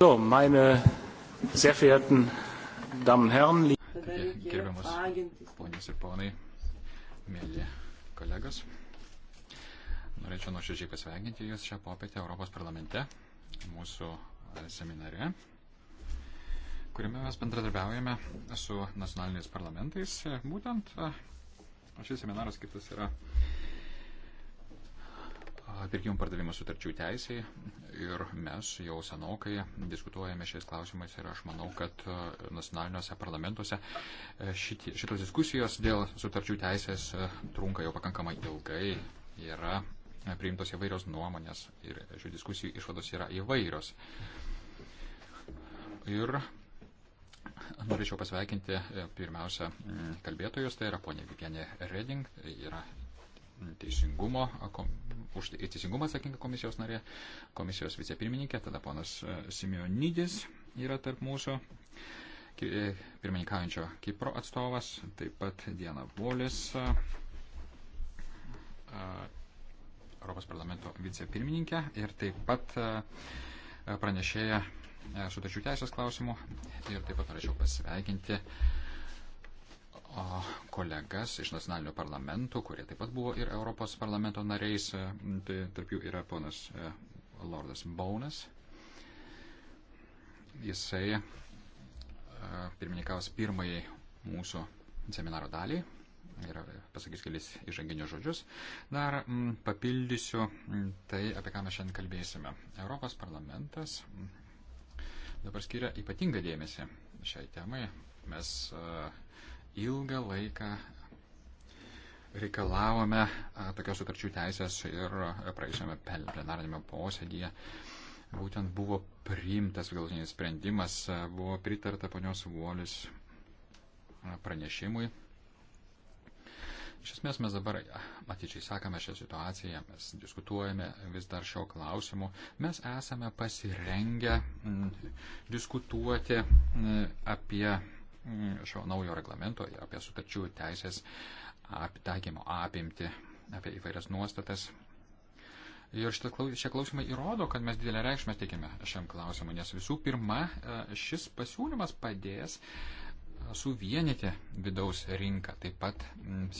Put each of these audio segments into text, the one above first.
So, meine sehr verehrten Damen und Herren, gerbiamas ponios ir ponai, mėly kolegos, norėčiau nuoširdžiai pasveikinti Jūs šią popietę Europos parlamente, mūsų seminare, kuriame mes bendradarbiaujame su nacionaliniais parlamentais. Būtent šis seminaras skirtas yra pirkimų pardavimo sutarčių teisėje ir mes jau senokai diskutuojame šiais klausimais ir aš manau, kad e, nacionaliniuose parlamentuose e, šitie, šitos diskusijos dėl sutarčių teisės e, trunka jau pakankamai ilgai. Yra priimtos įvairios nuomonės ir šių diskusijų išvados yra įvairios. Ir norėčiau pasveikinti pirmiausia kalbėtojus, tai yra ponė Vikenė Reding, yra teisingumo už teisingumą atsakinga komisijos narė, komisijos vicepirmininkė, tada ponas e, Simionidis yra tarp mūsų, e, pirmininkaujančio Kipro atstovas, taip pat Diena Volis, e, Europos parlamento vicepirmininkė ir taip pat pranešėja sutarčių teisės klausimų ir taip pat norėčiau pasveikinti uh, kolegas iš nacionalinių parlamentų, kurie taip pat buvo ir Europos parlamento nariais, tai tarp jų yra ponas e, Lordas Baunas. Jisai e, pirmininkaus pirmąjį mūsų seminaro dalį ir pasakys kelis įžanginius žodžius. Dar m, papildysiu tai, apie ką mes šiandien kalbėsime. Europos parlamentas dabar skiria ypatingą dėmesį šiai temai. Mes uh, ilgą laiką reikalavome tokios sutarčių teisės ir praeisėme plenarinėme posėdėje. Būtent buvo priimtas galutinis sprendimas, buvo pritarta ponios Vuolis pranešimui. Iš esmės mes dabar atidžiai sekame šią situaciją, mes diskutuojame vis dar šio klausimu, mes esame pasirengę m, diskutuoti m, apie šio naujo reglamento, apie sutarčių teisės taikymo apimti, apie įvairias nuostatas. Ir šie klausimai įrodo, kad mes didelę reikšmę teikime šiam klausimui, nes visų pirma, e, šis pasiūlymas padės e, suvienyti vidaus rinką, taip pat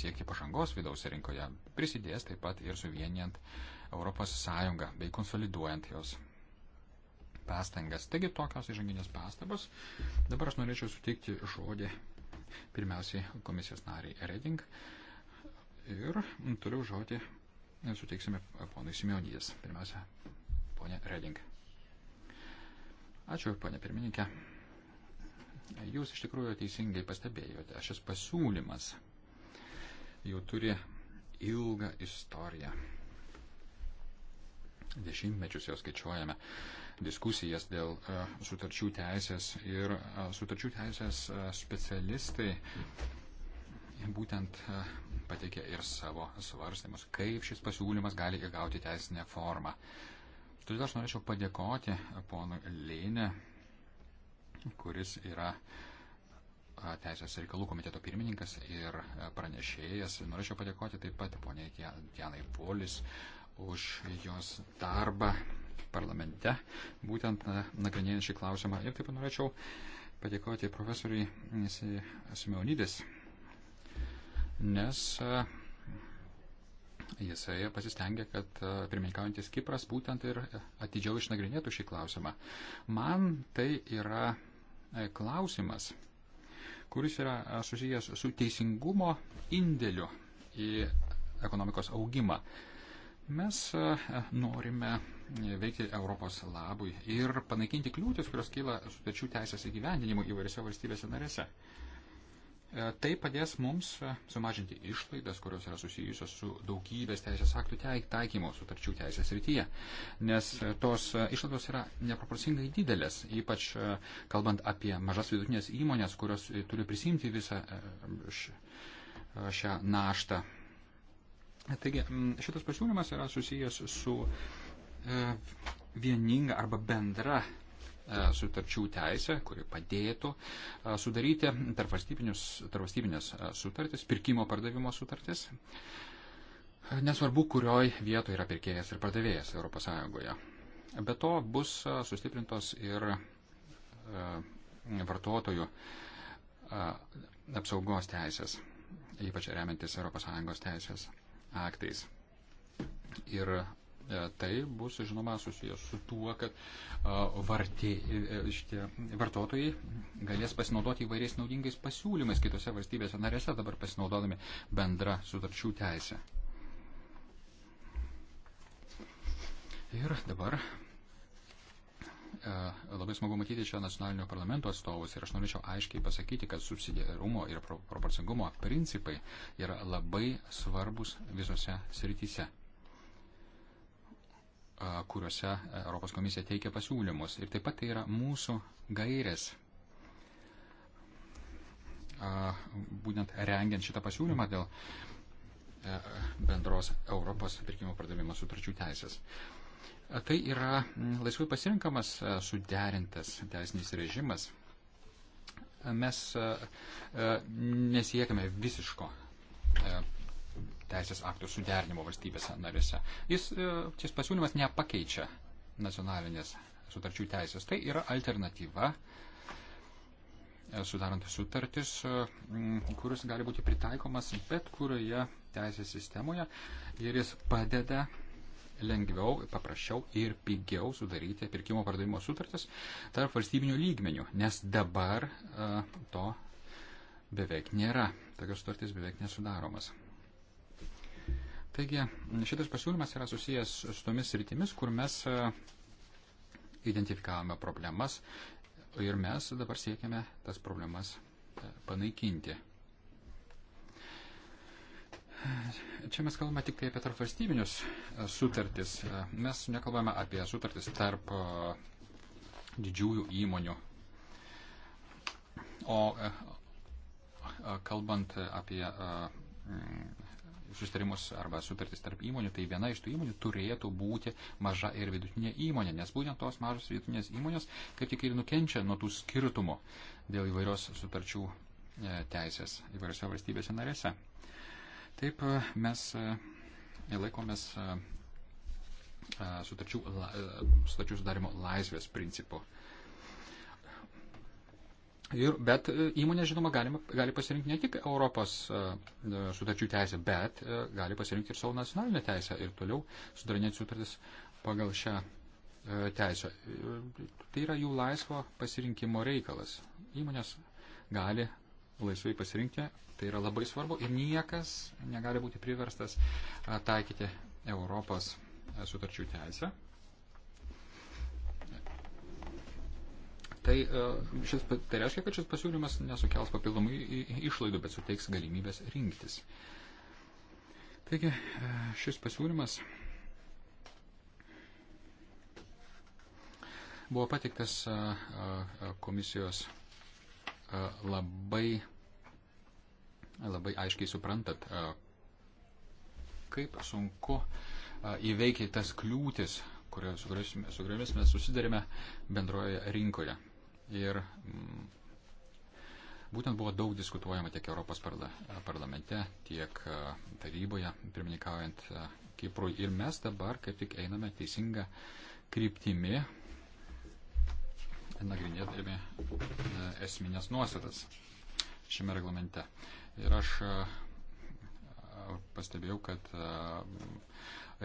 siekti pažangos vidaus rinkoje, prisidės taip pat ir suvienijant ES bei konsoliduojant jos pastangas. Taigi tokios įžanginės pastabos. Dabar aš norėčiau suteikti žodį pirmiausiai komisijos nariai Reding ir toliau žodį suteiksime ponui Simeonijas. Pirmiausia, ponė Reding. Ačiū, ponė pirmininkė. Jūs iš tikrųjų teisingai pastebėjote, šis pasiūlymas jau turi ilgą istoriją. Dešimtmečius jau skaičiuojame diskusijas dėl e, sutarčių teisės ir e, sutarčių teisės e, specialistai būtent pateikė ir savo svarstymus, kaip šis pasiūlymas gali įgauti teisinę formą. Todėl aš norėčiau padėkoti ponui Leinė, kuris yra Teisės reikalų komiteto pirmininkas ir pranešėjas. Norėčiau padėkoti taip pat poniai Tianai Polis, uh, už jos darbą parlamente, būtent nagrinėjant šį klausimą. Ir taip pat norėčiau padėkoti profesoriui Simeonidis, nes e, jisai pasistengė, kad e, pirmininkaujantis Kipras būtent ir atidžiau išnagrinėtų šį klausimą. Man tai yra e, klausimas, kuris yra susijęs su teisingumo indėliu į ekonomikos augimą. Mes e, norime veikti Europos labui ir panaikinti kliūtis, kurios kyla sutarčių teisės įgyvendinimu įvairiose valstybėse narėse. E, tai padės mums e, sumažinti išlaidas, kurios yra susijusios su daugybės teisės aktų taikymo sutarčių teisės rytyje, nes tos išlaidos yra neproporcingai didelės, ypač kalbant apie mažas vidutinės įmonės, kurios turi prisimti visą šią naštą Taigi, šitas pasiūlymas yra susijęs su e, vieninga arba bendra e, sutarčių teisė, kuri padėtų e, sudaryti tarpvalstybinės sutartis, pirkimo pardavimo sutartis. Nesvarbu, kurioj vietoje yra pirkėjas ir pardavėjas ES. Be to bus sustiprintos ir vartotojų apsaugos teisės, ypač remiantis ES teisės aktais. Ir e, tai bus, žinoma, susijęs su tuo, kad e, vartė, e, šitie, vartotojai galės pasinaudoti įvairiais naudingais pasiūlymais kitose valstybėse narėse, dabar pasinaudodami bendrą sutarčių teisę. Ir dabar E, labai smagu matyti čia nacionalinio parlamento atstovus ir aš norėčiau aiškiai pasakyti, kad subsidiarumo ir proporcingumo principai yra labai svarbus visose srityse e, kuriuose Europos komisija teikia pasiūlymus. Ir taip pat tai yra mūsų gairės e, būtent rengiant šitą pasiūlymą dėl bendros Europos pirkimo pardavimo sutarčių teisės. Tai yra mm, laisvai pasirinkamas suderintas teisinis režimas. Mes nesiekime visiško teisės aktų suderinimo valstybėse narėse. Jis, šis pasiūlymas nepakeičia nacionalinės sutarčių teisės. Tai yra alternatyva sudarant sutartis, mm, kuris gali būti pritaikomas bet kurioje teisės sistemoje ir jis padeda lengviau, paprasčiau ir pigiau sudaryti pirkimo pardavimo sutartis tarp valstybinių lygmenių, nes dabar e, to beveik nėra. Tokios sutartys beveik nesudaromas. Taigi, šitas pasiūlymas yra susijęs su tomis rytimis, kur mes e, identifikavome problemas ir mes dabar siekiame tas problemas e, panaikinti. Čia mes kalbame tik tai apie tarpvalstybinius e, sutartis. E, mes nekalbame apie sutartis tarp e, didžiųjų įmonių. O kalbant apie susitarimus arba sutartis tarp įmonių, tai viena iš tų įmonių turėtų būti maža ir vidutinė įmonė, nes būtent tos mažos vidutinės įmonės kaip tik ir nukenčia nuo tų skirtumų dėl įvairios sutarčių teisės įvairiose valstybėse narėse. Taip e, mes e, e, laikomės sutarčių, sutarčių sudarimo laisvės principu. Ir, bet įmonė, žinoma, galima, gali pasirinkti ne tik Europos sutarčių teisę, bet gali pasirinkti ir savo nacionalinę teisę ir toliau sudarinėti sutartis pagal šią teisę. Tai yra jų laisvo pasirinkimo reikalas. Įmonės gali laisvai pasirinkti, tai yra labai svarbu ir niekas negali būti priverstas taikyti Europos sutarčių teisę. Tai, šis, tai reiškia, kad šis pasiūlymas nesukels papildomų išlaidų, bet suteiks galimybės rinktis. Taigi, šis pasiūlymas buvo patiktas komisijos labai, labai aiškiai suprantat, kaip sunku įveikti tas kliūtis, kurios, su kuriomis mes susidarėme bendroje rinkoje. Ir mm, būtent buvo daug diskutuojama tiek Europos parlamente, tiek taryboje, pirmininkaujant Kiprui. Ir mes dabar kaip tik einame teisinga kryptimi nagrinėdami e, esminės nuostatas šiame reglamente. Ir aš e, pastebėjau, kad e,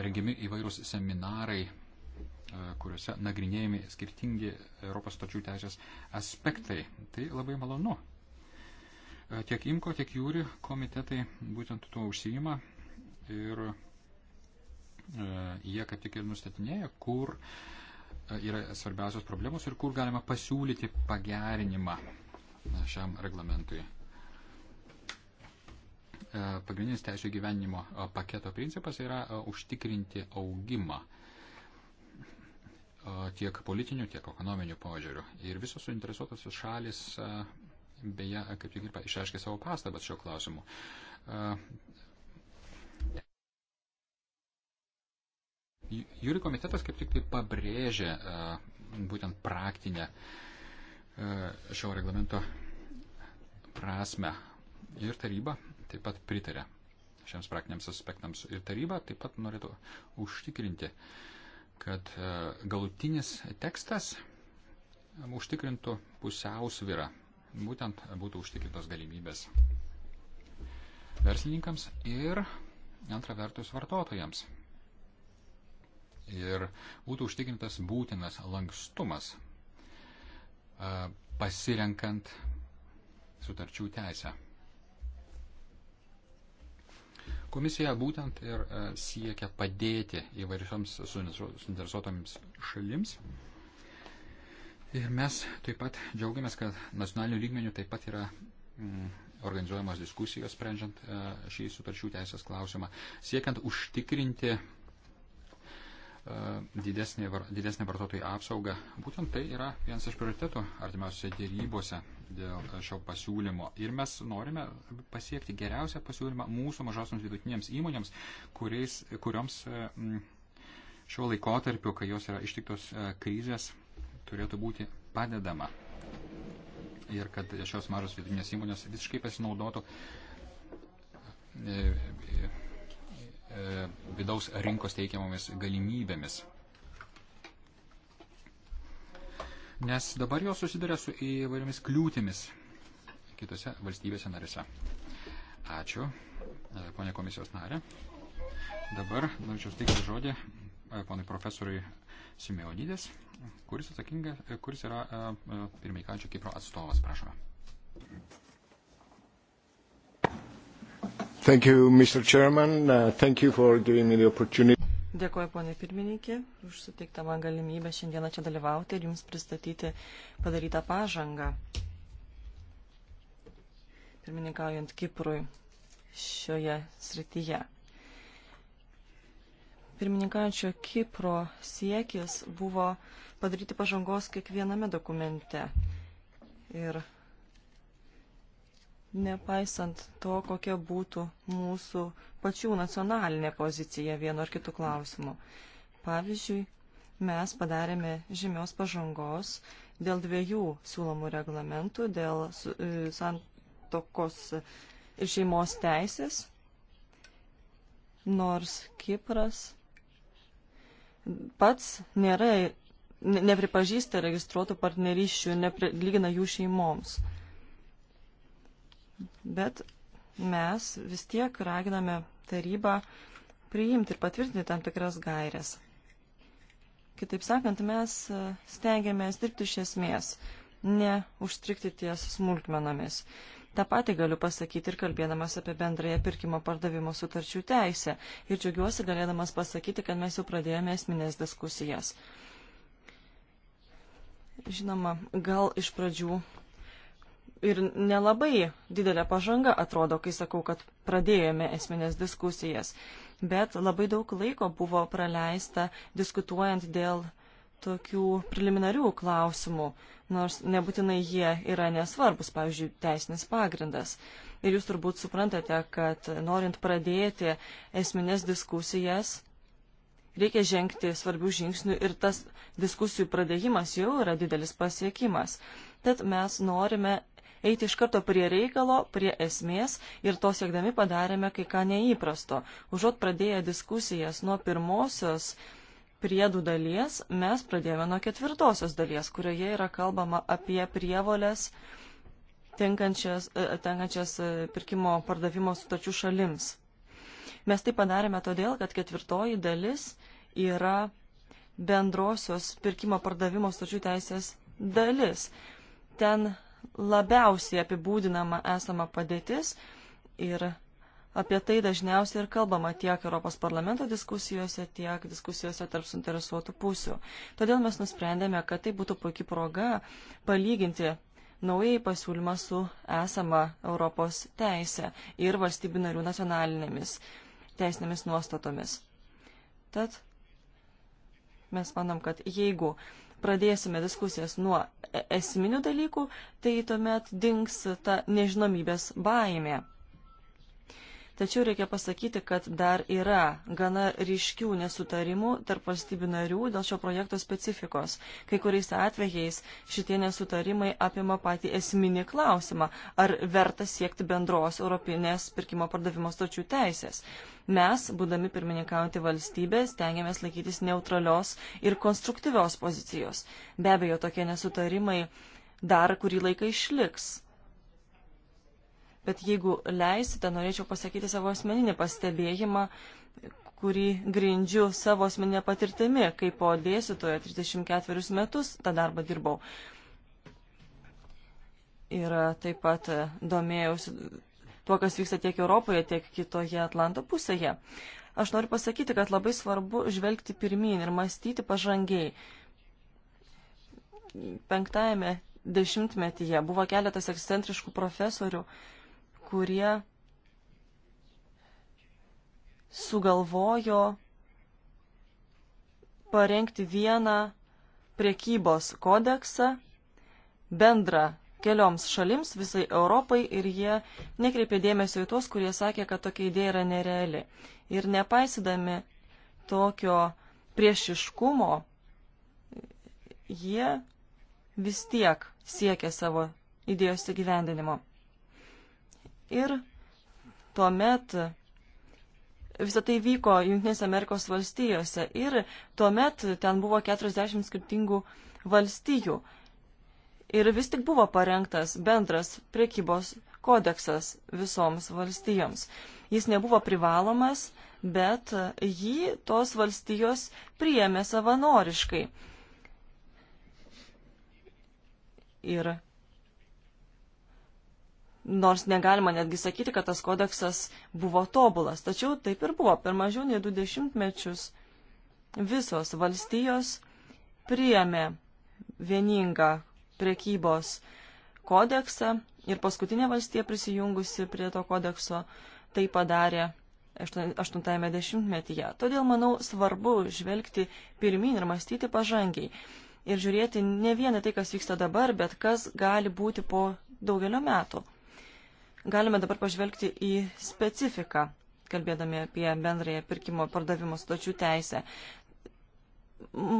rengiami įvairūs seminarai, kuriuose nagrinėjami skirtingi Europos stočių teisės aspektai. Tai labai malonu. Tiek IMKO, tiek JūRI komitetai būtent tuo užsijima ir jie kaip tik ir nustatinėja, kur uh, E, yra svarbiausios problemos ir kur galima pasiūlyti pagerinimą e, šiam reglamentui. E, pagrindinis teisų gyvenimo paketo principas yra užtikrinti augimą tiek politinių, tiek ekonominių požiūrių. Ir visos suinteresuotos šalis, beje, kaip tik ir išreiškė savo pastabas šio klausimu. Jūri komitetas kaip tik tai pabrėžė e, būtent praktinę e, šio reglamento prasme. Ir taryba taip pat pritarė šiems praktiniams aspektams. Ir taryba taip pat norėtų užtikrinti, kad e, galutinis tekstas užtikrintų pusiausvyrą. Būtent būtų užtikrintos galimybės verslininkams ir antra vertus vartotojams ir būtų užtikrintas būtinas lankstumas e, pasirenkant sutarčių teisę. Komisija būtent ir e, siekia padėti įvairioms suinteresuotoms šalims. Ir mes taip pat džiaugiamės, kad nacionalinių lygmenių taip pat yra mm, organizuojamos diskusijos, sprendžiant e, šį sutarčių teisės klausimą, siekiant užtikrinti didesnė, didesnė vartotojų apsauga. Būtent tai yra vienas iš prioritetų artimiausiose dėrybose dėl šio pasiūlymo. Ir mes norime pasiekti geriausią pasiūlymą mūsų mažosioms vidutinėms įmonėms, kuriais, kurioms e, šiuo laikotarpiu, kai jos yra ištiktos e, krizės, turėtų būti padedama. Ir kad šios mažos vidutinės įmonės visiškai pasinaudotų e, E, vidaus rinkos teikiamomis galimybėmis. Nes dabar jos susiduria su įvairiomis kliūtimis kitose valstybėse narėse. Ačiū, e, ponė komisijos narė. Dabar norėčiau steikti žodį e, ponui profesoriui Simeonidės, kuris, kuris yra pirmininkančio Kipro atstovas. Prašome. Thank you, Mr. Chairman. Uh, thank you for giving me the opportunity. Dėkuoju, ponė pirmininkė, už suteiktą man galimybę šiandieną čia dalyvauti ir jums pristatyti padarytą pažangą. Pirmininkaujant Kiprui šioje srityje. Pirmininkaujančio Kipro siekis buvo padaryti pažangos kiekviename dokumente. Ir nepaisant to, kokia būtų mūsų pačių nacionalinė pozicija vienu ar kitu klausimu. Pavyzdžiui, mes padarėme žymios pažangos dėl dviejų siūlomų reglamentų, dėl e, santokos ir šeimos teisės, nors Kipras pats nėra, nepripažįsta registruotų partnerysčių, nepri, lygina jų šeimoms bet mes vis tiek raginame tarybą priimti ir patvirtinti tam tikras gairias. Kitaip sakant, mes e, stengiamės dirbti iš esmės, ne užstrikti ties smulkmenomis. Ta pati galiu pasakyti ir kalbėdamas apie bendrąją pirkimo pardavimo sutarčių teisę. Ir džiaugiuosi galėdamas pasakyti, kad mes jau pradėjome esminės diskusijas. Žinoma, gal iš pradžių ir nelabai didelė pažanga atrodo, kai sakau, kad pradėjome esminės diskusijas, bet labai daug laiko buvo praleista diskutuojant dėl tokių preliminarių klausimų, nors nebūtinai jie yra nesvarbus, pavyzdžiui, teisinis pagrindas. Ir jūs turbūt suprantate, kad norint pradėti esminės diskusijas, reikia žengti svarbių žingsnių ir tas diskusijų pradėjimas jau yra didelis pasiekimas. Tad mes norime eiti iš karto prie reikalo, prie esmės ir to siekdami padarėme kai ką neįprasto. Užuot pradėję diskusijas nuo pirmosios priedų dalies, mes pradėjome nuo ketvirtosios dalies, kurioje yra kalbama apie prievolės tenkančias, e, tenkančias e, pirkimo pardavimo sutarčių šalims. Mes tai padarėme todėl, kad ketvirtoji dalis yra bendrosios pirkimo pardavimo sutarčių teisės dalis. Ten labiausiai apibūdinama esama padėtis ir apie tai dažniausiai ir kalbama tiek Europos parlamento diskusijose, tiek diskusijose tarp suinteresuotų pusių. Todėl mes nusprendėme, kad tai būtų puikia proga palyginti naujai pasiūlymą su esama Europos teisė ir valstybių narių nacionalinėmis teisinėmis nuostatomis. Tad mes manom, kad jeigu uh, pradėsime diskusijas nuo e- esminių dalykų, tai tuomet dings ta nežinomybės baimė. Tačiau reikia pasakyti, kad dar yra gana ryškių nesutarimų tarp valstybių narių dėl šio projekto specifikos. Kai kuriais atvejais šitie nesutarimai apima patį esminį klausimą, ar verta siekti bendros europinės pirkimo pardavimo stočių teisės. Mes, būdami pirmininkaujantį valstybę, stengiamės laikytis neutralios ir konstruktyvios pozicijos. Be abejo, tokie nesutarimai dar kurį laiką išliks bet jeigu leisite, norėčiau pasakyti savo asmeninį pastebėjimą, kurį grindžiu savo asmeninę patirtimi, kaip po dėstytojo 34 metus tą darbą dirbau. Ir taip pat domėjausi tuo, kas vyksta tiek Europoje, tiek kitoje Atlanto pusėje. Aš noriu pasakyti, kad labai svarbu žvelgti pirmin ir mąstyti pažangiai. Penktajame dešimtmetyje buvo keletas ekscentriškų profesorių, uh, kurie sugalvojo parengti vieną priekybos kodeksą bendrą kelioms šalims, visai Europai ir jie nekreipė dėmesio į tuos, kurie sakė, kad tokia idėja yra nereali. Ir nepaisydami tokio priešiškumo, jie vis tiek siekia savo idėjos įgyvendinimo. Ir tuomet visą tai vyko Junktinėse Amerikos valstijose ir tuomet ten buvo 40 skirtingų valstijų. Ir vis tik buvo parengtas bendras priekybos kodeksas visoms valstijoms. Jis nebuvo privalomas, bet jį tos valstijos priėmė savanoriškai. Ir nors negalima netgi sakyti, kad tas kodeksas buvo tobulas. Tačiau taip ir buvo. Per mažiau nei du dešimtmečius visos valstijos priėmė vieningą priekybos kodeksą ir paskutinė valstija prisijungusi prie to kodekso tai padarė 80-ame dešimtmetyje. Todėl, manau, svarbu žvelgti pirmin ir mąstyti pažangiai. Ir žiūrėti ne vieną tai, kas vyksta dabar, bet kas gali būti po daugelio metų. Galime dabar pažvelgti į specifiką, kalbėdami apie bendrąją pirkimo pardavimo stočių teisę.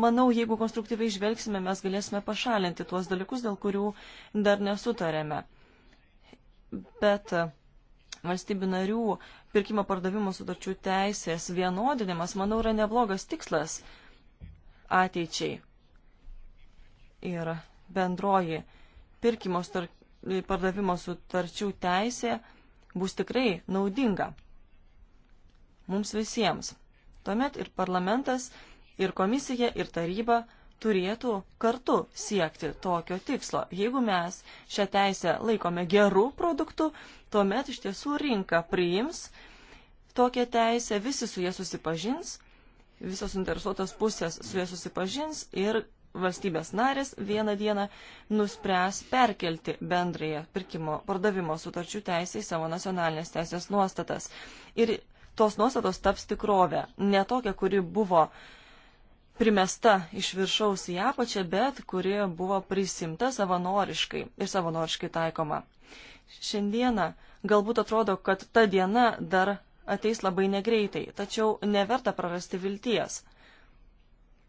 Manau, jeigu konstruktyviai žvelgsime, mes galėsime pašalinti tuos dalykus, dėl kurių dar nesutarėme. Bet valstybių narių pirkimo pardavimo sutarčių teisės vienodinimas, manau, yra neblogas tikslas ateičiai. Ir bendroji pirkimo pardavimo sutarčių teisė bus tikrai naudinga mums visiems. Tuomet ir parlamentas, ir komisija, ir taryba turėtų kartu siekti tokio tikslo. Jeigu mes šią teisę laikome gerų produktų, tuomet iš tiesų rinka priims tokią teisę, visi su jie susipažins, visos interesuotos pusės su jie susipažins ir valstybės narės vieną dieną nuspręs perkelti bendrąją pirkimo pardavimo sutarčių teisę į savo nacionalinės teisės nuostatas. Ir tos nuostatos taps tikrovę, ne tokia, kuri buvo primesta iš viršaus į apačią, bet kuri buvo prisimta savanoriškai ir savanoriškai taikoma. Šiandieną galbūt atrodo, kad ta diena dar ateis labai negreitai, tačiau neverta prarasti vilties.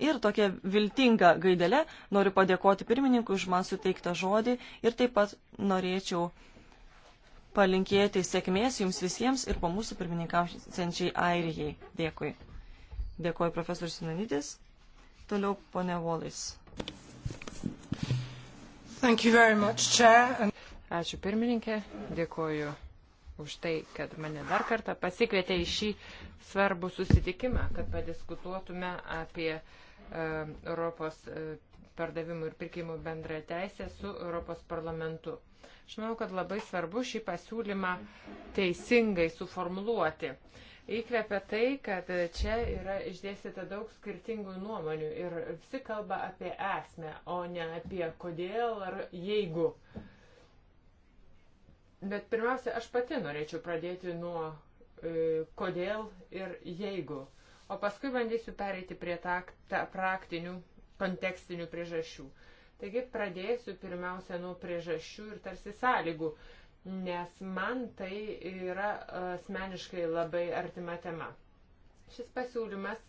Ir tokia viltinga gaidelė noriu padėkoti pirmininkui už man suteiktą žodį ir taip pat norėčiau palinkėti sėkmės jums visiems ir po mūsų pirmininkaujančiai Airijai. Dėkui. Dėkuoju profesorius Sinanytis. Toliau ponė Volis. Much, And... Ačiū pirmininkė, dėkuoju už tai, kad mane dar kartą pasikvietė į šį svarbų susitikimą, kad padiskutuotume apie uh, E, Europos e, pardavimų ir pirkimų bendrą teisę su Europos parlamentu. Aš manau, kad labai svarbu šį pasiūlymą teisingai suformuluoti. Įkvepia tai, kad čia yra išdėstyta daug skirtingų nuomonių ir visi kalba apie esmę, o ne apie kodėl ar jeigu. Bet pirmiausia, aš pati norėčiau pradėti nuo e, kodėl ir jeigu o paskui bandysiu pereiti prie ta, ta praktinių, kontekstinių priežasčių. Taigi pradėsiu pirmiausia nuo priežasčių ir tarsi sąlygų, nes man tai yra e, asmeniškai labai artima tema. Šis pasiūlymas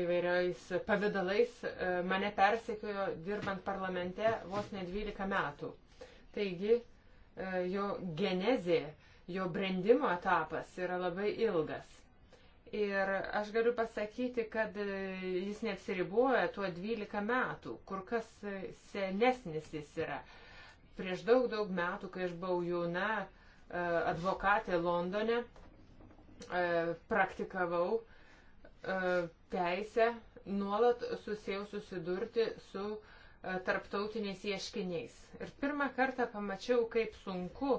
įvairiais pavydalais e, mane persekiojo dirbant parlamente vos ne 12 metų. Taigi e, jo genezė, jo brendimo etapas yra labai ilgas. Ir aš galiu pasakyti, kad e, jis neapsiriboja tuo 12 metų, kur kas e, senesnis jis yra. Prieš daug, daug metų, kai aš buvau jauna e, advokatė Londone, praktikavau teisę, nuolat susijau susidurti su tarptautiniais ieškiniais. Ir pirmą kartą pamačiau, kaip sunku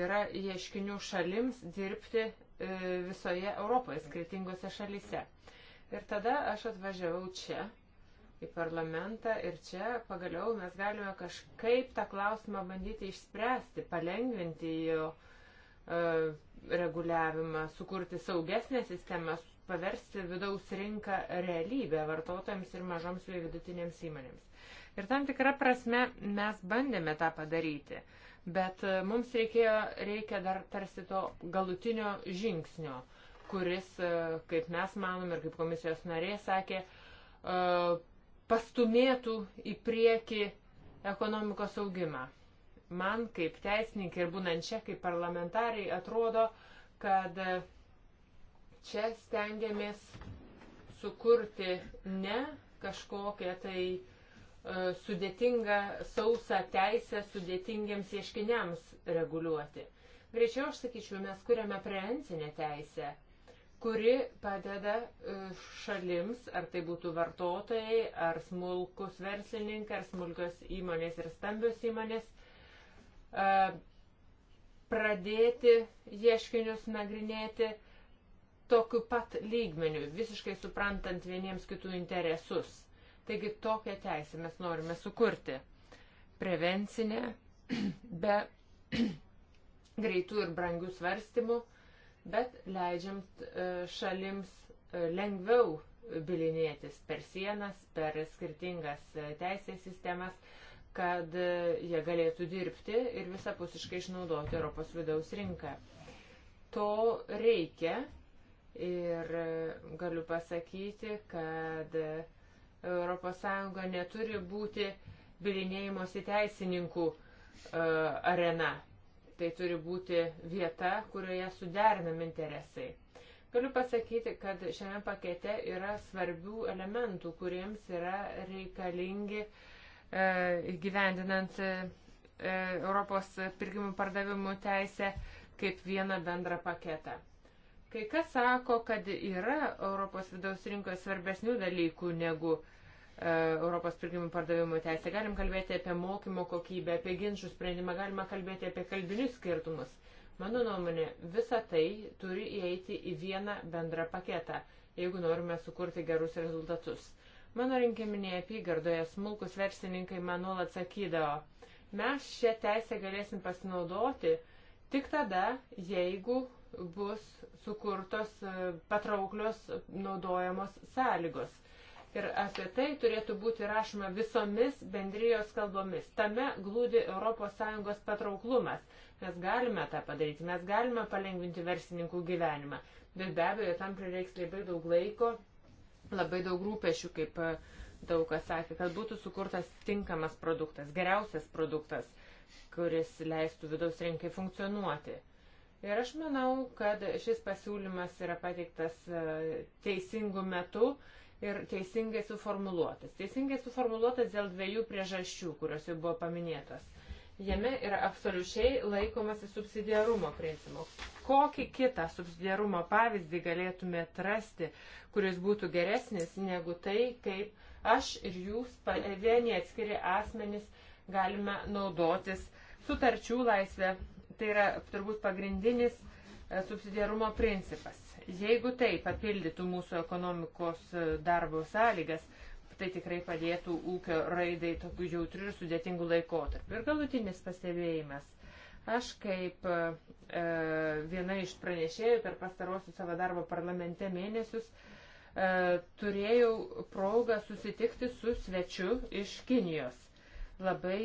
yra ieškinių šalims dirbti E, visoje Europoje, skirtingose šalyse. Ir tada aš atvažiavau čia į parlamentą ir čia pagaliau mes galime kažkaip tą klausimą bandyti išspręsti, palengvinti jo e, reguliavimą, sukurti saugesnę sistemą, paversti vidaus rinką realybę vartotojams ir mažoms bei vidutinėms įmonėms. Ir tam tikrą prasme mes bandėme tą padaryti. Bet e, mums reikėjo, reikia dar tarsi to galutinio žingsnio, kuris, e, kaip mes manom ir kaip komisijos narė sakė, e, pastumėtų į priekį ekonomikos augimą. Man kaip teisininkai ir būnant čia kaip parlamentariai atrodo, kad čia stengiamės sukurti ne kažkokią tai E, sudėtingą sausą teisę sudėtingiems ieškiniams reguliuoti. Greičiau aš sakyčiau, mes kuriame prevencinę teisę, kuri padeda e, šalims, ar tai būtų vartotojai, ar smulkus verslininkai, ar smulkios įmonės ir stambios įmonės, e, pradėti ieškinius nagrinėti tokiu pat lygmeniu, visiškai suprantant vieniems kitų interesus Taigi tokią teisę mes norime sukurti. Prevencinę, be greitų ir brangių svarstymų, bet leidžiant e, šalims e, lengviau bilinėtis per sienas, per skirtingas e, teisės sistemas, kad jie galėtų dirbti ir visapusiškai išnaudoti Europos vidaus rinką. To reikia ir galiu pasakyti, kad ES neturi būti bilinėjimosi teisininkų e, arena. Tai turi būti vieta, kurioje suderinami interesai. Galiu pasakyti, kad šiame pakete yra svarbių elementų, kuriems yra reikalingi e, įgyvendinant e, Europos pirkimų pardavimų teisę kaip vieną bendrą paketą. Kai kas sako, kad yra Europos vidaus rinkoje svarbesnių dalykų negu e, Europos pirkimų pardavimų teisė. Galim kalbėti apie mokymo kokybę, apie ginčių sprendimą, galima kalbėti apie kalbinius skirtumus. Mano nuomonė, visa tai turi įeiti į vieną bendrą paketą, jeigu norime sukurti gerus rezultatus. Mano rinkiminėje apygardoje smulkus verslininkai man nuolat sakydavo, mes šią teisę galėsim pasinaudoti tik tada, jeigu bus sukurtos e, patrauklios naudojamos sąlygos. Ir apie tai turėtų būti rašoma visomis bendrijos kalbomis. Tame glūdi ES patrauklumas. Mes galime tą padaryti, mes galime palengvinti versininkų gyvenimą. Bet be abejo, tam prireiks labai daug laiko, labai daug rūpešių, kaip e, daug kas sakė, kad būtų sukurtas tinkamas produktas, geriausias produktas, kuris leistų vidaus rinkai funkcionuoti. Ir aš manau, kad šis pasiūlymas yra pateiktas e, teisingu metu ir teisingai suformuluotas. Teisingai suformuluotas dėl dviejų priežasčių, kurios jau buvo paminėtos. Jame yra absoliučiai laikomasi subsidiarumo principų. Kokį kitą subsidiarumo pavyzdį galėtumėt rasti, kuris būtų geresnis negu tai, kaip aš ir jūs, vieni atskiri asmenys, galime naudotis sutarčių laisvę, tai yra turbūt pagrindinis e, subsidiarumo principas. Jeigu tai papildytų mūsų ekonomikos e, darbo sąlygas, tai tikrai padėtų ūkio raidai tokių jautrių ir sudėtingų laikotarpių. Ir galutinis pastebėjimas. Aš kaip e, e viena iš pranešėjų per pastarosius savo darbo parlamente mėnesius e, turėjau progą susitikti su svečiu iš Kinijos labai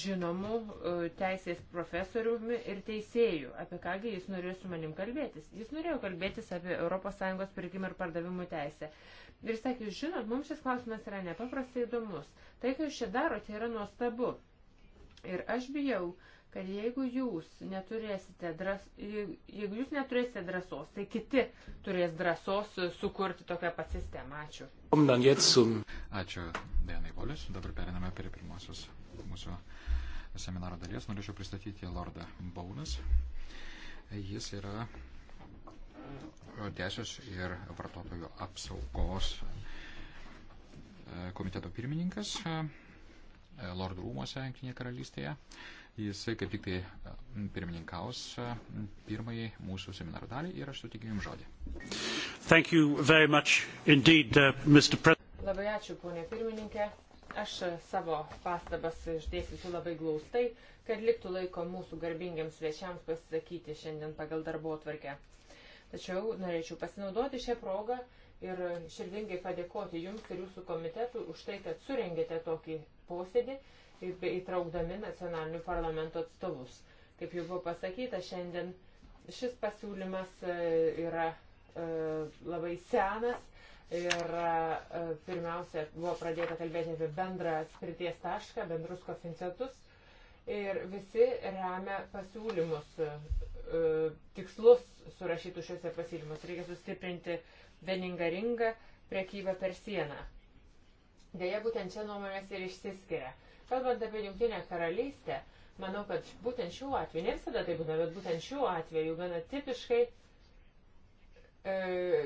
žinomų e, teisės profesoriumi ir teisėjų. Apie kągi jis norėjo su manim kalbėtis? Jis norėjo kalbėtis apie ES pirkimų ir pardavimų teisę. Ir sakė, žinot, mums šis klausimas yra nepaprastai įdomus. Tai, ką jūs čia darote, yra nuostabu. Ir aš bijau, kad jeigu jūs neturėsite, dras, jeigu jūs neturėsite drąsos, tai kiti turės drąsos sukurti tokią pat sistemą. Ačiū. Ačiū, Dienai Volis. Dabar periname prie pirmosios mūsų seminaro dalies. Norėčiau pristatyti Lordą Baunas. Jis yra Teisės ir vartotojų apsaugos e, komiteto pirmininkas e, Lordų rūmose Junktinėje karalystėje. Uh, Jisai kaip tik tai pirmininkaus pirmąjį mūsų seminarų dalį ir aš sutikiu Jums žodį. Indeed, uh, labai ačiū, ponė pirmininkė. Aš e, savo pastabas išdėsiu labai glaustai, kad liktų laiko mūsų garbingiams svečiams pasisakyti šiandien pagal darbo atvarkę. Tačiau norėčiau pasinaudoti šią progą ir širdingai padėkoti Jums ir Jūsų komitetu už tai, kad surengėte tokį posėdį įtraukdami nacionalinių parlamento atstovus. Kaip jau buvo pasakyta, šiandien šis pasiūlymas e, yra e, labai senas ir e, pirmiausia buvo pradėta kalbėti apie bendrą atspirties tašką, bendrus kofinciatus ir visi remia pasiūlymus, tikslus surašytų šiuose pasiūlymus. Reikia sustiprinti vieningą ringą, priekybą per sieną. Deja, būtent čia nuomonės ir išsiskiria. Kalbant apie Junktinę karalystę, manau, kad būtent šiuo atveju, ne visada tai būna, bet būtent šiuo atveju gana tipiškai e,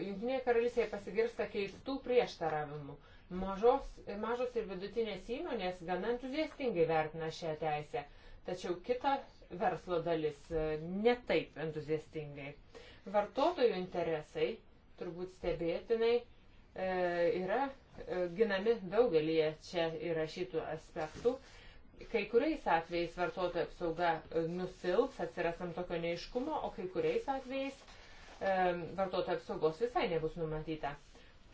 Junktinėje karalystėje pasigirsta keistų prieštaravimų. Mažos, mažos ir vidutinės įmonės gana entuziastingai vertina šią teisę, tačiau kita verslo dalis e, netaip entuziastingai. Vartotojų interesai turbūt stebėtinai e, yra E, ginami daugelįje čia įrašytų aspektų. Kai kuriais atvejais vartotojų apsauga e, nusilps, atsiras ant tokio neiškumo, o kai kuriais atvejais e, vartotojų apsaugos visai nebus numatyta.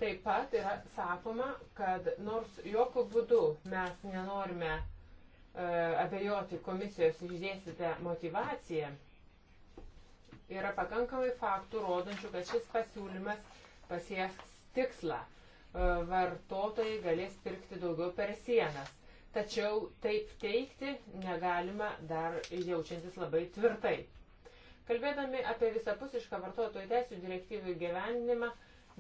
Taip pat yra sakoma, kad nors jokių būdų mes nenorime abejoti komisijos išdėstytą motivaciją, yra pakankamai faktų rodančių, kad šis pasiūlymas pasieks tikslą E, vartotojai galės pirkti daugiau per sienas. Tačiau taip teikti negalima dar jaučiantis labai tvirtai. Kalbėdami apie visapusišką vartotojų teisų direktyvų įgyvendinimą,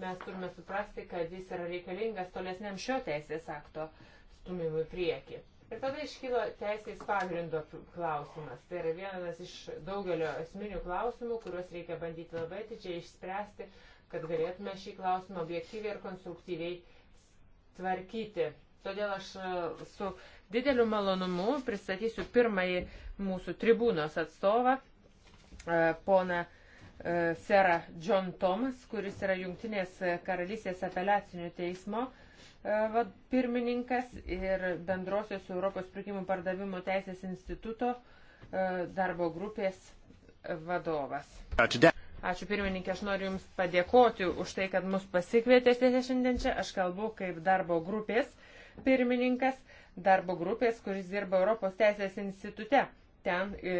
mes turime suprasti, kad jis yra reikalingas tolesniam šio teisės akto stumimui prieki. Ir tada iškyla teisės pagrindo klausimas. Tai yra vienas iš daugelio esminių klausimų, kuriuos reikia bandyti labai atidžiai išspręsti, kad galėtume šį klausimą objektyviai ir konstruktyviai tvarkyti. Todėl aš e, su dideliu malonumu pristatysiu pirmąjį mūsų tribūnos atstovą, e, poną e, serą John Thomas, kuris yra Junktinės karalystės apeliacinio teismo pirmininkas ir bendrosios Europos pirkimų pardavimų teisės instituto darbo grupės vadovas. Uh, Ačiū pirmininkė, aš noriu Jums padėkoti už tai, kad mus pasikvietėte šiandien čia. Aš kalbu kaip darbo grupės pirmininkas, darbo grupės, kuris dirba Europos teisės institute. Ten e,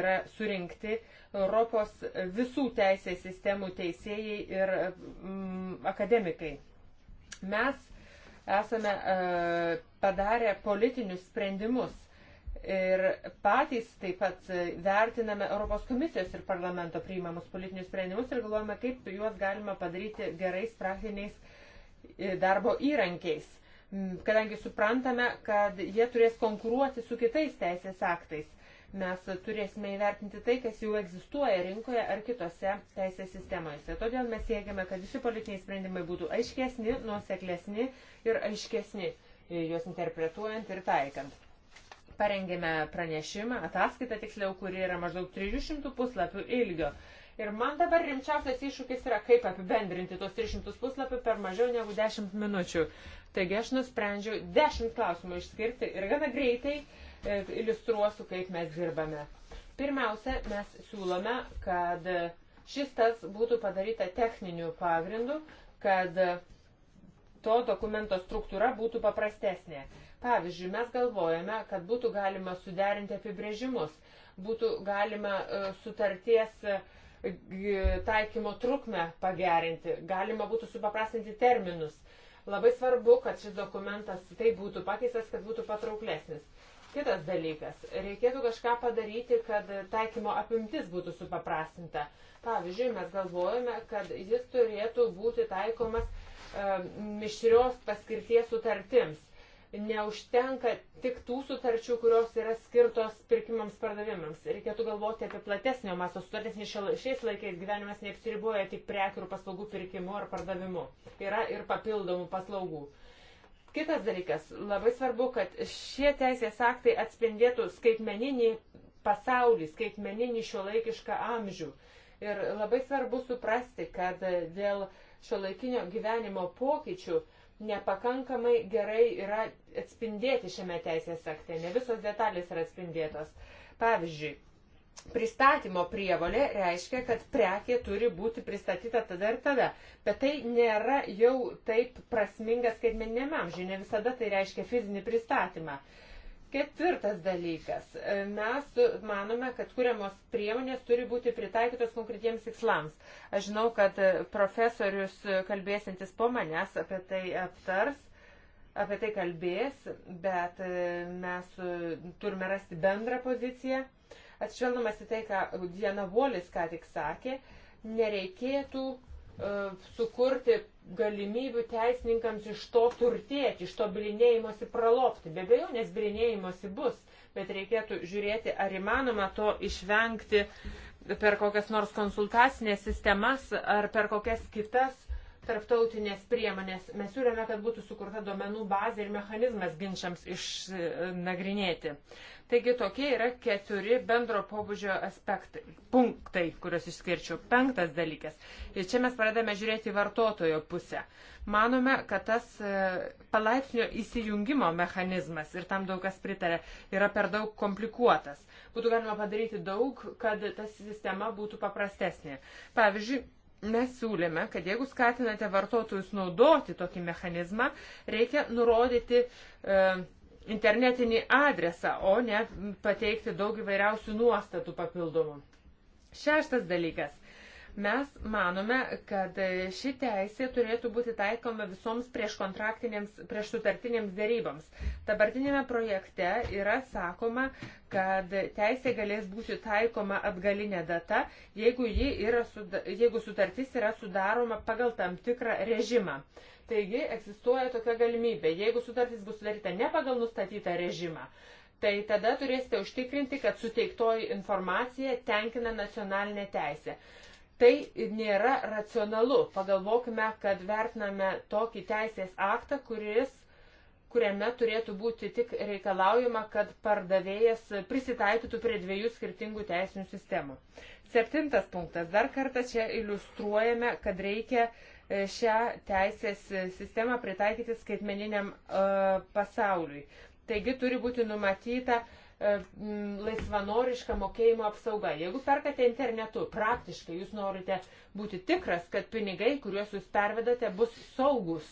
yra surinkti Europos visų teisės sistemų teisėjai ir mm, akademikai. Mes esame e, padarę politinius sprendimus Ir patys taip pat vertiname Europos komisijos ir parlamento priimamus politinius sprendimus ir galvojame, kaip juos galima padaryti gerais praktiniais e, darbo įrankiais. Kadangi suprantame, kad jie turės konkuruoti su kitais teisės aktais, mes turėsime įvertinti tai, kas jau egzistuoja rinkoje ar kitose teisės sistemose. Todėl mes siekiame, kad visi politiniai sprendimai būtų aiškesni, nuoseklesni ir aiškesni e, juos interpretuojant ir taikant parengėme pranešimą, ataskaitą tiksliau, kuri yra maždaug 300 puslapių ilgio. Ir man dabar rimčiausias iššūkis yra, kaip apibendrinti tos 300 puslapių per mažiau negu 10 minučių. Taigi aš nusprendžiau 10 klausimų išskirti ir gana greitai e, iliustruosiu, kaip mes dirbame. Pirmiausia, mes siūlome, kad šis tas būtų padaryta techniniu pagrindu, kad to dokumento struktūra būtų paprastesnė. Pavyzdžiui, mes galvojame, kad būtų galima suderinti apibrėžimus, būtų galima e, sutarties e, taikymo trukmę pagerinti, galima būtų supaprastinti terminus. Labai svarbu, kad šis dokumentas tai būtų pakeistas, kad būtų patrauklesnis. Kitas dalykas, reikėtų kažką padaryti, kad taikymo apimtis būtų supaprastinta. Pavyzdžiui, mes galvojame, kad jis turėtų būti taikomas e, mišrios paskirties sutartims neužtenka tik tų sutarčių, kurios yra skirtos pirkimams pardavimams. Reikėtų galvoti apie platesnio masto sutartis, nes šiais laikais gyvenimas neapsiriboja tik prekių ir paslaugų pirkimu ar pardavimu. Yra ir papildomų paslaugų. Kitas dalykas, labai svarbu, kad šie teisės aktai atspindėtų skaitmeninį pasaulį, skaitmeninį šiuolaikišką amžių. Ir labai svarbu suprasti, kad dėl šiuolaikinio gyvenimo pokyčių nepakankamai gerai yra atspindėti šiame teisės akte, ne visos detalės yra atspindėtos. Pavyzdžiui, pristatymo prievolė reiškia, kad prekė turi būti pristatyta tada ir tada, bet tai nėra jau taip prasmingas skaitmeniniam amžiui, ne visada tai reiškia fizinį pristatymą. Uh, Ketvirtas dalykas. Mes manome, kad kuriamos priemonės turi būti pritaikytos konkretiems tikslams. Aš žinau, kad profesorius kalbėsintis po manęs apie tai aptars, apie tai kalbės, bet e, mes e, turime rasti bendrą poziciją. Atšvelgdamas į tai, ką Diena Volis ką tik sakė, nereikėtų uh, E, sukurti galimybių teisininkams iš to turtėti, iš to bilinėjimosi pralopti. Be abejo, nes bilinėjimosi bus, bet reikėtų žiūrėti, ar įmanoma to išvengti per kokias nors konsultacinės sistemas ar per kokias kitas tarptautinės priemonės. Mes siūlėme, kad būtų sukurta duomenų bazė ir mechanizmas ginčiams išnagrinėti. Uh, Taigi tokie yra keturi bendro pobūdžio aspektai, punktai, kuriuos išskirčiau. Penktas dalykas. Ir čia mes pradame žiūrėti vartotojo pusę. Manome, kad tas e, palaipsnio įsijungimo mechanizmas, ir tam daug kas pritarė, yra per daug komplikuotas. Būtų galima padaryti daug, kad ta sistema būtų paprastesnė. Pavyzdžiui, mes siūlėme, kad jeigu skatinate vartotojus naudoti tokį mechanizmą, reikia nurodyti e, internetinį adresą, o ne pateikti daug įvairiausių nuostatų papildomų. Šeštas dalykas. Mes manome, kad ši teisė turėtų būti taikoma visoms prieš, prieš sutartinėms dėryboms. Dabartinėme projekte yra sakoma, kad teisė galės būti taikoma atgalinė data, jeigu, yra, jeigu sutartis yra sudaroma pagal tam tikrą režimą. Uh, Taigi egzistuoja tokia galimybė. Jeigu sutartis bus sudaryta ne pagal nustatytą režimą, tai tada turėsite užtikrinti, kad suteiktoji informacija tenkina nacionalinę teisę. Tai nėra racionalu. Pagalvokime, kad vertiname tokį teisės aktą, kuris kuriame turėtų būti tik reikalaujama, kad pardavėjas prisitaikytų prie dviejų skirtingų teisinių sistemų. Septintas punktas. Dar kartą čia iliustruojame, kad reikia uh, šią teisės sistemą pritaikyti skaitmeniniam e, pasauliui. Taigi turi būti numatyta e, laisvanoriška mokėjimo apsauga. Jeigu perkate internetu, praktiškai jūs norite būti tikras, kad pinigai, kuriuos jūs pervedate, bus saugus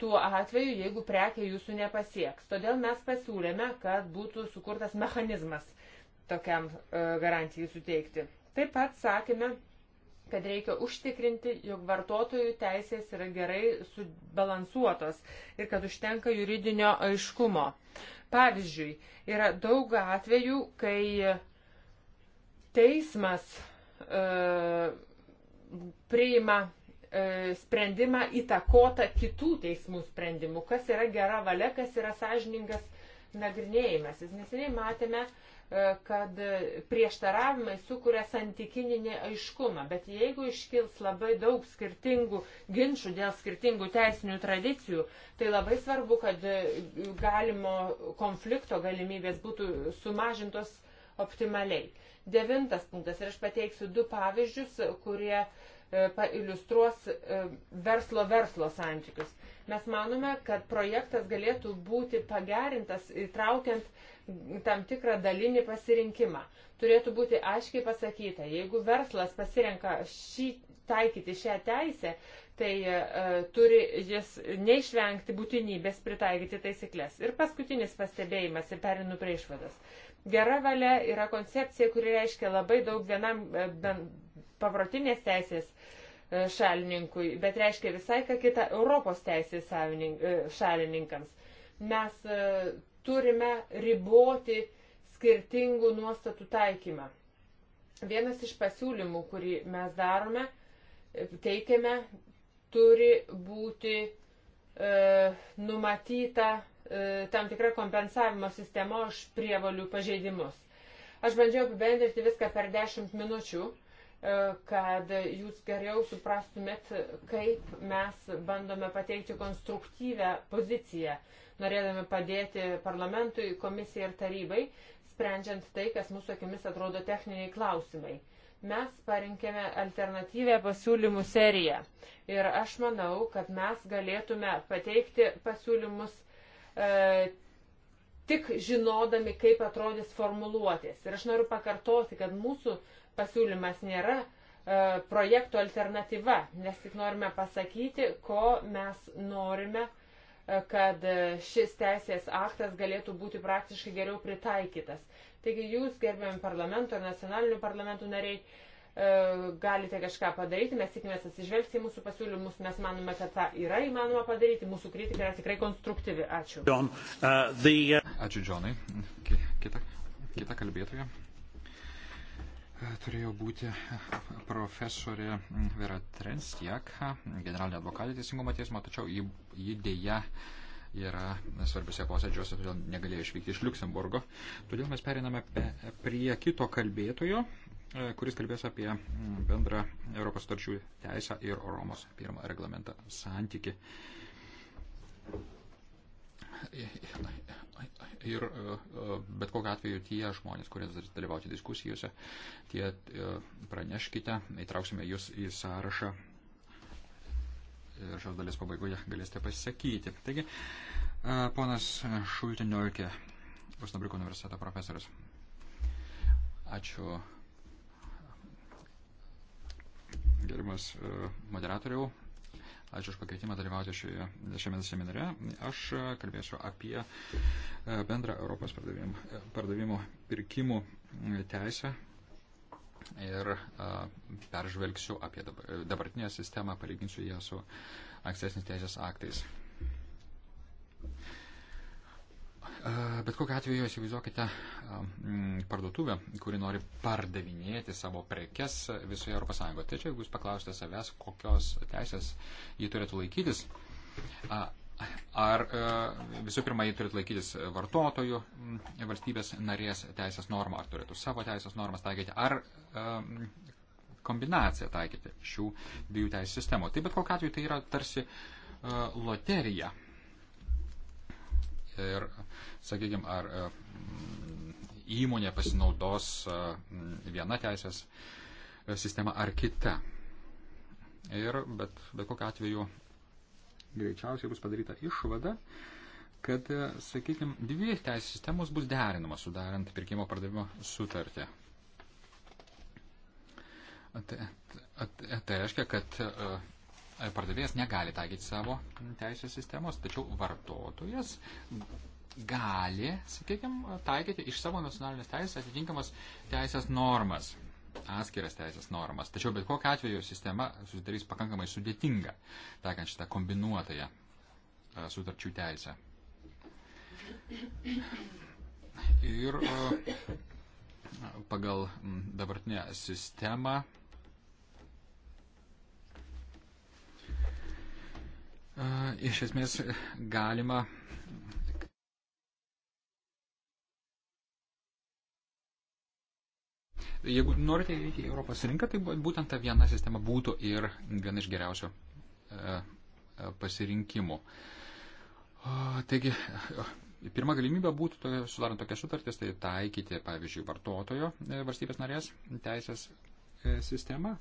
tuo atveju, jeigu prekė jūsų nepasieks. Todėl mes pasiūlėme, kad būtų sukurtas mechanizmas tokiam e, garantijai suteikti. Taip pat sakėme, kad reikia užtikrinti, jog vartotojų teisės yra gerai subalansuotos ir kad užtenka juridinio aiškumo. Pavyzdžiui, yra daug atvejų, kai teismas e, priima e, sprendimą įtakota kitų teismų sprendimų, kas yra gera valia, kas yra sąžiningas nagrinėjimas. Neseniai matėme, e, E, kad prieštaravimai sukuria santykinį neaiškumą, bet jeigu iškils labai daug skirtingų ginčių dėl skirtingų teisinių tradicijų, tai labai svarbu, kad e, galimo konflikto galimybės būtų sumažintos optimaliai. Devintas punktas ir aš pateiksiu du pavyzdžius, kurie e, pailustruos verslo verslo santykius. Mes manome, kad projektas galėtų būti pagerintas įtraukiant uh, tam tikrą dalinį pasirinkimą. Turėtų būti aiškiai pasakyta, jeigu verslas pasirenka šį, taikyti šią teisę, tai e, turi jis neišvengti būtinybės pritaikyti taisyklės. Ir paskutinis pastebėjimas ir perinu prie išvados. Gera valia yra koncepcija, kuri reiškia labai daug vienam e, ben, pavrotinės teisės e, šalininkui, bet reiškia visai ką kitą Europos teisės e, šalininkams. Mes turime riboti skirtingų nuostatų taikymą. Vienas iš pasiūlymų, kurį mes darome, teikiame, turi būti e, numatyta e, tam tikra kompensavimo sistema už prievalių pažeidimus. Aš bandžiau apibendrinti viską per 10 minučių, e, kad jūs geriau suprastumėt, kaip mes bandome pateikti konstruktyvę poziciją norėdami padėti parlamentui, komisijai ir tarybai, sprendžiant tai, kas mūsų akimis atrodo techniniai klausimai. Mes parinkėme alternatyvę pasiūlymų seriją ir aš manau, kad mes galėtume pateikti pasiūlymus e, tik žinodami, kaip atrodys formuluotės. Ir aš noriu pakartoti, kad mūsų pasiūlymas nėra e, projektų alternatyva, nes tik norime pasakyti, ko mes norime kad šis teisės aktas galėtų būti praktiškai geriau pritaikytas. Taigi jūs, gerbiami parlamento ir nacionalinių parlamentų nariai, e, galite kažką padaryti, mes tikimės atsižvelgti į mūsų pasiūlymus, mes manome, kad tą yra įmanoma padaryti, mūsų kritika yra tikrai konstruktyvi. Ačiū. John, uh, the, uh... Ačiū, Džonai. Kita, kita kalbėtoja turėjo būti profesorė Vera Trenstiek, generalinė advokatė Teisingumo teismo, tačiau ji, ji dėja yra svarbiuose posėdžiuose, todėl negalėjo išvykti iš Luksemburgo. Todėl mes periname prie kito kalbėtojo, e, kuris kalbės apie bendrą Europos tarčių teisę ir Romos pirmą reglamentą santyki ir e, e, bet kokiu atveju tie žmonės, kurie dalyvauti diskusijose, tie e, praneškite, įtrauksime jūs į sąrašą. Šios dalies pabaigoje galėsite pasisakyti. Taigi, ponas Šultiniolkė, Pusnabriko universiteto profesorius. Ačiū. Gerimas moderatoriau, Ačiū už pakvietimą dalyvauti šioje, šiame seminare. Aš e, kalbėsiu apie e, bendrą Europos pardavimų, pardavimų pirkimų teisę ir e, peržvelgsiu apie dabartinę sistemą, palyginsiu ją su ankstesnis teisės aktais. Bet kokiu atveju įsivaizduokite parduotuvę, kuri nori pardavinėti savo prekes visoje ES. Tai čia, jeigu jūs paklausite savęs, kokios teisės jį turėtų laikytis, ar e, visų pirma jį turėtų laikytis vartotojų valstybės narės teisės normą, ar turėtų savo teisės normas taikyti, ar e, kombinaciją taikyti šių dviejų teisės sistemų. Tai bet kokiu atveju tai yra tarsi e, loterija ir, sakykime, ar e, įmonė pasinaudos e, viena teisės e, sistema ar kita. Ir, bet, bet kokiu atveju, greičiausiai bus padaryta išvada, kad, sakykime, dvi teisės sistemos bus derinamos sudarant pirkimo pardavimo sutartį. Tai, tai, tai reiškia, kad pardavėjas negali taikyti savo teisės sistemos, tačiau vartotojas gali, sakykime, taikyti iš savo nacionalinės teisės atitinkamas teisės normas, atskiras teisės normas. Tačiau bet kokia atveju sistema susidarys pakankamai sudėtinga, taikant šitą kombinuotąją e, sutarčių teisę. Ir e, pagal dabartinę sistemą Iš esmės galima. Jeigu norite įveikti Europos rinką, tai būtent ta viena sistema būtų ir viena iš geriausių e, e, pasirinkimų. Taigi, e, pirma galimybė būtų, sudarant tokias sutartis, tai taikyti, pavyzdžiui, vartotojo valstybės narės teisės sistemą.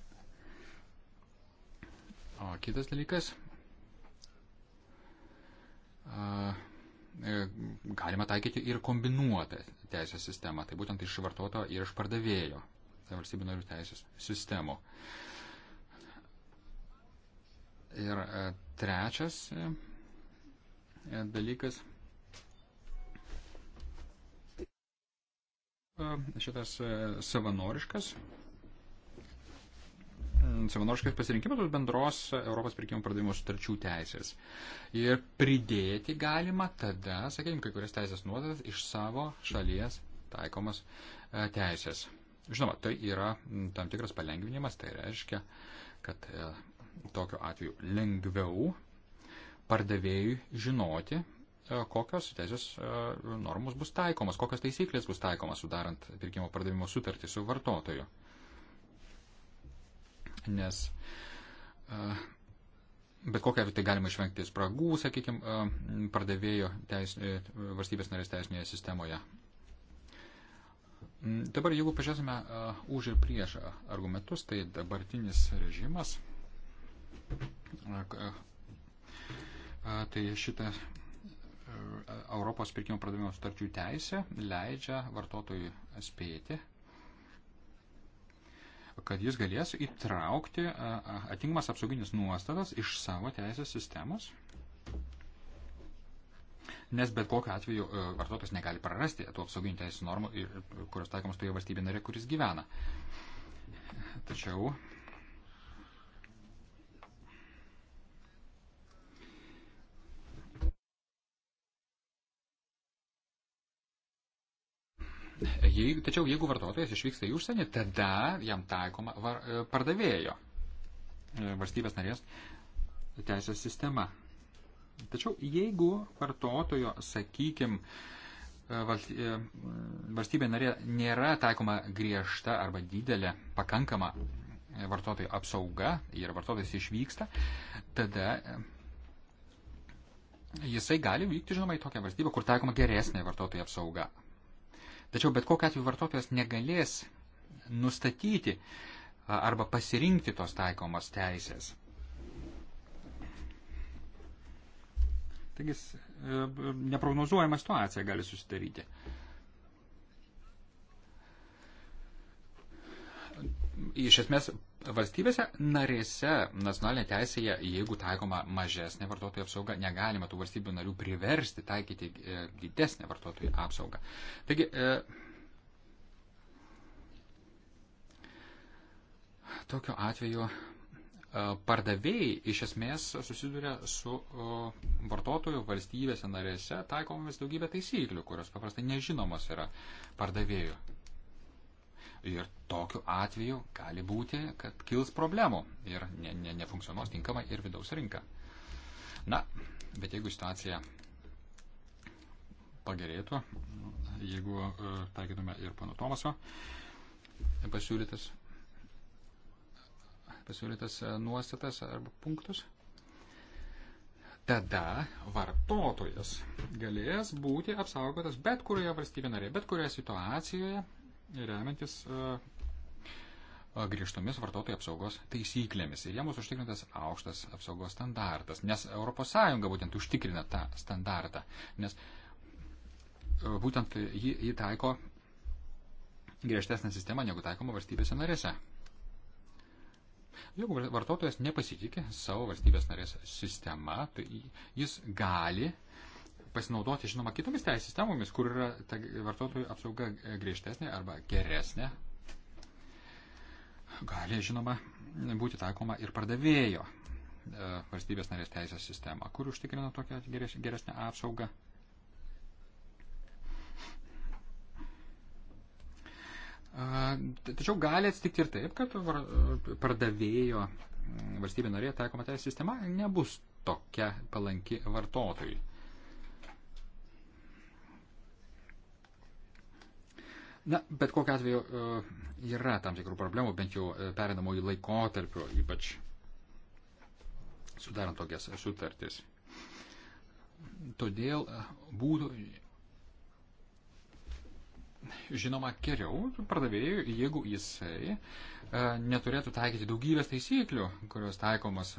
O kitas dalykas, E, galima taikyti ir kombinuotą teisės sistemą, tai būtent iš vartotojo ir iš pardavėjo tai valstybių narių teisės sistemų. Ir e, trečias e, dalykas. Šitas savanoriškas savanoriškas pasirinkimas tos bendros Europos pirkimų pardavimo sutarčių teisės. Ir pridėti galima tada, sakykime, kai kurias teisės nuodatas iš savo šalies taikomas e, teisės. Žinoma, tai yra tam tikras palengvinimas, tai reiškia, kad e, tokiu atveju lengviau pardavėjui žinoti, e, kokios teisės normos bus taikomas, kokios taisyklės bus taikomas sudarant pirkimo pardavimo sutartį su vartotoju nes bet kokią tai galima išvengti spragų, sakykime, pardavėjo teis, e, valstybės narės teisinėje sistemoje. Mm, dabar, jeigu pažiūrėsime uh, už ir prieš argumentus, tai dabartinis režimas, uh, uh, tai šitą e, Europos pirkimo pardavimo sutarčių teisė leidžia vartotojui spėti, kad jis galės įtraukti atinkamas apsauginis nuostatas iš savo teisės sistemos. Nes bet kokiu atveju e, vartotojas negali prarasti tų apsauginių teisės normų, kurios taikomas toje valstybėje narė, kuris gyvena. Tačiau Jeigu, tačiau jeigu vartotojas išvyksta į užsienį, tada jam taikoma var, e, pardavėjo e, valstybės narės teisės sistema. Tačiau jeigu vartotojo, sakykime, e, valstybė narė nėra taikoma griežta arba didelė pakankama vartotojų apsauga ir vartotojas išvyksta, tada jisai gali vykti, žinoma, į tokią valstybę, kur taikoma geresnė vartotojų apsauga. Tačiau bet kokiu atveju vartotojas negalės nustatyti arba pasirinkti tos taikomos teisės. Taigi e, neprognozuojama situacija gali susidaryti. Iš esmės Valstybėse narėse nacionalinė teisėje, jeigu taikoma mažesnė vartotojų apsauga, negalima tų valstybių narių priversti taikyti e, didesnę vartotojų apsaugą. Taigi, e, tokiu atveju e, pardavėjai iš esmės susiduria su e, vartotojų valstybėse narėse taikomomis daugybė taisyklių, kurios paprastai nežinomos yra pardavėjų. Ir tokiu atveju gali būti, kad kils problemų ir ne, ne, nefunkcionuos tinkamai ir vidaus rinka. Na, bet jeigu situacija pagerėtų, jeigu e, taikytume ir pano Tomaso pasiūlytas, pasiūlytas e, nuostatas arba punktus, tada vartotojas galės būti apsaugotas bet kurioje valstybė narėje, bet kurioje situacijoje remiantis e, e, griežtomis vartotojų apsaugos taisyklėmis. Ir jiems užtikrintas aukštas apsaugos standartas, nes ES būtent užtikrina tą standartą, nes e, būtent jį, jį taiko griežtesnę sistemą negu taikoma valstybėse narėse. Jeigu vartotojas nepasitikė savo valstybės narės sistema, tai jis gali uh, pasinaudoti, žinoma, kitomis teisės sistemomis, kur yra ta vartotojų apsauga griežtesnė arba geresnė, gali, žinoma, būti taikoma ir pardavėjo e, valstybės narės teisės sistema, kur užtikrina tokią geresnę apsaugą. E, tačiau gali atsitikti ir taip, kad pardavėjo valstybė norėjo taikoma teisės sistema nebus tokia palanki vartotojui. Na, bet kokiu atveju e, yra tam tikrų problemų, bent jau e, perinamųjų laikotarpių, ypač sudarant tokias sutartis. Todėl e, būtų žinoma geriau pardavėjui, jeigu jisai neturėtų taikyti daugybės taisyklių, kurios taikomas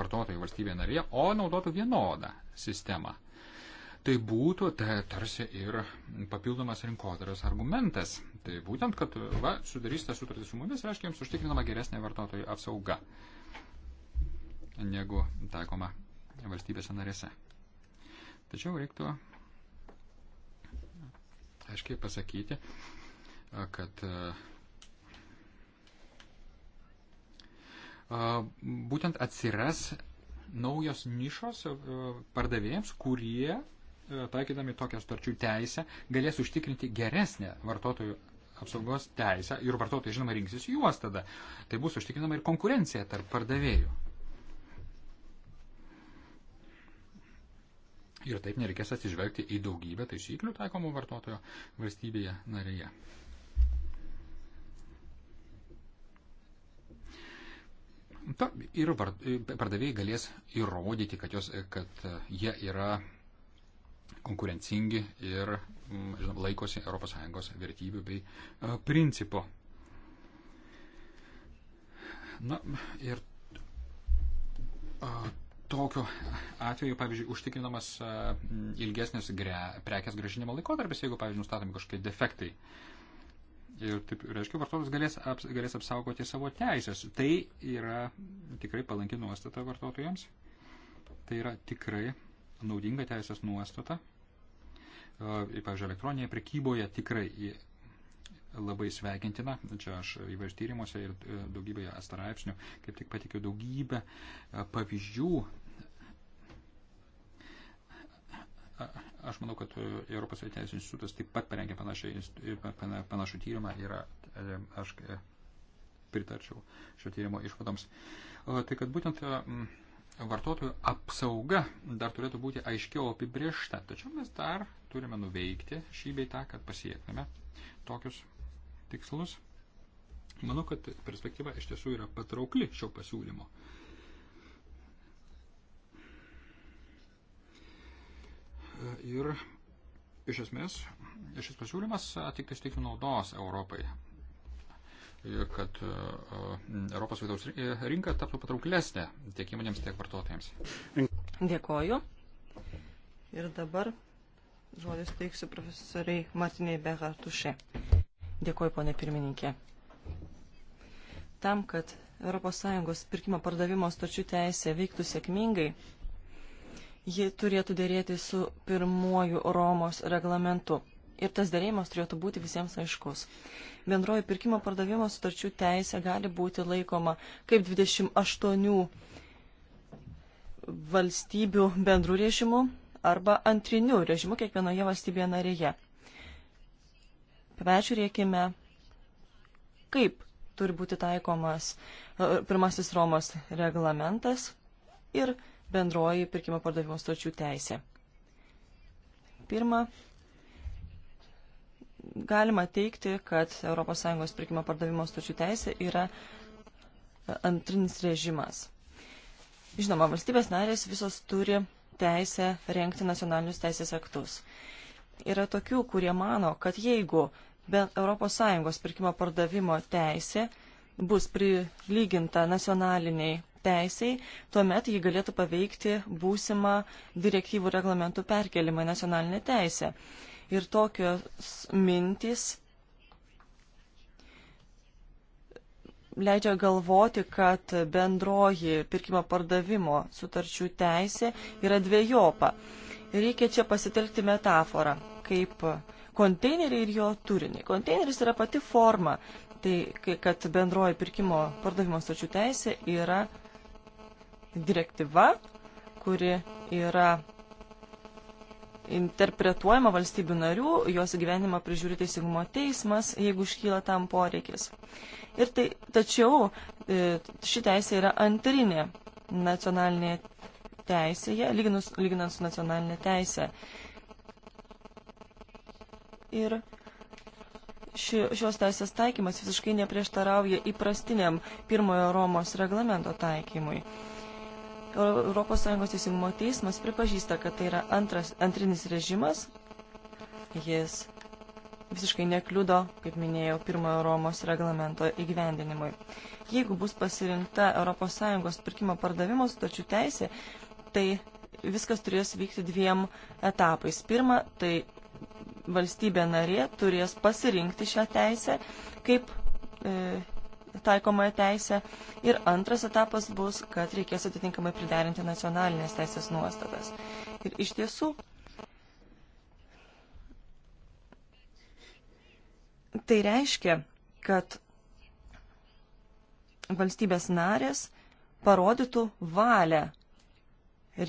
vartotojai valstybėje narėje, o naudotų vienodą sistemą tai būtų tai tarsi ir papildomas rinkodaros argumentas. Tai būtent, kad va, sudarysite sutartį su mumis, reiškia, jums užtikrinama geresnė vartotojų apsauga negu taikoma valstybėse narėse. Tačiau reiktų aiškiai pasakyti, kad būtent atsiras naujos nišos pardavėjams, kurie taikydami tokią sutarčių teisę, galės užtikrinti geresnę vartotojų apsaugos teisę ir vartotojai, žinoma, rinksis juos tada. Tai bus užtikrinama ir konkurencija tarp pardavėjų. Ir taip nereikės atsižvelgti į daugybę taisyklių taikomų vartotojo valstybėje narėje. Ta, ir vart, pardavėjai galės įrodyti, kad, jos, kad jie yra konkurencingi ir mm, žinom, laikosi ES vertybių bei e, principų. Na ir e, tokiu atveju, pavyzdžiui, užtikrinamas e, ilgesnis gre, prekės gražinimo laikotarpis, jeigu, pavyzdžiui, nustatomi kažkokie defektai. Ir taip, reiškia, vartotojas galės, aps, galės apsaugoti savo teisės. Tai yra tikrai palanki nuostata vartotojams. Tai yra tikrai naudinga teisės nuostata pavyzdžiui, elektroninėje prekyboje tikrai labai sveikintina. Čia aš įvairių tyrimuose ir e, daugybėje straipsnių kaip tik patikiu daugybę e, pavyzdžių. Aš manau, kad e, Europos Teisės institutas taip pat parengė panašį, panašų tyrimą ir aš pritarčiau šio tyrimo išvadoms. Tai kad būtent vartotojų apsauga dar turėtų būti aiškiau apibriešta. Tačiau mes dar turime nuveikti šį beitą, kad pasiektume tokius tikslus. Manau, kad perspektyva iš tiesų yra patraukli šio pasiūlymo. Ir iš esmės šis pasiūlymas tik tai suteikia naudos Europai kad e, e, Europos vidaus e, rinka taptų patrauklesnė tiek įmonėms, tiek vartotojams. Dėkoju. Ir dabar žodis teiksiu profesoriai Martiniai Behartušė. Dėkoju, ponė pirmininkė. Tam, kad ES pirkimo pardavimo stočių teisė veiktų sėkmingai, ji turėtų dėrėti su pirmuoju Romos reglamentu ir tas dėrėjimas turėtų būti visiems aiškus. Bendroji pirkimo pardavimo sutarčių teisė gali būti laikoma kaip 28 valstybių bendrų režimų arba antrinių režimų kiekvienoje valstybėje narėje. Peržiūrėkime, kaip turi būti taikomas e, pirmasis Romos reglamentas ir bendroji pirkimo pardavimo sutarčių teisė. Pirma, galima teikti, kad ES pirkimo pardavimo stočių teisė yra e, antrinis režimas. Žinoma, valstybės narės visos turi teisę renkti nacionalinius teisės aktus. Yra tokių, kurie mano, kad jeigu ES pirkimo pardavimo teisė bus prilyginta nacionaliniai teisiai, tuomet jį galėtų paveikti būsimą direktyvų reglamentų perkelimą į nacionalinę teisę ir tokios mintys leidžia galvoti, kad bendroji pirkimo pardavimo sutarčių teisė yra dviejopa. Reikia čia pasitelkti metaforą, kaip konteineriai ir jo turiniai. Konteineris yra pati forma, tai kad bendroji pirkimo pardavimo sutarčių teisė yra direktyva, kuri yra interpretuojama valstybių narių, jos gyvenimą prižiūri teisingumo teismas, jeigu iškyla tam poreikis. Ir tai, tačiau e, ši teisė yra antrinė nacionalinėje teisėje, lyginus, lyginant su nacionalinė teisė. Ir ši, šios teisės taikymas visiškai neprieštarauja įprastiniam pirmojo Romos reglamento taikymui. ES teisingumo teismas pripažįsta, kad tai yra antras, antrinis režimas. Jis visiškai nekliudo, kaip minėjau, pirmojo Romos reglamento įgyvendinimui. Jeigu bus pasirinkta ES pirkimo pardavimo sutarčių teisė, tai viskas turės vykti dviem etapais. Pirma, tai valstybė narė turės pasirinkti šią teisę kaip e, taikomąją teisę. Ir antras etapas bus, kad reikės atitinkamai priderinti nacionalinės teisės nuostatas. Ir iš tiesų, tai reiškia, kad valstybės narės parodytų valią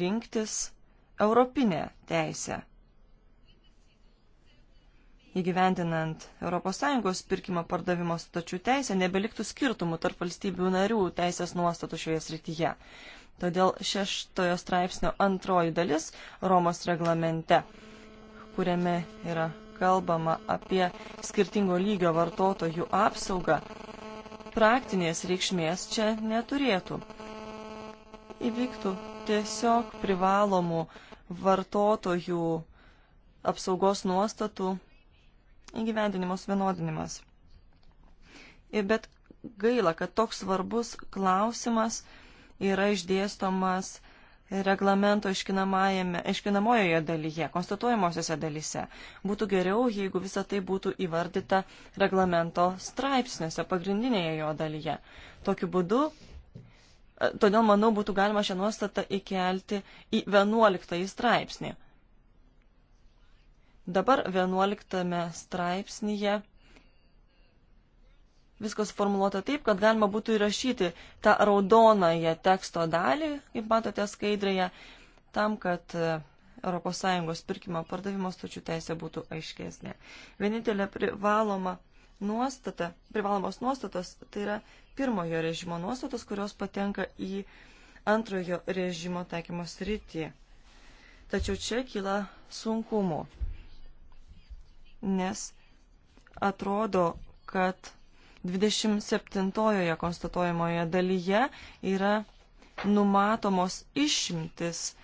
rinktis europinę teisę įgyvendinant ES pirkimo pardavimo sutarčių teisę, nebeliktų skirtumų tarp valstybių narių teisės nuostatų šioje srityje. Todėl šeštojo straipsnio antroji dalis Romos reglamente, kuriame yra kalbama apie skirtingo lygio vartotojų apsaugą, praktinės reikšmės čia neturėtų. Įvyktų tiesiog privalomų vartotojų apsaugos nuostatų įgyvendinimo suvienodinimas. Bet gaila, kad toks svarbus klausimas yra išdėstomas reglamento aiškinamojoje dalyje, konstatuojamosiose dalyse. Būtų geriau, jeigu visa tai būtų įvardyta reglamento straipsniuose, pagrindinėje jo dalyje. Tokiu būdu, e, todėl manau, būtų galima šią nuostatą įkelti į 11 straipsnį. Dabar 11 straipsnėje viskas formuluota taip, kad galima būtų įrašyti tą raudonąją teksto dalį, kaip matote skaidrėje, tam, kad ES pirkimo pardavimo stočių teisė būtų aiškesnė. Vienintelė privaloma nuostata, privalomos nuostatos, tai yra pirmojo režimo nuostatos, kurios patenka į antrojo režimo taikymo sritį. Tačiau čia kyla sunkumų nes atrodo, kad 27-ojoje konstatuojamoje dalyje yra numatomos išimtis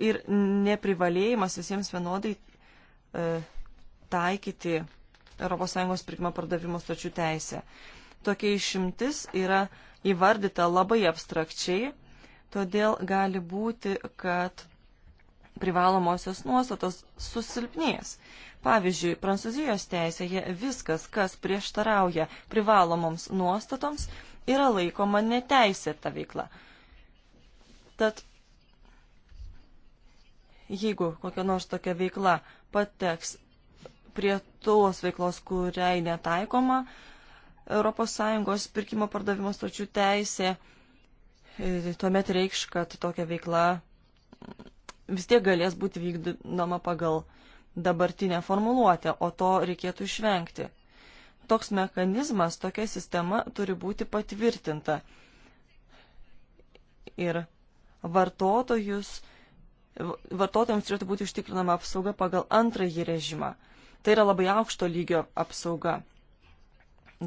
ir neprivalėjimas visiems vienodai e, taikyti ES pirkimo pardavimo stočių teisę. Tokia išimtis yra įvardyta labai abstrakčiai, todėl gali būti, kad privalomosios nuostatos susilpnės. Pavyzdžiui, Prancūzijos teisėje viskas, kas prieštarauja privalomoms nuostatoms, yra laikoma neteisėta veikla. Tad jeigu kokia nors tokia veikla pateks prie tos veiklos, kuriai netaikoma ES pirkimo pardavimo stočių teisė, e, tuomet reikš, kad tokia veikla vis tiek galės būti vykdoma pagal dabartinę formuluotę, o to reikėtų išvengti. Toks mechanizmas, tokia sistema turi būti patvirtinta. Ir vartotojus, vartotojams turėtų būti užtikrinama apsauga pagal antrąjį režimą. Tai yra labai aukšto lygio apsauga.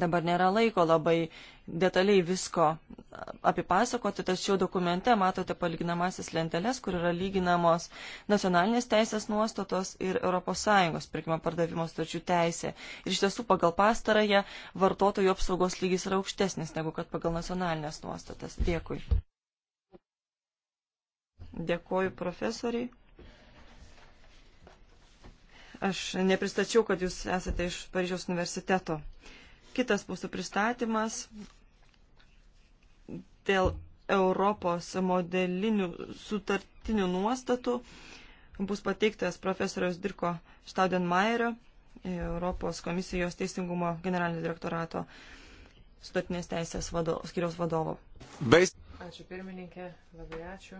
Dabar nėra laiko labai detaliai visko apipasakoti, tačiau dokumente matote palyginamasis lenteles, kur yra lyginamos nacionalinės teisės nuostatos ir ES pirkimo pardavimo stočių teisė. Ir iš tiesų pagal pastarąją vartotojų apsaugos lygis yra aukštesnis negu kad pagal nacionalinės nuostatas. Dėkui. Dėkoju profesoriai. Aš nepristačiau, kad jūs esate iš Paryžiaus universiteto. Uh, Kitas mūsų pristatymas dėl Europos modelinių sutartinių nuostatų bus pateiktas profesoriaus Dirko Staudenmaierio, Europos komisijos teisingumo generalinio direktorato sutartinės teisės vado, skiriaus vadovo. Beis. Ačiū pirmininkė, labai ačiū.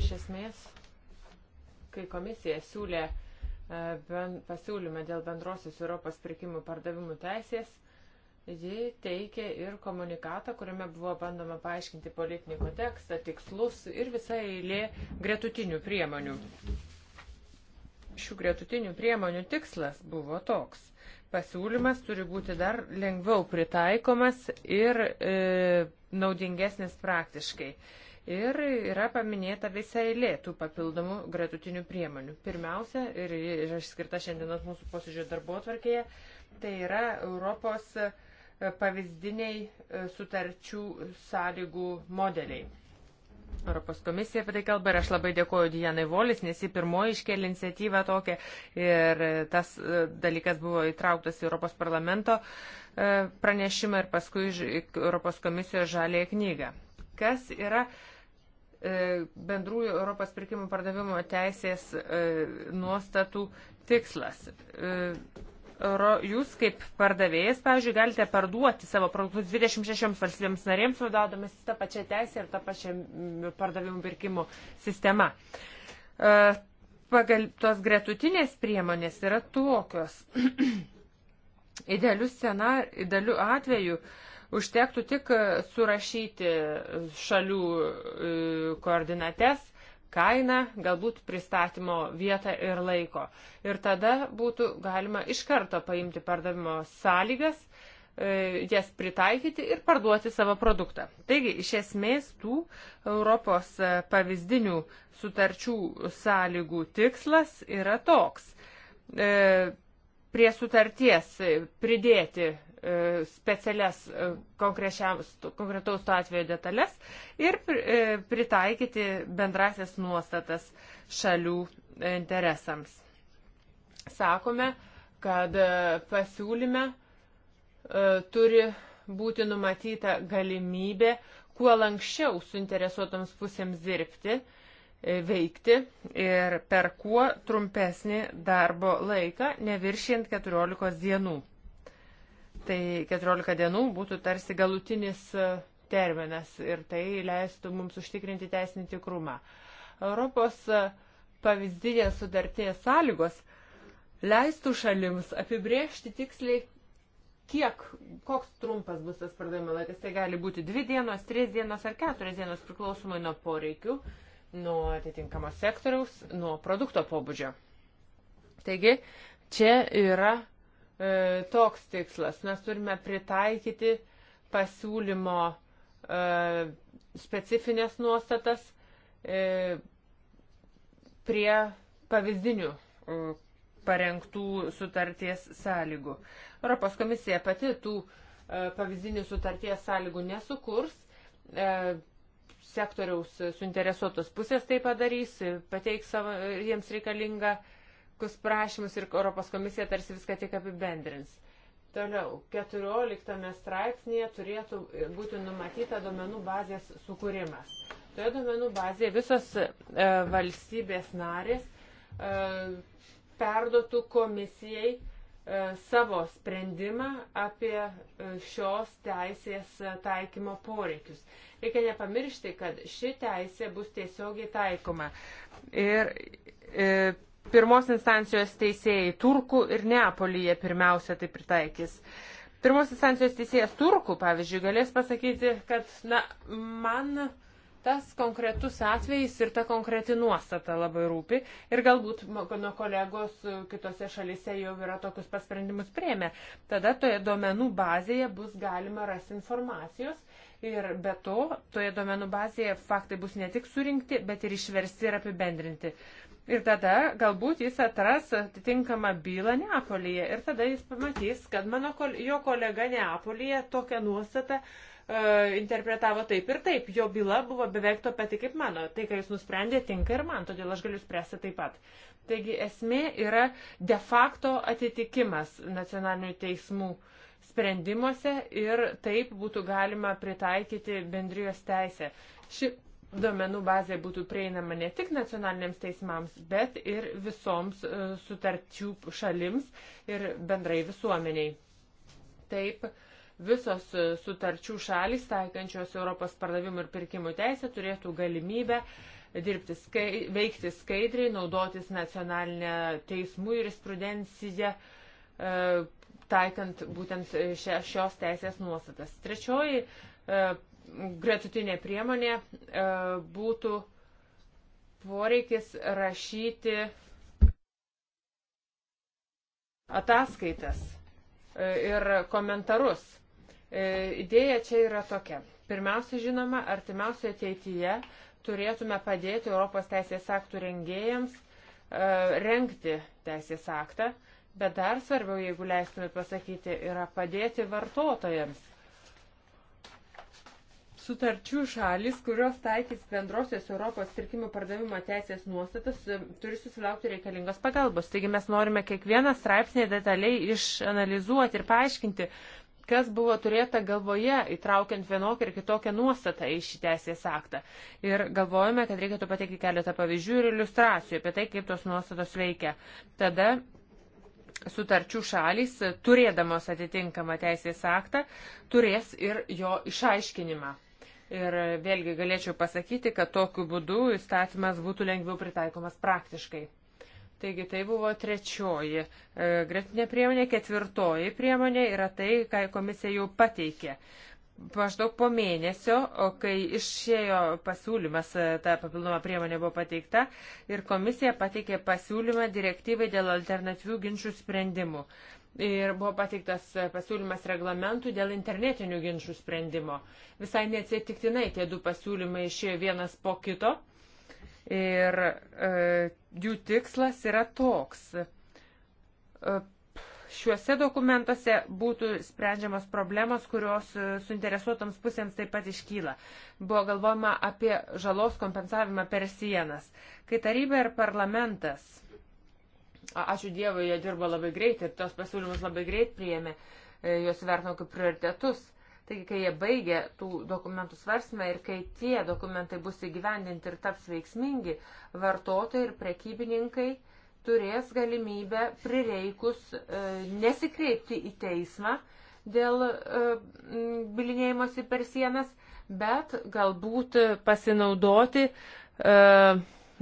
Iš esmės, kai komisija siūlė e, ben, pasiūlymą dėl bendrosios Europos pirkimų pardavimų teisės, Ji teikė ir komunikatą, kuriame buvo bandoma paaiškinti politinį kontekstą, tikslus ir visą eilė gretutinių priemonių. Šių gretutinių priemonių tikslas buvo toks. Pasiūlymas turi būti dar lengviau pritaikomas ir e, naudingesnis praktiškai. Ir yra paminėta visa eilė tų papildomų gretutinių priemonių. Pirmiausia, ir, ir išskirta šiandienos mūsų posėdžio darbo atvarkėje, tai yra Europos e, pavyzdiniai e, sutarčių sąlygų modeliai. Europos komisija apie tai kalba ir aš labai dėkoju Dianai Volis, nes ji pirmoji iškėlė iniciatyvą tokią ir tas e, dalykas buvo įtrauktas į Europos parlamento e, pranešimą ir paskui Europos komisijos žalėje knygą. Kas yra bendrųjų Europos pirkimų pardavimo teisės nuostatų tikslas? Euro, jūs kaip pardavėjas, pavyzdžiui, galite parduoti savo produktus 26 valstybėms narėms, vadovaudomis tą pačią teisę ir tą pačią mm, pardavimų pirkimų sistemą. E, pagal tos gretutinės priemonės yra tokios. idealių, scenar, idealių atvejų užtektų tik surašyti šalių e, koordinates kainą, galbūt pristatymo vietą ir laiko. Ir tada būtų galima iš karto paimti pardavimo sąlygas, e, jas pritaikyti ir parduoti savo produktą. Taigi, iš esmės, tų Europos e, pavyzdinių sutarčių sąlygų tikslas yra toks. E, prie sutarties pridėti E, specialias e, konkretaus to atveju detalės ir e, pritaikyti bendrasias nuostatas šalių interesams. Sakome, kad pasiūlyme turi būti numatyta galimybė kuo lankščiau suinteresuotams pusėms dirbti, veikti ir per kuo trumpesnį darbo laiką, neviršint 14 dienų tai 14 dienų būtų tarsi galutinis e, terminas ir tai leistų mums užtikrinti teisinį tikrumą. Europos e, pavyzdinės sudartinės sąlygos leistų šalims apibriežti tiksliai, kiek, koks trumpas bus tas pardavimo laikas. Tai gali būti dvi dienos, trys dienos ar keturios dienos priklausomai nuo poreikių, nuo atitinkamo sektoriaus, nuo produkto pobūdžio. Taigi, čia yra E, toks tikslas. Mes turime pritaikyti pasiūlymo e, specifines nuostatas e, prie pavyzdinių parengtų sutarties sąlygų. Europos komisija pati tų pavyzdinių sutarties sąlygų nesukurs. Sektoriaus suinteresuotos pusės tai padarys, pateiks savo, jiems reikalingą uh, tokius prašymus ir Europos komisija tarsi viską tik apibendrins. Toliau, 14 straipsnėje turėtų būti numatyta duomenų bazės sukūrimas. Toje duomenų bazėje visos e, valstybės narės e, perduotų komisijai e, savo sprendimą apie e, šios teisės taikymo poreikius. Reikia nepamiršti, kad ši teisė bus tiesiogiai taikoma. Ir e, Pirmos instancijos teisėjai Turkų ir Neapolyje pirmiausia tai pritaikys. Pirmos instancijos teisėjas Turkų, pavyzdžiui, galės pasakyti, kad, na, man tas konkretus atvejis ir ta konkreti nuostata labai rūpi. Ir galbūt mano kolegos kitose šalise jau yra tokius pasprendimus prieimę. Tada toje duomenų bazėje bus galima rasti informacijos. Ir be to, toje duomenų bazėje faktai bus ne tik surinkti, bet ir išversti ir apibendrinti. Ir tada galbūt jis atras atitinkamą bylą Neapolyje. Ir tada jis pamatys, kad mano, jo kolega Neapolyje tokią nuostatą e, interpretavo taip ir taip. Jo byla buvo beveik to pati kaip mano. Tai, ką jis nusprendė, tinka ir man, todėl aš galiu spręsti taip pat. Taigi esmė yra de facto atitikimas nacionalinių teismų sprendimuose ir taip būtų galima pritaikyti bendrijos teisę. Ši duomenų bazė būtų prieinama ne tik nacionaliniams teismams, bet ir visoms e, sutarčių šalims ir bendrai visuomeniai. Taip, visos e, sutarčių šalys taikančios Europos pardavimų ir pirkimų teisę turėtų galimybę dirbti skai, veikti skaidriai, naudotis nacionalinę teismų jurisprudenciją, e, taikant būtent šios teisės nuostatas. Trečioji gretutinė priemonė e, būtų poreikis rašyti ataskaitas e, ir komentarus. E, idėja čia yra tokia. Pirmiausia, žinoma, artimiausioje ateityje turėtume padėti Europos teisės aktų rengėjams rengti teisės aktą, bet dar svarbiau, jeigu leistumėt pasakyti, yra padėti vartotojams Sutarčių šalis, kurios taikys bendrosios Europos pirkimų pardavimo teisės nuostatas, e, turi susilaukti reikalingos pagalbos. Taigi mes norime kiekvieną straipsnį detaliai išanalizuoti ir paaiškinti, kas buvo turėta galvoje, įtraukiant vienokią ir kitokią nuostatą į šį teisės aktą. Ir galvojame, kad reikėtų pateikti keletą pavyzdžių ir iliustracijų apie tai, kaip tos nuostatos veikia. Tada sutarčių šalys, turėdamos atitinkamą teisės aktą, turės ir jo išaiškinimą. Ir vėlgi galėčiau pasakyti, kad tokiu būdu įstatymas būtų lengviau pritaikomas praktiškai. Taigi tai buvo trečioji e, gretinė priemonė, ketvirtoji priemonė yra tai, ką komisija jau pateikė. Maždaug po mėnesio, o kai išėjo pasiūlymas, e, ta papildoma priemonė buvo pateikta ir komisija pateikė pasiūlymą direktyvai dėl alternatyvių ginčių sprendimų. E, ir buvo pateiktas pasiūlymas reglamentų dėl internetinių ginčių sprendimo. Visai neatsitiktinai tie du pasiūlymai išėjo vienas po kito ir e, jų tikslas yra toks. E, šiuose dokumentuose būtų sprendžiamas problemas, kurios e, suinteresuotams pusėms taip pat iškyla. Buvo galvojama apie žalos kompensavimą per sienas. Kai taryba ir parlamentas Ačiū Dievui, jie dirbo labai greitai ir tos pasiūlymus labai greit priėmė, e, juos vertino kaip prioritetus. Taigi, kai jie baigė tų dokumentų svarstymą ir kai tie dokumentai bus įgyvendinti ir taps veiksmingi, vartotojai ir prekybininkai turės galimybę prireikus e, nesikreipti į teismą dėl e, bilinėjimosi per sienas, bet galbūt pasinaudoti e,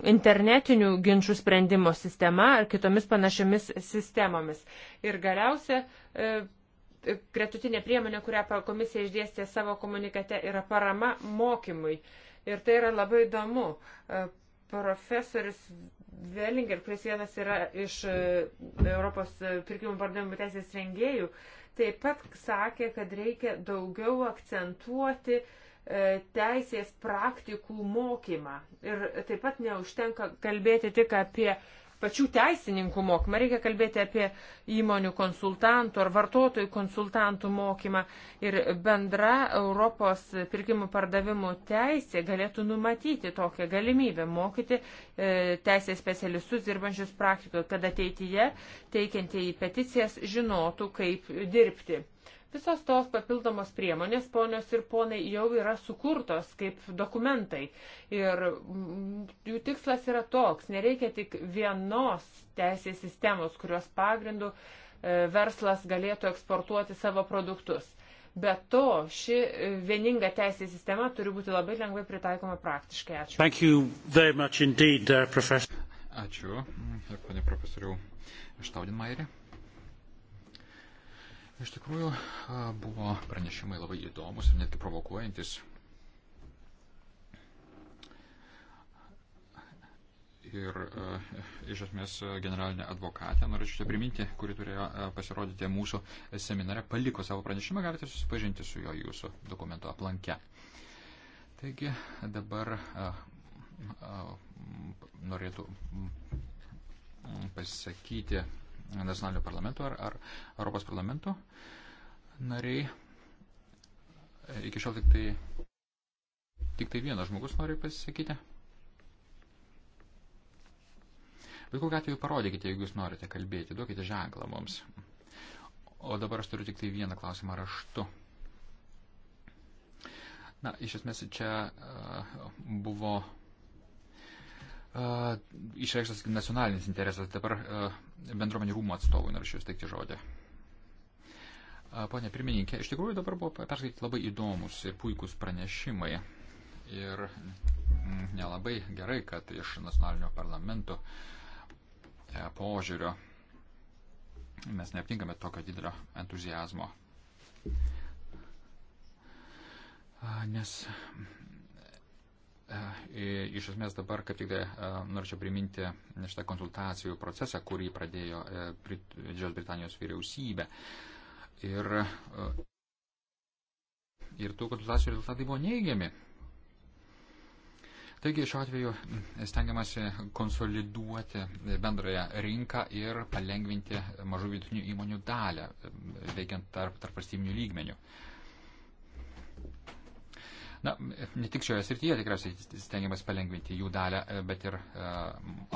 internetinių ginčių sprendimo sistema ar kitomis panašiomis sistemomis. Ir galiausia, e, gretutinė priemonė, kurią komisija išdėstė savo komunikate, yra parama mokymui. Ir tai yra labai įdomu. E, profesorius Velinger, kuris vienas yra iš e, Europos pirkimų pardavimų teisės rengėjų, taip pat sakė, kad reikia daugiau akcentuoti uh, E, teisės praktikų mokymą. Ir taip pat neužtenka kalbėti tik apie pačių teisininkų mokymą, reikia kalbėti apie įmonių konsultantų ar vartotojų konsultantų mokymą ir bendra Europos pirkimų pardavimų teisė galėtų numatyti tokią galimybę mokyti e, teisės specialistus dirbančius praktikoje, kad ateityje teikiantieji peticijas žinotų, kaip dirbti. Visos tos papildomos priemonės, ponios ir ponai, jau yra sukurtos kaip dokumentai. Ir mm, jų tikslas yra toks. Nereikia tik vienos teisės sistemos, kurios pagrindų e, verslas galėtų eksportuoti savo produktus. Be to, ši e, vieninga teisės sistema turi būti labai lengvai pritaikoma praktiškai. Ačiū. Indeed, uh, Ačiū, mm, ponė profesoriau Štaudinmairė. Iš tikrųjų, buvo pranešimai labai įdomus ir netgi provokuojantis. Ir iš esmės generalinė advokatė, norėčiau čia priminti, kuri turėjo pasirodyti mūsų seminare, paliko savo pranešimą, galite susipažinti su jo jūsų dokumento aplanke. Taigi dabar norėtų pasisakyti nacionalinių parlamentų ar, ar Europos parlamentų nariai. Iki šiol tik tai, tik tai vienas žmogus nori pasisakyti. Bet kokiu atveju parodykite, jeigu jūs norite kalbėti, duokite ženklą mums. O dabar aš turiu tik tai vieną klausimą raštu. Na, iš esmės čia uh, buvo išreikštas nacionalinis interesas. Dabar bendruomenių rūmų atstovui norėčiau steigti žodį. Pone pirmininkė, iš tikrųjų dabar buvo perskaityti labai įdomus ir puikūs pranešimai. Ir nelabai gerai, kad iš nacionalinio parlamento e, požiūrio mes neaptinkame tokio didelio entuzijazmo. Nes E, iš esmės dabar, kaip tik e, norėčiau priminti šitą konsultacijų procesą, kurį pradėjo e, Didžios Britanijos vyriausybė. Ir, ir tų konsultacijų rezultatai buvo neigiami. Taigi šiuo atveju stengiamasi konsoliduoti bendrąją rinką ir palengvinti mažų vidutinių įmonių dalę, veikiant tarp, tarp valstybinių lygmenių. Uh, Na, ne tik šioje srityje tikriausiai stengiamas palengvinti jų dalę, e, bet ir e,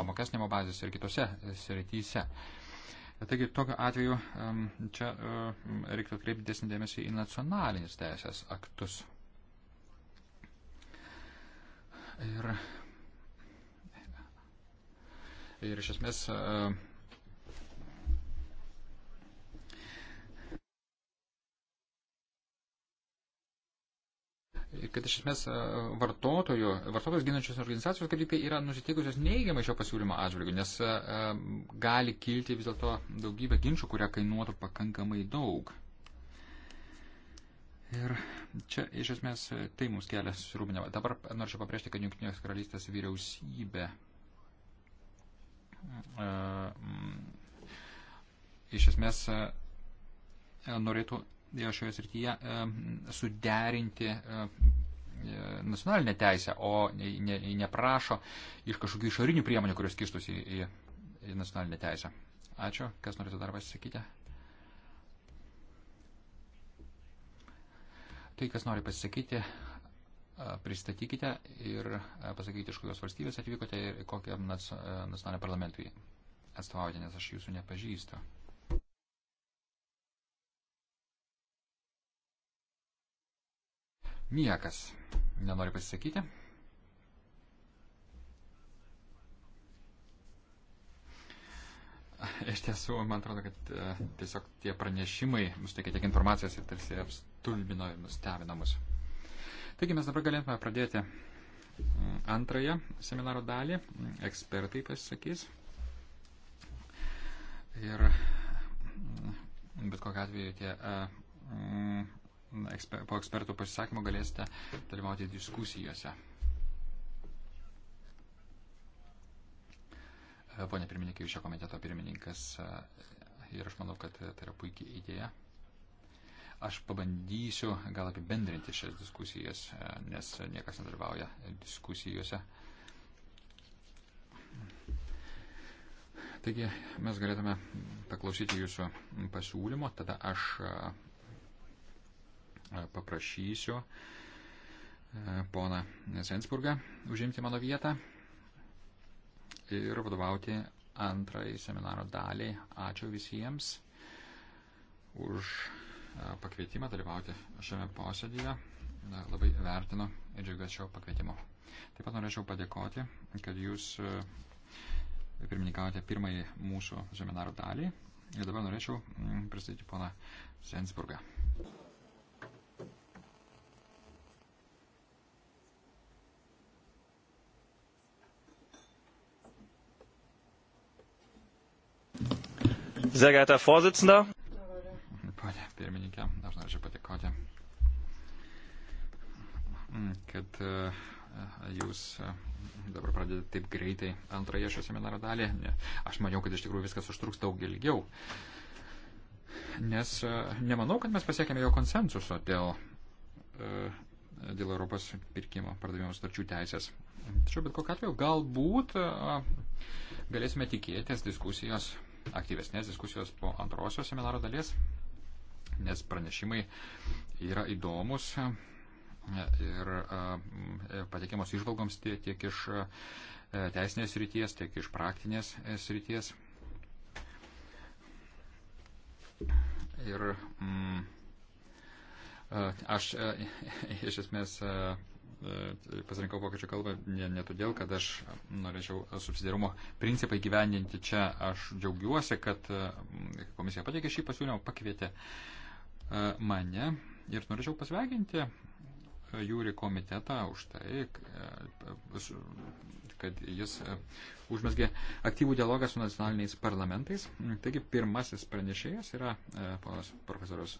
apmokesnimo bazės ir kitose srityse. Taigi, tokiu atveju čia e, reiktų atkreipti dėsnį dėmesį į nacionalinius teisės aktus. Ir, ir iš esmės kad iš esmės e, vartotojų, vartotojus ginančios organizacijos kaip tik tai yra nusiteikusios neigiamai šio pasiūlymo atžvilgiu, nes e, e, gali kilti vis dėlto daugybė ginčių, kurie kainuotų pakankamai daug. Ir čia iš esmės tai mums kelia susirūpinimą. Dabar norėčiau pabrėžti, kad Junktinės karalystės vyriausybė iš esmės norėtų šioje srityje suderinti e, nacionalinę teisę, o ne, neprašo iš kažkokių išorinių priemonių, kurios kištusi į, į nacionalinę teisę. Ačiū. Kas norėtų dar pasisakyti? Tai, kas nori pasisakyti, e, pristatykite ir e, pasakykite, iš kokios valstybės atvykote ir kokiam nacionaliniam parlamentui atstovaujate, nes aš jūsų nepažįstu. Niekas nenori pasisakyti. Iš tiesų, man atrodo, kad e, tiesiog tie pranešimai mus teikia tiek informacijos ir tarsi apstulbino ir nustebino mus. Taigi mes dabar galėtume pradėti antrąją seminaro dalį. Ekspertai pasisakys. Ir bet kokiu atveju tie. E, mm, eksper, po ekspertų pasisakymų galėsite dalyvauti diskusijose. E, pone pirmininkai, šio komiteto pirmininkas e, ir aš manau, kad e, tai yra puikiai idėja. Aš pabandysiu gal apibendrinti šias diskusijas, nes niekas nedalyvauja diskusijose. Taigi mes galėtume paklausyti jūsų pasiūlymo, tada aš paprašysiu e, poną Sensburgą užimti mano vietą ir vadovauti antrai seminaro daliai. Ačiū visiems už e, pakvietimą dalyvauti šiame posėdėje. Labai vertinu ir džiaugiuosi šio pakvietimo. Taip pat norėčiau padėkoti, kad jūs e, pirmininkavote pirmąjį mūsų seminaro dalį. Ir dabar norėčiau pristatyti poną Sensburgą. Sehr geehrter Vorsitzender. Pane pirmininkė, aš norėčiau patikoti, mm, kad e, jūs e, dabar pradedate taip greitai antrąją šio seminaro dalį. Aš maniau, kad iš tikrųjų viskas užtruks daug ilgiau. Nes e, nemanau, kad mes pasiekėme jo konsensuso dėl, dėl Europos pirkimo pardavimo sutarčių teisės. Tačiau bet kokiu atveju galbūt galėsime tikėtis diskusijos aktyvesnės diskusijos po antrosios seminaro dalies, nes pranešimai yra įdomus e, ir e, pateikiamos išvalgoms tiek iš e, teisinės ryties, tiek iš praktinės ryties. Ir mm, aš iš esmės E, pasirinkau vokiečių kalbą ne, ne todėl, kad aš norėčiau subsidiarumo principą įgyvendinti čia. Aš džiaugiuosi, kad e, komisija pateikė šį pasiūlymą, pakvietė e, mane ir norėčiau pasveikinti jūri komitetą už tai, kad jis užmesgė aktyvų dialogą su nacionaliniais parlamentais. Taigi pirmasis pranešėjas yra ponas profesorius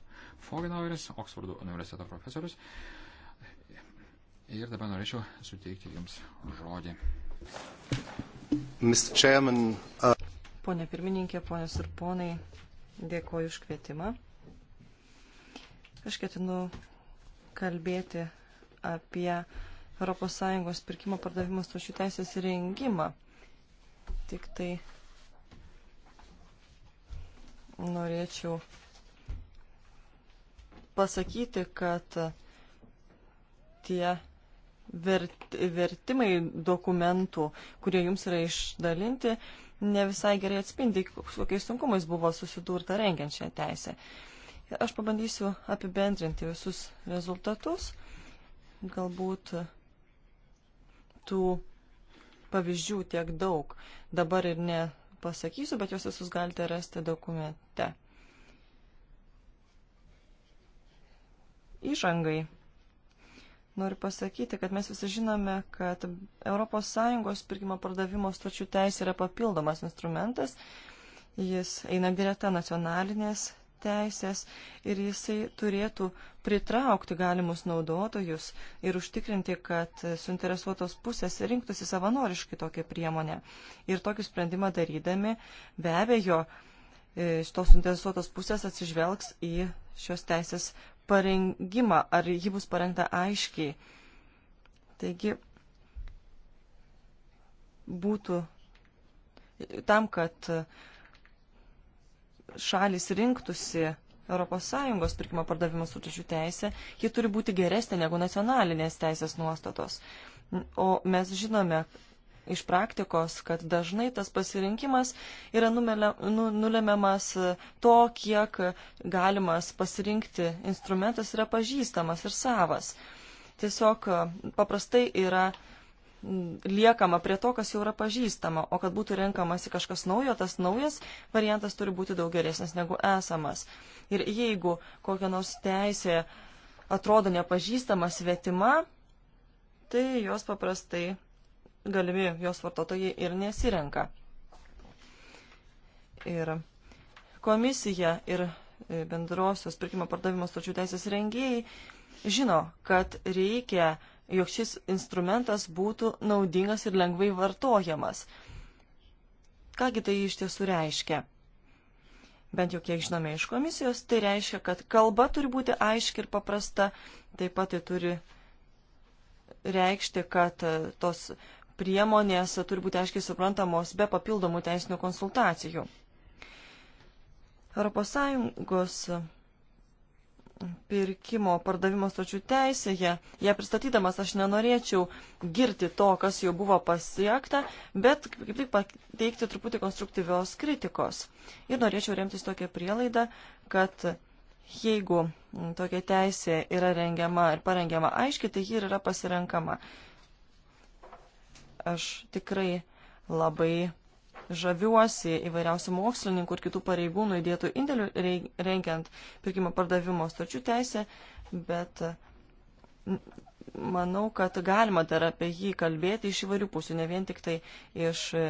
Fogenaueris, Oksfordo universiteto profesorius. Uh, Ir dabar norėčiau suteikti Jums žodį. Chairman, uh... Pone pirmininkė, ponios ir ponai, dėkoju už kvietimą. Aš ketinu kalbėti apie ES pirkimo pardavimo stočių teisės įrengimą. Tik tai norėčiau pasakyti, kad tie vert, vertimai dokumentų, kurie jums yra išdalinti, ne visai gerai atspindi, kokiais sunkumais buvo susidurta rengiant šią teisę. Aš pabandysiu apibendrinti visus rezultatus, galbūt tų pavyzdžių tiek daug dabar ir nepasakysiu, bet juos visus galite rasti dokumente. Įžangai Noriu pasakyti, kad mes visi žinome, kad ES pirkimo pardavimo stočių teisė yra papildomas instrumentas. Jis eina greta nacionalinės teisės ir jisai turėtų pritraukti galimus naudotojus ir užtikrinti, kad suinteresuotos pusės rinktųsi savanoriškai tokią priemonę. Ir tokį sprendimą darydami be abejo šitos e, suinteresuotos pusės atsižvelgs į šios teisės parengimą, ar ji bus parengta aiškiai. Taigi, būtų tam, kad šalis rinktųsi ES pirkimo pardavimo sutarčių teisę, ji turi būti geresnė negu nacionalinės teisės nuostatos. O mes žinome, iš praktikos, kad dažnai tas pasirinkimas yra nu, nulemiamas to, kiek galimas pasirinkti instrumentas yra pažįstamas ir savas. Tiesiog paprastai yra liekama prie to, kas jau yra pažįstama, o kad būtų renkamasi kažkas naujo, tas naujas variantas turi būti daug geresnis negu esamas. Ir jeigu kokia nors teisė atrodo nepažįstama svetima, tai jos paprastai galimi jos vartotojai ir nesirenka. Ir komisija ir e, bendrosios pirkimo pardavimo stočių teisės rengėjai žino, kad reikia, jog šis instrumentas būtų naudingas ir lengvai vartojamas. Kągi tai iš tiesų reiškia? Bent jau kiek žinome iš komisijos, tai reiškia, kad kalba turi būti aiški ir paprasta, taip pat tai turi reikšti, kad e, tos priemonės turi būti aiškiai suprantamos be papildomų teisinių konsultacijų. ES pirkimo pardavimo stočių teisėje, ją pristatydamas aš nenorėčiau girti to, kas jau buvo pasiekta, bet kaip tik pateikti truputį konstruktyvios kritikos. Ir norėčiau remtis tokią prielaidą, kad jeigu tokia teisė yra rengiama ir parengiama aiškiai, tai ji ir yra pasirenkama. Aš tikrai labai žaviuosi įvairiausių mokslininkų ir kitų pareigūnų įdėtų indėlių rengiant pirkimo pardavimo starčių teisę, bet manau, kad galima dar apie jį kalbėti iš įvairių pusių, ne vien tik tai iš e,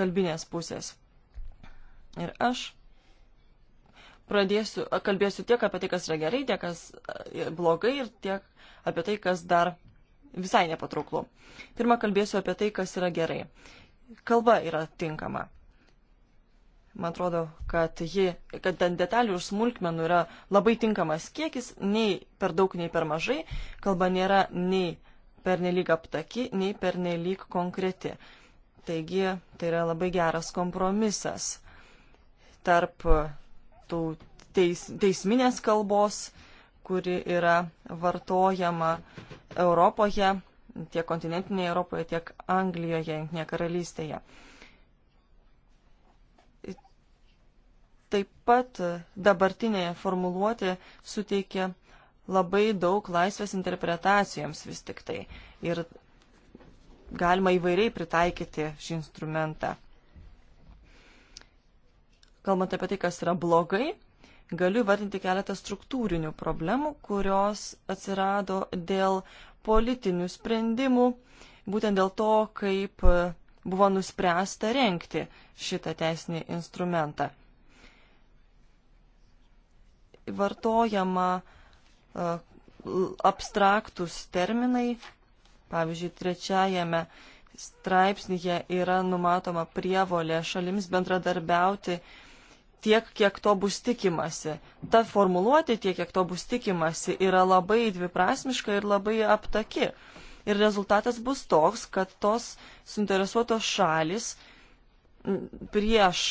kalbinės pusės. Ir aš pradėsiu, kalbėsiu tiek apie tai, kas yra gerai, tiek kas e, blogai ir tiek apie tai, kas dar visai nepatrauklu. Pirmą kalbėsiu apie tai, kas yra gerai. Kalba yra tinkama. Man atrodo, kad, ji, kad ten detalių ir smulkmenų yra labai tinkamas kiekis, nei per daug, nei per mažai. Kalba nėra nei pernelyg aptaki, nei pernelyg konkreti. Taigi tai yra labai geras kompromisas tarp tų teis, teisminės kalbos, kuri yra vartojama Europoje, tiek kontinentinėje Europoje, tiek Anglijoje, Junktinėje karalystėje. Taip pat dabartinė formuluotė suteikia labai daug laisvės interpretacijoms vis tik tai. Ir galima įvairiai pritaikyti šį instrumentą. Kalbant apie tai, kas yra blogai, galiu vardinti keletą struktūrinių problemų, kurios atsirado dėl politinių sprendimų, būtent dėl to, kaip e, buvo nuspręsta renkti šitą teisinį instrumentą. Vartojama e, abstraktus terminai, pavyzdžiui, trečiajame straipsnėje yra numatoma prievolė šalims bendradarbiauti tiek, kiek to bus tikimasi. Ta formuluotė tiek, kiek to bus tikimasi, yra labai dviprasmiška ir labai aptaki. Ir rezultatas bus toks, kad tos suinteresuotos šalis prieš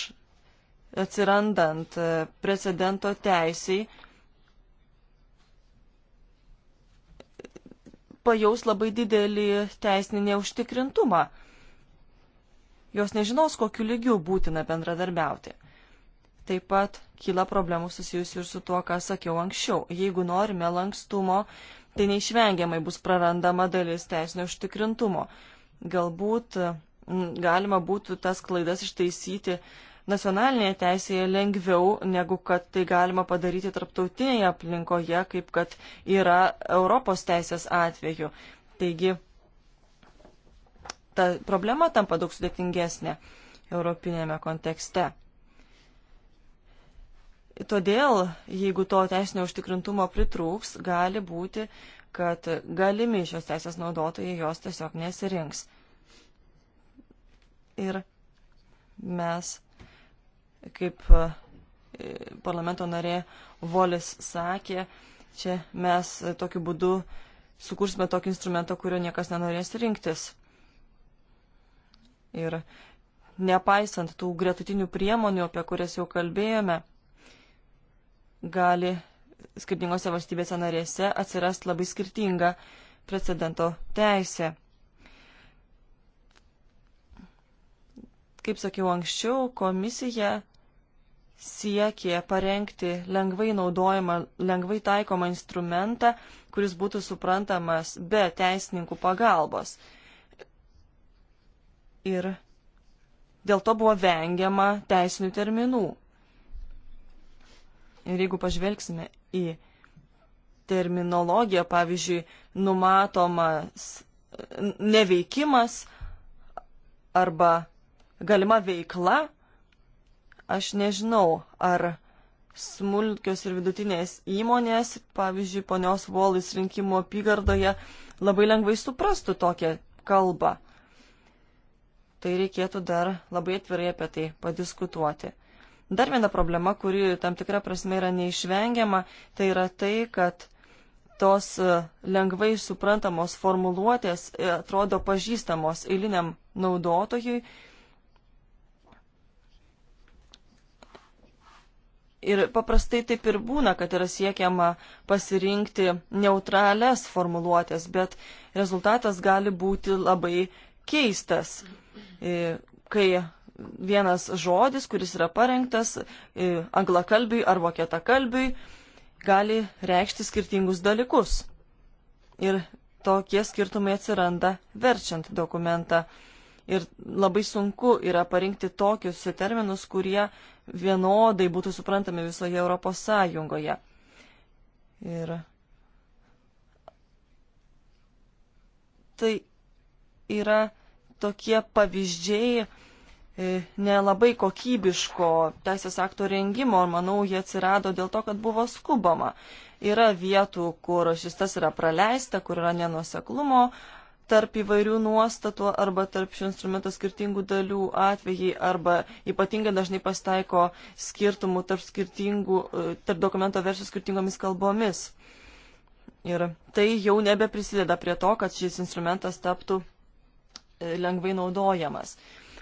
atsirandant e, precedento teisiai pajaus labai didelį teisinį neužtikrintumą. Jos nežinos, kokiu lygiu būtina bendradarbiauti. Taip pat kyla problemų susijusių ir su tuo, ką sakiau anksčiau. Jeigu norime lankstumo, tai neišvengiamai bus prarandama dalis teisinio užtikrintumo. Galbūt galima būtų tas klaidas ištaisyti nacionalinėje teisėje lengviau, negu kad tai galima padaryti tarptautinėje aplinkoje, kaip kad yra Europos teisės atveju. Taigi, ta problema tampa daug sudėtingesnė europinėme kontekste. Todėl, jeigu to teisinio užtikrintumo pritrūks, gali būti, kad galimi šios teisės naudotojai jos tiesiog nesirinks. Ir mes, kaip e, parlamento narė Volis sakė, čia mes tokiu būdu sukursime tokį instrumentą, kurio niekas nenorės rinktis. Ir nepaisant tų gretutinių priemonių, apie kurias jau kalbėjome, gali skirtingose valstybėse narėse atsirast labai skirtinga precedento teisė. Kaip sakiau anksčiau, komisija siekė parengti lengvai naudojimą, lengvai taikomą instrumentą, kuris būtų suprantamas be teisininkų pagalbos. Ir dėl to buvo vengiama teisinių terminų. Ir jeigu pažvelgsime į terminologiją, pavyzdžiui, numatomas neveikimas arba galima veikla, aš nežinau, ar smulkios ir vidutinės įmonės, pavyzdžiui, ponios Volis rinkimų apygardoje, labai lengvai suprastų tokią kalbą. Tai reikėtų dar labai atvirai apie tai padiskutuoti. Dar viena problema, kuri tam tikra prasme yra neišvengiama, tai yra tai, kad tos e, lengvai suprantamos formuluotės e, atrodo pažįstamos eiliniam naudotojui. Ir paprastai taip ir būna, kad yra siekiama pasirinkti neutrales formuluotės, bet rezultatas gali būti labai keistas, e, kai vienas žodis, kuris yra parengtas e, anglakalbiui ar vokietakalbiui, gali reikšti skirtingus dalykus. Ir tokie skirtumai atsiranda verčiant dokumentą. Ir labai sunku yra parinkti tokius terminus, kurie vienodai būtų suprantami visoje Europos Sąjungoje. Ir tai yra tokie pavyzdžiai, E, nelabai kokybiško teisės akto rengimo ir manau jie atsirado dėl to, kad buvo skubama. Yra vietų, kur šis tas yra praleista, kur yra nenuseklumo tarp įvairių nuostatų arba tarp šių instrumentų skirtingų dalių atvejai arba ypatingai dažnai pastaiko skirtumų tarp, skirtingų, e, tarp dokumento versijų skirtingomis kalbomis. Ir tai jau nebeprisideda prie to, kad šis instrumentas taptų e, lengvai naudojamas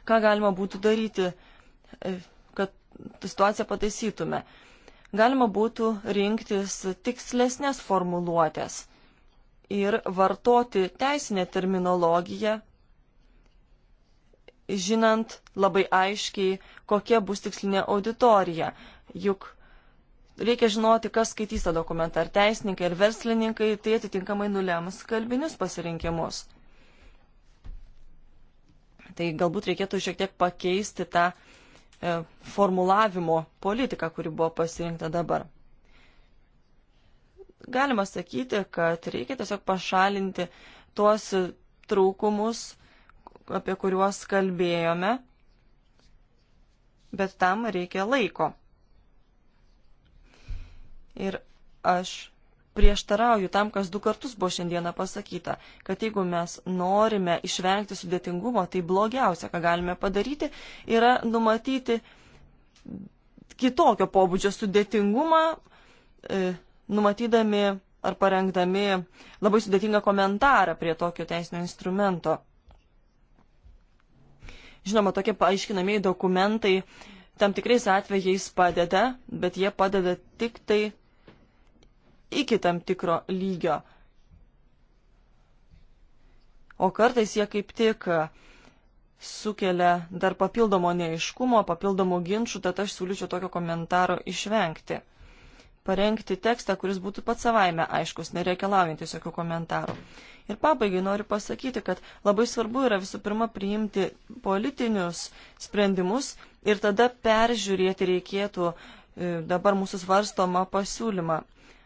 ką galima būtų daryti, e, kad situaciją pataisytume. Galima būtų rinktis tikslesnės formuluotės ir vartoti teisinę terminologiją, žinant labai aiškiai, kokia bus tikslinė auditorija. Juk reikia žinoti, kas skaitys tą dokumentą, ar teisininkai, ar verslininkai, tai atitinkamai nulems kalbinius pasirinkimus. Tai galbūt reikėtų šiek tiek pakeisti tą e, formulavimo politiką, kuri buvo pasirinkta dabar. Galima sakyti, kad reikia tiesiog pašalinti tuos trūkumus, apie kuriuos kalbėjome, bet tam reikia laiko. Ir aš prieštarauju tam, kas du kartus buvo šiandieną pasakyta, kad jeigu mes norime išvengti sudėtingumo, tai blogiausia, ką galime padaryti, yra numatyti kitokio pobūdžio sudėtingumą, e, numatydami ar parengdami labai sudėtingą komentarą prie tokio teisinio instrumento. Žinoma, tokie paaiškinamieji dokumentai tam tikrais atvejais padeda, bet jie padeda tik tai iki tam tikro lygio. O kartais jie kaip tik sukelia dar papildomo neiškumo, papildomų ginčių, tad aš siūlyčiau tokio komentaro išvengti. Parengti tekstą, kuris būtų pats savaime aiškus, nereikalaujantis jokių komentarų. Ir pabaigai noriu pasakyti, kad labai svarbu yra visų pirma priimti politinius sprendimus ir tada peržiūrėti reikėtų e, dabar mūsų svarstomą pasiūlymą.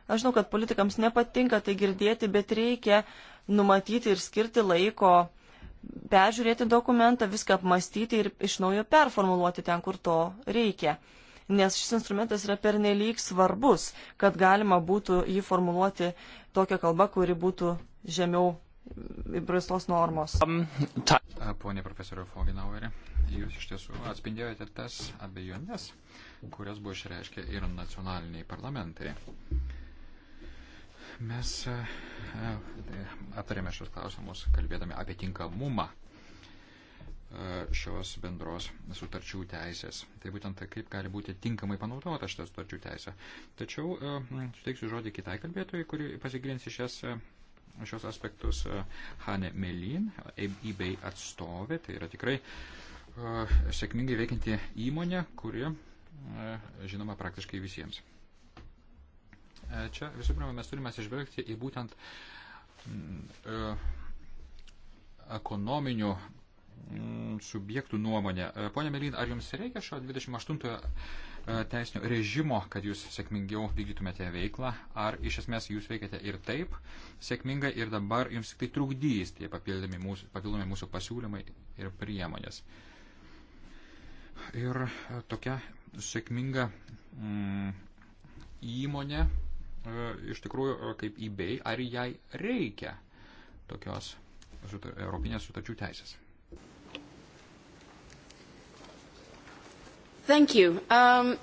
Aš žinau, kad politikams nepatinka tai girdėti, bet reikia numatyti ir skirti laiko, peržiūrėti dokumentą, viską apmastyti ir iš naujo performuluoti ten, kur to reikia. Nes šis instrumentas yra pernelyg svarbus, kad galima būtų jį formuluoti tokią kalbą, kuri būtų žemiau įprastos normos. Um, Pone profesoriu Foginauerį, jūs iš tiesų atspindėjote tas abejonės, kurias buvo išreiškę ir nacionaliniai parlamentai. Mes e, e, aptarėme šios klausimus, kalbėdami apie tinkamumą e, šios bendros sutarčių teisės. Tai būtent tai, kaip gali būti tinkamai panaudota šitą sutarčių teisę. Tačiau suteiksiu žodį kitai kalbėtojai, kuri pasigilins į šias, šios aspektus Hane Melin, eBay atstovė. Tai yra tikrai sėkmingai veikianti įmonė, kuri žinoma praktiškai visiems. E, čia visų pirma mes turime atsižvelgti į būtent mm, e, ekonominių mm, subjektų nuomonę. E, pone Melin, ar jums reikia šio 28 teisinio režimo, kad jūs sėkmingiau vykdytumėte veiklą, ar iš esmės jūs veikiate ir taip sėkmingai ir dabar jums tik tai trukdys tie papildomi mūsų, papildomi mūsų pasiūlymai ir priemonės. Ir tokia sėkminga mm, įmonė E, iš tikrųjų e, kaip eBay, ar jai reikia tokios Europinės sutarčių teisės. Thank you. Um...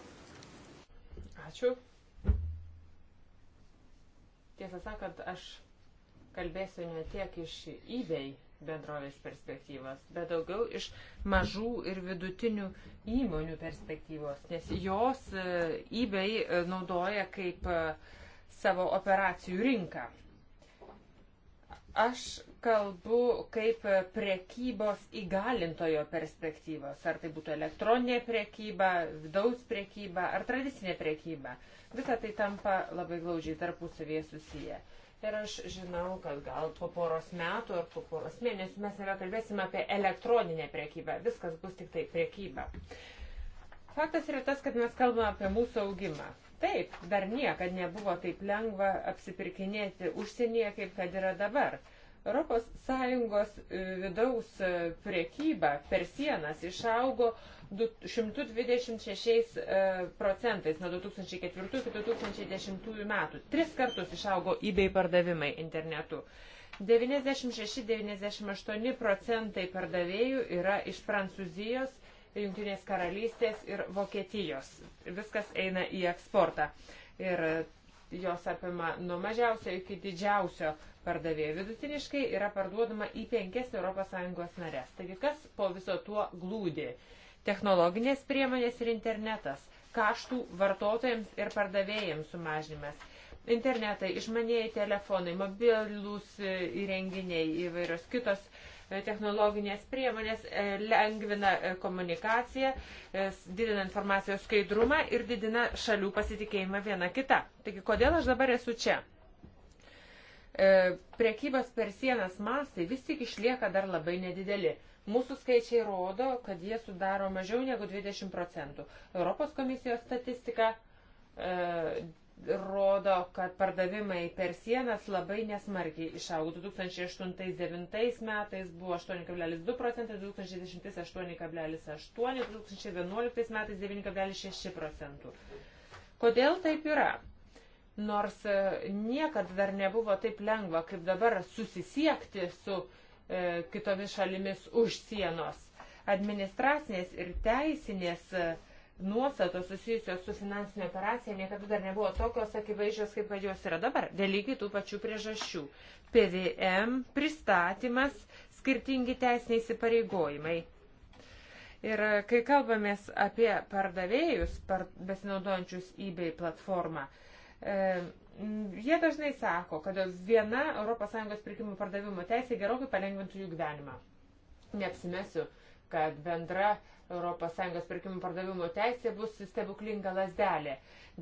Ačiū. Tiesą sakant, aš kalbėsiu ne tiek iš eBay bendrovės perspektyvos, bet daugiau iš mažų ir vidutinių įmonių perspektyvos, nes jos e, eBay naudoja kaip uh, savo operacijų rinką. Aš kalbu kaip prekybos įgalintojo perspektyvos, ar tai būtų elektroninė prekyba, vidaus prekyba ar tradicinė prekyba. Visą tai tampa labai glaudžiai tarpusavėje susiję. Ir aš žinau, kad gal po poros metų ar po poros mėnesių mes nebekalbėsime apie elektroninę prekybą. Viskas bus tik tai prekyba. Faktas yra tas, kad mes kalbame apie mūsų augimą. Taip, dar niekad nebuvo taip lengva apsipirkinėti užsienyje, kaip kad yra dabar. ES e, vidaus e, priekyba per sienas išaugo 126 e, procentais nuo 2004 iki 2010 metų. Tris kartus išaugo eBay pardavimai internetu. 96-98 procentai pardavėjų yra iš Prancūzijos, Junktinės karalystės ir Vokietijos. Viskas eina į eksportą. Ir jos apima nuo mažiausio iki didžiausio pardavėjo. Vidutiniškai yra parduodama į penkias ES narės. Taigi kas po viso tuo glūdi? Technologinės priemonės ir internetas, kaštų vartotojams ir pardavėjams sumažinimas. Internetai, išmanėjai telefonai, mobilūs e, įrenginiai, įvairios kitos technologinės priemonės e, lengvina e, komunikaciją, e, didina informacijos skaidrumą ir didina šalių pasitikėjimą viena kita. Taigi, kodėl aš dabar esu čia? Prekybos per sienas mastai vis tik išlieka dar labai nedideli. Mūsų skaičiai rodo, kad jie sudaro mažiau negu 20 procentų. Europos komisijos statistika rodo, kad pardavimai per sienas labai nesmarkiai išaugo. 2008-2009 metais buvo 8,2 procentai, 2010 8,8, 2011 metais 9,6 procentų. Kodėl taip yra? Nors e, niekad dar nebuvo taip lengva, kaip dabar susisiekti su e, kitomis šalimis už sienos. Administracinės ir teisinės e, nuostatos susijusios su finansinė operacija niekada dar nebuvo tokios akivaizdžios, kaip kad jos yra dabar, dėl lygiai tų pačių priežasčių. PVM pristatymas, skirtingi teisiniai įsipareigojimai. Ir kai kalbamės apie pardavėjus, par, besinaudojančius eBay platformą, e, jie dažnai sako, kad viena ES pirkimų pardavimo teisė gerokai palengvintų jų gyvenimą. Neapsimesiu, kad bendra ES pirkimų pardavimų teisė bus stebuklinga lasdelė.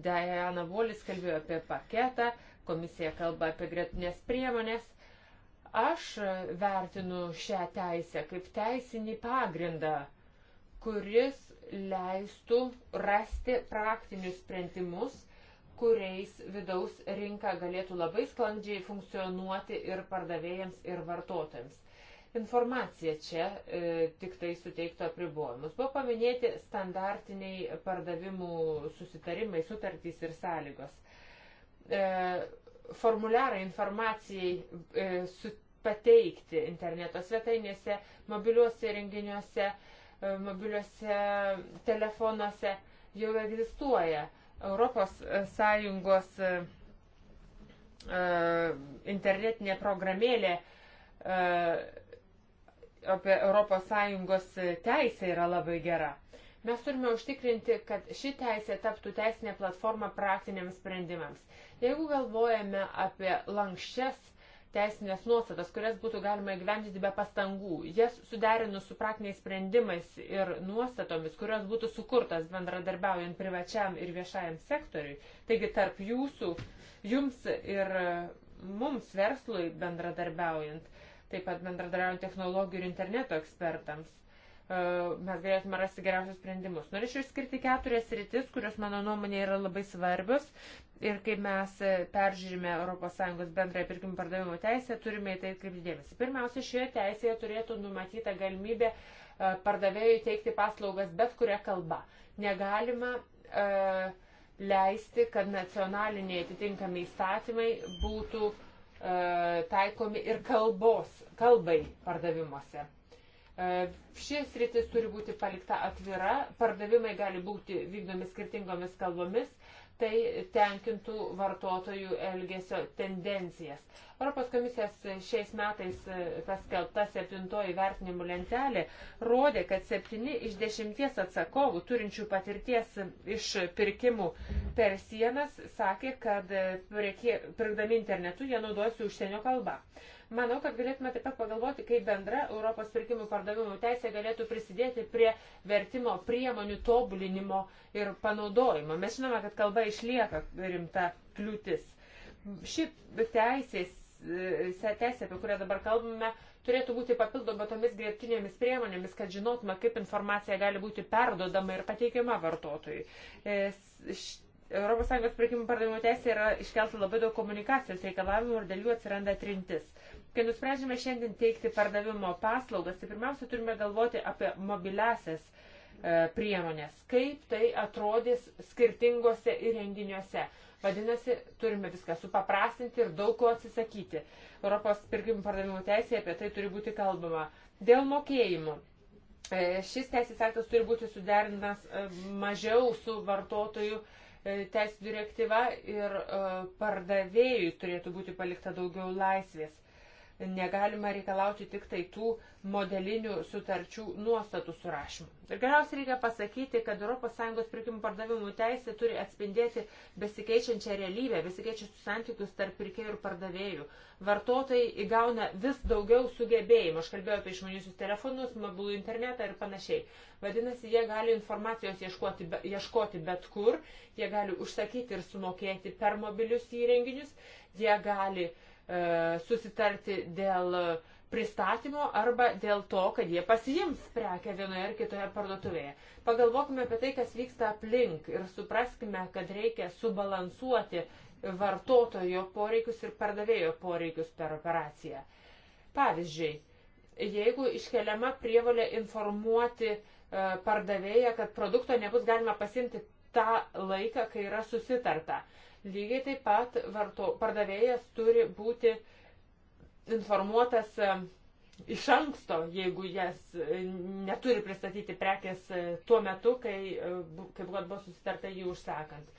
Diana Volis kalbėjo apie paketą, komisija kalba apie gretinės priemonės. Aš vertinu šią teisę kaip teisinį pagrindą, kuris leistų rasti praktinius sprendimus, kuriais vidaus rinka galėtų labai sklandžiai funkcionuoti ir pardavėjams, ir vartotojams informaciją čia, e, tik tai suteiktų apribojimus. Buvo paminėti standartiniai pardavimų susitarimai, sutartys ir sąlygos. E, formuliarai informacijai e, su, pateikti interneto svetainėse, mobiliuose renginiuose, e, mobiliuose telefonuose jau egzistuoja. Europos e, Sąjungos e, e, internetinė programėlė e, apie ES teisę yra labai gera. Mes turime užtikrinti, kad ši teisė taptų teisinė platforma praktiniams sprendimams. Jeigu galvojame apie lankščias teisinės nuostatas, kurias būtų galima įgyvendinti be pastangų, jas suderinus su praktiniais sprendimais ir nuostatomis, kurios būtų sukurtas bendradarbiaujant privačiam ir viešajam sektoriui, taigi tarp jūsų, jums ir mums verslui bendradarbiaujant, taip pat bendradarbiaujant technologijų ir interneto ekspertams, e, mes galėtume rasti geriausius sprendimus. Norėčiau išskirti keturias rytis, kurios mano nuomonė yra labai svarbios ir kaip mes e, peržiūrime ES bendrąją pirkimų pardavimo teisę, turime į tai atkreipti dėmesį. Pirmiausia, šioje teisėje turėtų numatyta galimybė e, pardavėjui teikti paslaugas bet kuria kalba. Negalima leisti, kad nacionaliniai atitinkami įstatymai būtų uh, E, taikomi ir kalbos, kalbai pardavimuose. E, Šis rytis turi būti palikta atvira, pardavimai gali būti vykdomi skirtingomis kalbomis, tai tenkintų vartotojų elgesio tendencijas. Europos komisijos šiais metais e, paskelbta septintoji vertinimų lentelė rodė, kad septyni iš dešimties atsakovų turinčių patirties iš pirkimų per sienas sakė, kad e, pirkdami internetu jie naudosi užsienio kalbą. Manau, kad galėtume taip pat pagalvoti, kaip bendra Europos pirkimų pardavimų teisė galėtų prisidėti prie vertimo priemonių tobulinimo ir panaudojimo. Mes žinome, kad kalba išlieka rimta kliūtis. Ši teisės, e, teisė, apie kurią dabar kalbame, turėtų būti papildoma tomis grėtinėmis priemonėmis, kad žinotume, kaip informacija gali būti perdodama ir pateikiama vartotojui. ES pirkimų pardavimo teisė yra iškelta labai daug komunikacijos reikalavimų ir dėl jų atsiranda trintis. Kai nusprendžiame šiandien teikti pardavimo paslaugas, tai pirmiausia turime galvoti apie mobiliasias e, priemonės, kaip tai atrodys skirtingose įrenginiuose. Vadinasi, turime viską supaprastinti ir daug ko atsisakyti. Europos pirkimų pardavimų teisėje apie tai turi būti kalbama. Dėl mokėjimų. E, šis teisės aktas turi būti suderintas e, mažiau su vartotojų e, teisų direktyva ir pardavėjui turėtų būti palikta daugiau laisvės negalima reikalauti tik tai tų modelinių sutarčių nuostatų surašymų. Ir galiausiai reikia pasakyti, kad ES pirkimų pardavimų teisė turi atspindėti besikeičiančią realybę, besikeičiančius santykius tarp pirkėjų ir pardavėjų. Vartotojai įgauna vis daugiau sugebėjimų. Aš kalbėjau apie išmaniusius telefonus, mobilų internetą ir panašiai. Vadinasi, jie gali informacijos ieškoti, be, ieškoti bet kur, jie gali užsakyti ir sumokėti per mobilius įrenginius, jie gali uh, E, susitarti dėl pristatymo arba dėl to, kad jie pasiims prekę vienoje ar kitoje parduotuvėje. Pagalvokime apie tai, kas vyksta aplink ir supraskime, kad reikia subalansuoti vartotojo poreikius ir pardavėjo poreikius per operaciją. Pavyzdžiui, jeigu iškeliama prievalė informuoti e, pardavėją, kad produkto nebus galima pasimti tą laiką, kai yra susitarta. Lygiai taip pat varto, pardavėjas turi būti informuotas e, iš anksto, jeigu jas e, neturi pristatyti prekės e, tuo metu, kai, kaip buvo susitarta jį užsakant.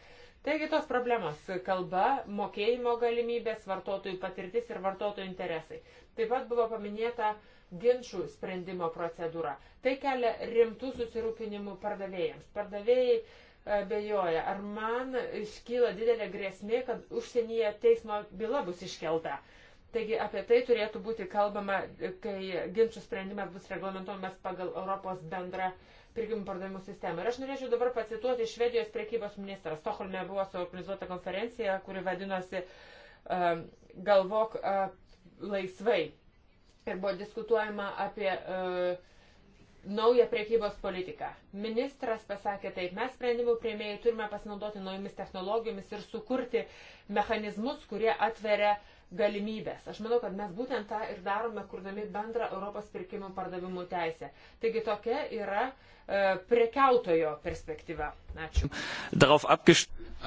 Taigi tos problemos - kalba, mokėjimo galimybės, vartotojų patirtis ir vartotojų interesai. Taip pat buvo paminėta ginčių sprendimo procedūra. Tai kelia rimtų susirūpinimų pardavėjams. Pardavėjai uh, abejoja, ar man iškyla didelė grėsmė, kad užsienyje teismo byla bus iškelta. Taigi apie tai turėtų būti kalbama, kai ginčių sprendimas bus reglamentuojamas pagal Europos bendrą pirkimų pardavimų sistemą. Ir aš norėčiau dabar pacituoti Švedijos priekybos ministrą. Stokholme buvo suorganizuota konferencija, kuri vadinosi uh, Galvok uh, laisvai. Ir buvo diskutuojama apie uh, naują priekybos politiką. Ministras pasakė taip, mes sprendimų prieimėjai turime pasinaudoti naujomis technologijomis ir sukurti mechanizmus, kurie atveria galimybės. Aš manau, kad mes būtent tą ir darome, kurdami bendrą Europos pirkimų pardavimų teisę. Taigi tokia yra e, prekiautojo perspektyva. Ačiū.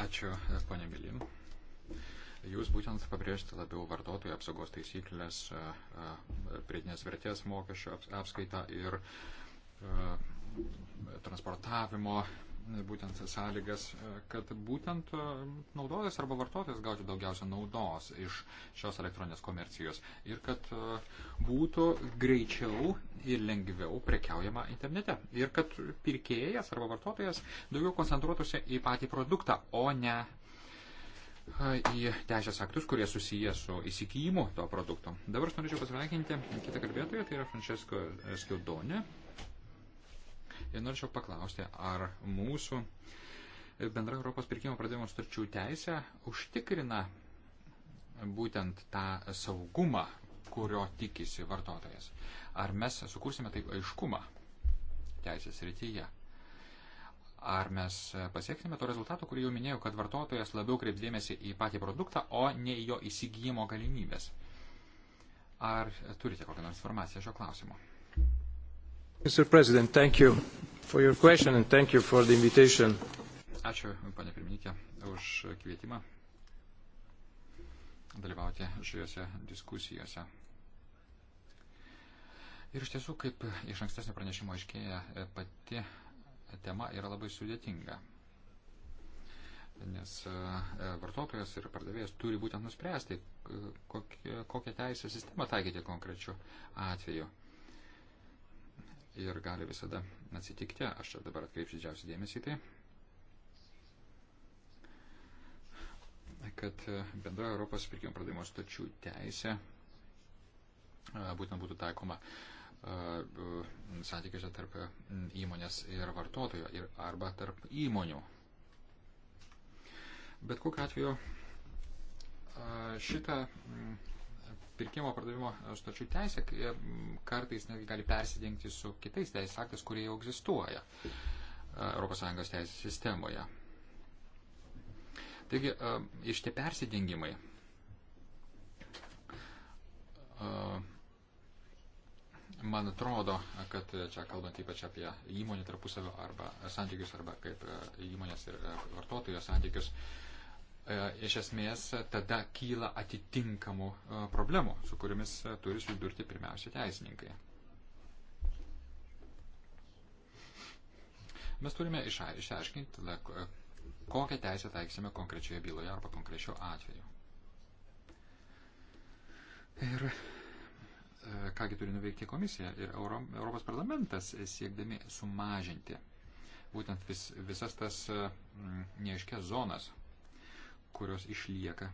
Ačiū, e, ponė Milim. Jūs būtent pabrėžti labiau vartotojų apsaugos taisyklės, e, e, pridinės vertės mokesčio apskaitą ir uh, E, transportavimo būtent sąlygas, e, kad būtent e, naudojas arba vartotojas gautų daugiausia naudos iš šios elektroninės komercijos ir kad būtų greičiau ir lengviau prekiaujama internete ir kad pirkėjas arba vartotojas daugiau koncentruotųsi į patį produktą, o ne į teisės aktus, kurie susiję su įsigijimu to produkto. Dabar aš norėčiau pasveikinti kitą kalbėtoją, tai yra Francesco Skildonė, Ir norėčiau paklausti, ar mūsų bendra Europos pirkimo pradėjimo sutarčių teisė užtikrina būtent tą saugumą, kurio tikisi vartotojas. Ar mes sukursime taip aiškumą teisės rytyje? Ar mes pasieksime to rezultato, kurį jau minėjau, kad vartotojas labiau kreipdėmėsi į patį produktą, o ne į jo įsigijimo galimybės? Ar turite kokią nors informaciją šio klausimu? Mr. President, thank you for your question and thank you for the invitation. Ačiū, panė pirmininkė, už kvietimą dalyvauti šiuose diskusijose. Ir iš tiesų, kaip iš ankstesnio pranešimo aiškėja, pati tema yra labai sudėtinga. Nes e, vartotojas ir pardavėjas turi būtent nuspręsti, e, kokią teisę sistemą taikyti konkrečiu atveju ir gali visada atsitikti, aš čia dabar atkreipsiu didžiausią dėmesį į tai, kad bendroje Europos pirkimų pradėjimo stočių teisė būtent būtų taikoma santykiuose tarp įmonės ir vartotojo ir arba tarp įmonių. Bet kokiu atveju šitą pirkimo pardavimo e, sutarčių teisė e, kartais netgi gali persidengti su kitais teisės aktais, kurie jau egzistuoja ES teisės sistemoje. Taigi, e, iš tie persidengimai man atrodo, kad čia kalbant ypač apie įmonių tarpusavio arba santykius, arba kaip įmonės ir vartotojo santykius, uh, E, iš esmės tada kyla atitinkamų e, problemų, su kuriamis e, turi sudurti pirmiausia teisininkai. Mes turime išaiškinti, tada, kokią teisę taiksime konkrečioje byloje arba konkrečio atveju. Ir kągi turi nuveikti komisija ir Euro, Europos parlamentas siekdami sumažinti būtent vis, visas tas neiškės zonas, kurios išlieka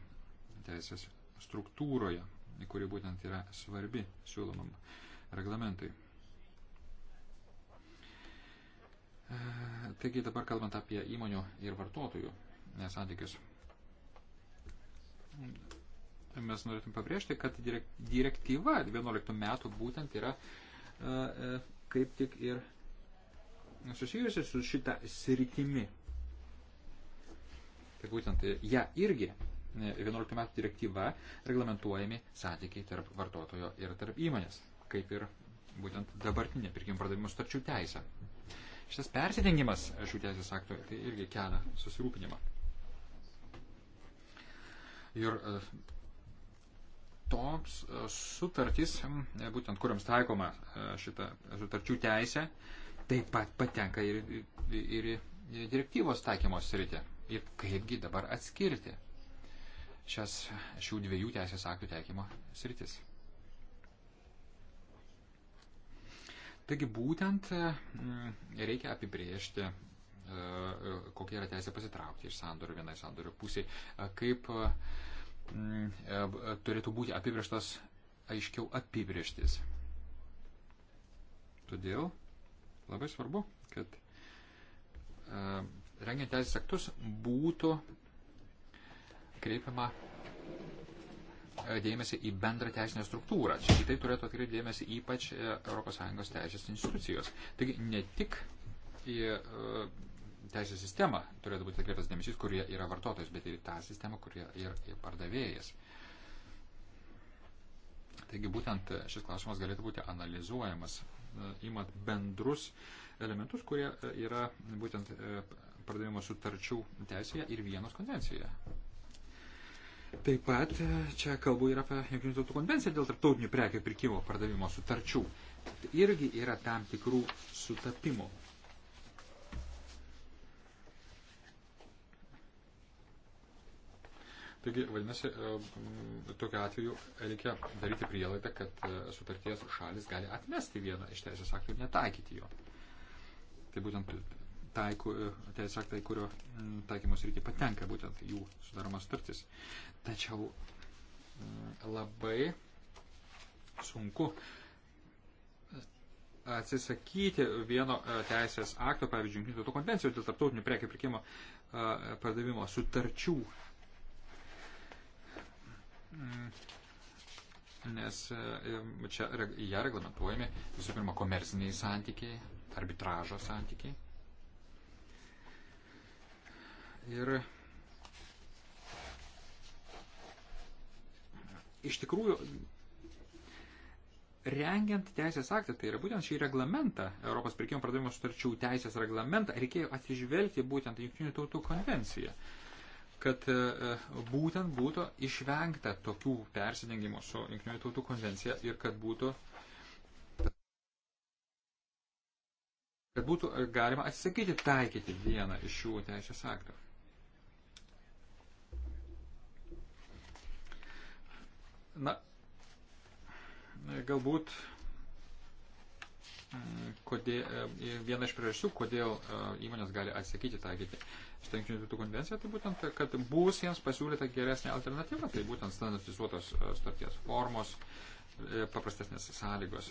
teisės struktūroje, kuri būtent yra svarbi siūlomam reglamentui. Taigi dabar kalbant apie įmonių ir vartotojų santykius, mes norėtume pabrėžti, kad direktyva 11 metų būtent yra e, e, kaip tik ir susijusi su šita sritimi. Tai būtent e, ją ja, irgi 11 e, metų direktyva reglamentuojami santykiai tarp vartotojo ir tarp įmonės, kaip ir būtent dabartinė pirkimų pardavimų sutarčių teisė. Šitas persidengimas šių teisės aktų tai irgi kelia susirūpinimą. Ir e, toks sutartys, būtent kuriams taikoma šita sutarčių teisė, taip pat patenka ir, ir, ir direktyvos taikymos sritė. Ir kaipgi dabar atskirti šias šių dviejų teisės aktų teikimo sritis. Taigi būtent mm, reikia apibriežti, e, kokia yra teisė pasitraukti iš sandorių vienai sandorių pusiai, e, kaip mm, e, turėtų būti apibrieštas aiškiau apibrieštis. Todėl labai svarbu, kad rengiant teisės aktus būtų kreipiama e, dėmesį į bendrą teisinę struktūrą. Čia į tai turėtų atkreipti dėmesį ypač e, ES teisės institucijos. Taigi ne tik į e, teisės sistemą turėtų būti atkreiptas dėmesys, kurie yra vartotojas, bet ir į tą sistemą, kurie yra pardavėjas. Taigi būtent šis klausimas galėtų būti analizuojamas, imant bendrus elementus, kurie yra būtent pardavimo sutarčių teisėje ir vienos konvencijoje. Taip pat e, čia kalbu ir apie Junktinių tautų konvenciją dėl tarptautinių prekių pirkimo pardavimo sutarčių. Tai irgi yra tam tikrų sutapimų. Taigi, vadinasi, e, tokiu atveju reikia daryti prielaidą, kad e, sutarties šalis gali atmesti vieną iš teisės aktų ir netaikyti jo. Tai būtent taiko, teisės aktai, kurio mm, taikymos rytį patenka būtent jų sudaromas sutartis. Tačiau mm, labai sunku atsisakyti vieno e, teisės akto, pavyzdžiui, Junktinių tautų konvencijos dėl tarptautinių prekių pirkimo e, pardavimo sutarčių. Mm, nes e, čia ją reglamentuojami visų pirma komerciniai santykiai, arbitražo santykiai. Ir iš tikrųjų, rengiant teisės aktą, tai yra būtent šį reglamentą, Europos pirkimų pardavimo sutarčių teisės reglamentą, reikėjo atsižvelgti būtent Junktinių tautų konvenciją kad e, būtent būtų išvengta tokių persidengimų su Junktinių tautų konvencija ir kad būtų, kad būtų galima atsisakyti taikyti vieną iš šių teisės aktų. Na, galbūt kodėl, e, viena iš priežasčių, kodėl e, įmonės gali atsakyti taikyti šitą jungtinių tautų konvenciją, tai būtent, kad bus jiems pasiūlyta geresnė alternatyva, tai būtent standartizuotos e, starties formos, paprastesnės sąlygos.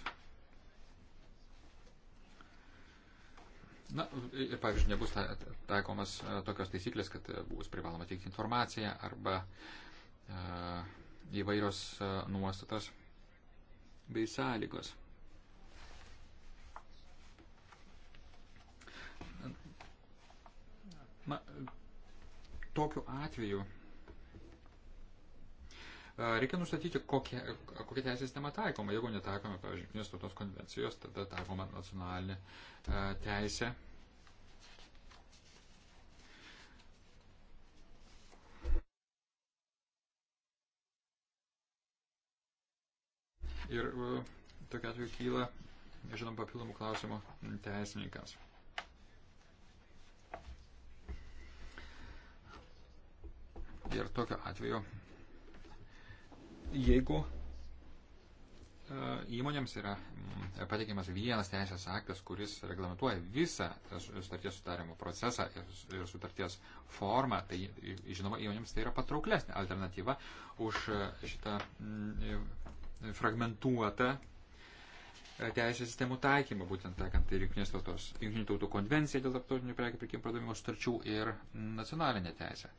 Na, ir pavyzdžiui, nebus taikomas tokios taisyklės, kad bus privaloma teikti informaciją arba uh, įvairios e, nuostatos bei sąlygos. Na, tokiu atveju e, reikia nustatyti, kokia, kokia teisės tema taikoma. Jeigu netaikoma, pavyzdžiui, Junktinės tautos konvencijos, tada taikoma nacionalinė e, teisė Ir e, tokia atveju kyla, žinom, papildomų klausimų teisininkams. Ir tokiu atveju, jeigu e, įmonėms yra pateikiamas vienas teisės aktas, kuris reglamentuoja visą sutarties sudarimo procesą ir sutarties formą, tai žinoma, įmonėms tai yra patrauklesnė alternatyva už e, šitą fragmentuotą e, teisės sistemų taikymą, būtent taikant ir Junktinės tautos, Junktinių tautų konvenciją dėl tarptautinių prekių pirkimų pardavimo sutarčių ir nacionalinę teisę.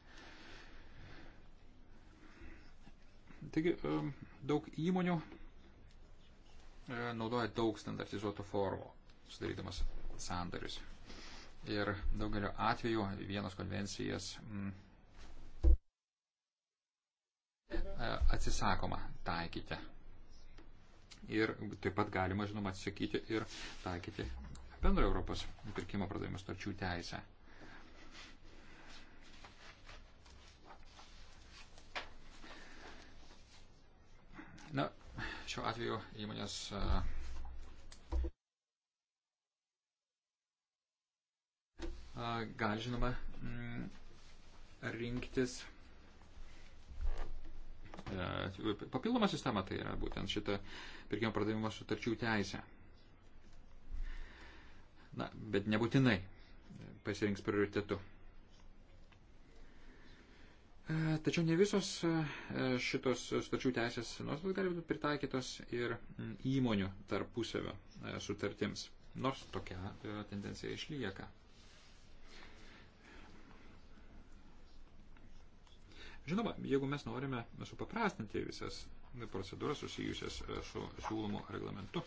Taigi e, daug įmonių e, naudoja daug standartizuotų formų, sudarydamas sandarius. Ir daugelio atveju vienos konvencijas mm, atsisakoma taikyti ir taip pat galima, žinoma, atsisakyti ir taikyti bendro Europos pirkimo pardavimo starčių teisę. Na, šiuo atveju įmonės a, a, gal žinoma m, mm, rinktis E, papildomą sistemą, tai yra būtent šitą pirkimo pardavimo sutarčių teisę. Na, bet nebūtinai pasirinks prioritetu. E, tačiau ne visos e, šitos sutarčių teisės nuostatos gali būti pritaikytos ir įmonių tarpusavio sutartims, nors tokia tendencija išlieka. Žinoma, jeigu mes norime supaprastinti visas procedūras susijusias e, su siūlomu reglamentu,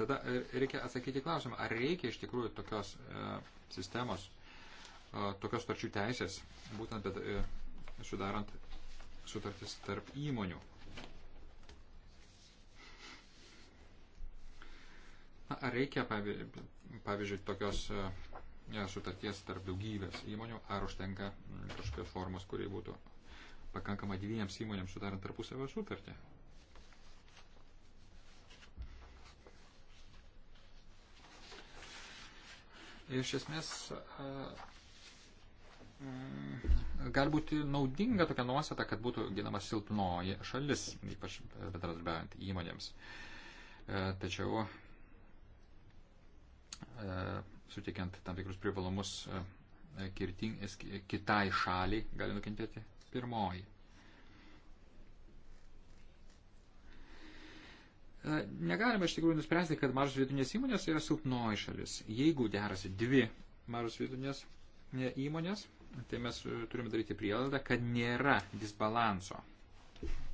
tada e, reikia atsakyti klausimą, ar reikia iš tikrųjų tokios e, sistemos, e, tokios starčių teisės, būtent bet, e, sudarant sutartis tarp įmonių. Na, ar reikia, pavyzdžiui, tokios e, sutarties tarp daugybės įmonių, ar užtenka mm, kažkokios formos, kurie būtų pakankama dviems įmonėms sudarant tarpusavio sutartį. Iš esmės, mm, gali būti naudinga tokia nuostata, kad būtų ginama silpnoji šalis, ypač bendradarbiaujant įmonėms. E, tačiau e, suteikiant tam tikrus privalumus e, e, kirting, e, kitai šaliai, gali nukentėti pirmoji. Negalime iš tikrųjų nuspręsti, kad mažos vidutinės įmonės yra silpnoji šalis. Jeigu derasi dvi mažos vidutinės įmonės, tai mes turime daryti prielaidą, kad nėra disbalanso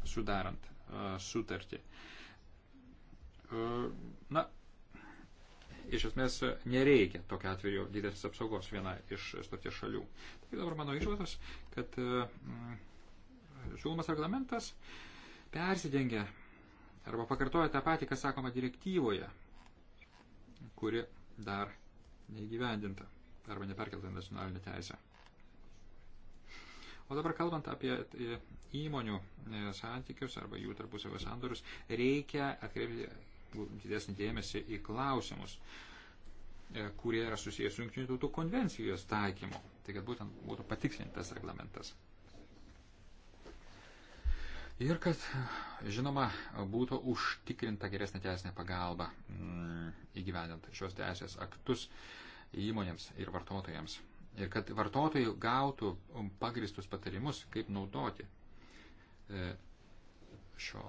sudarant sutartį. Na, iš esmės nereikia tokia atveju didelės apsaugos viena iš sutarties šalių. Tai dabar mano išvados, kad mm, siūlomas reglamentas persidengia arba pakartoja tą patį, kas sakoma direktyvoje, kuri dar neįgyvendinta arba neperkelta į nacionalinę teisę. O dabar kalbant apie e, įmonių e, santykius arba jų tarpusavio sandorius, reikia atkreipti didesnį dėmesį į klausimus, e, kurie yra susijęs su Junktinių tautų konvencijos taikymu. Tai kad būtent būtų patikslintas reglamentas. Ir kad, žinoma, būtų užtikrinta geresnė teisinė pagalba mm, įgyvendant šios teisės aktus įmonėms ir vartotojams. Ir kad vartotojai gautų pagristus patarimus, kaip naudoti e, šio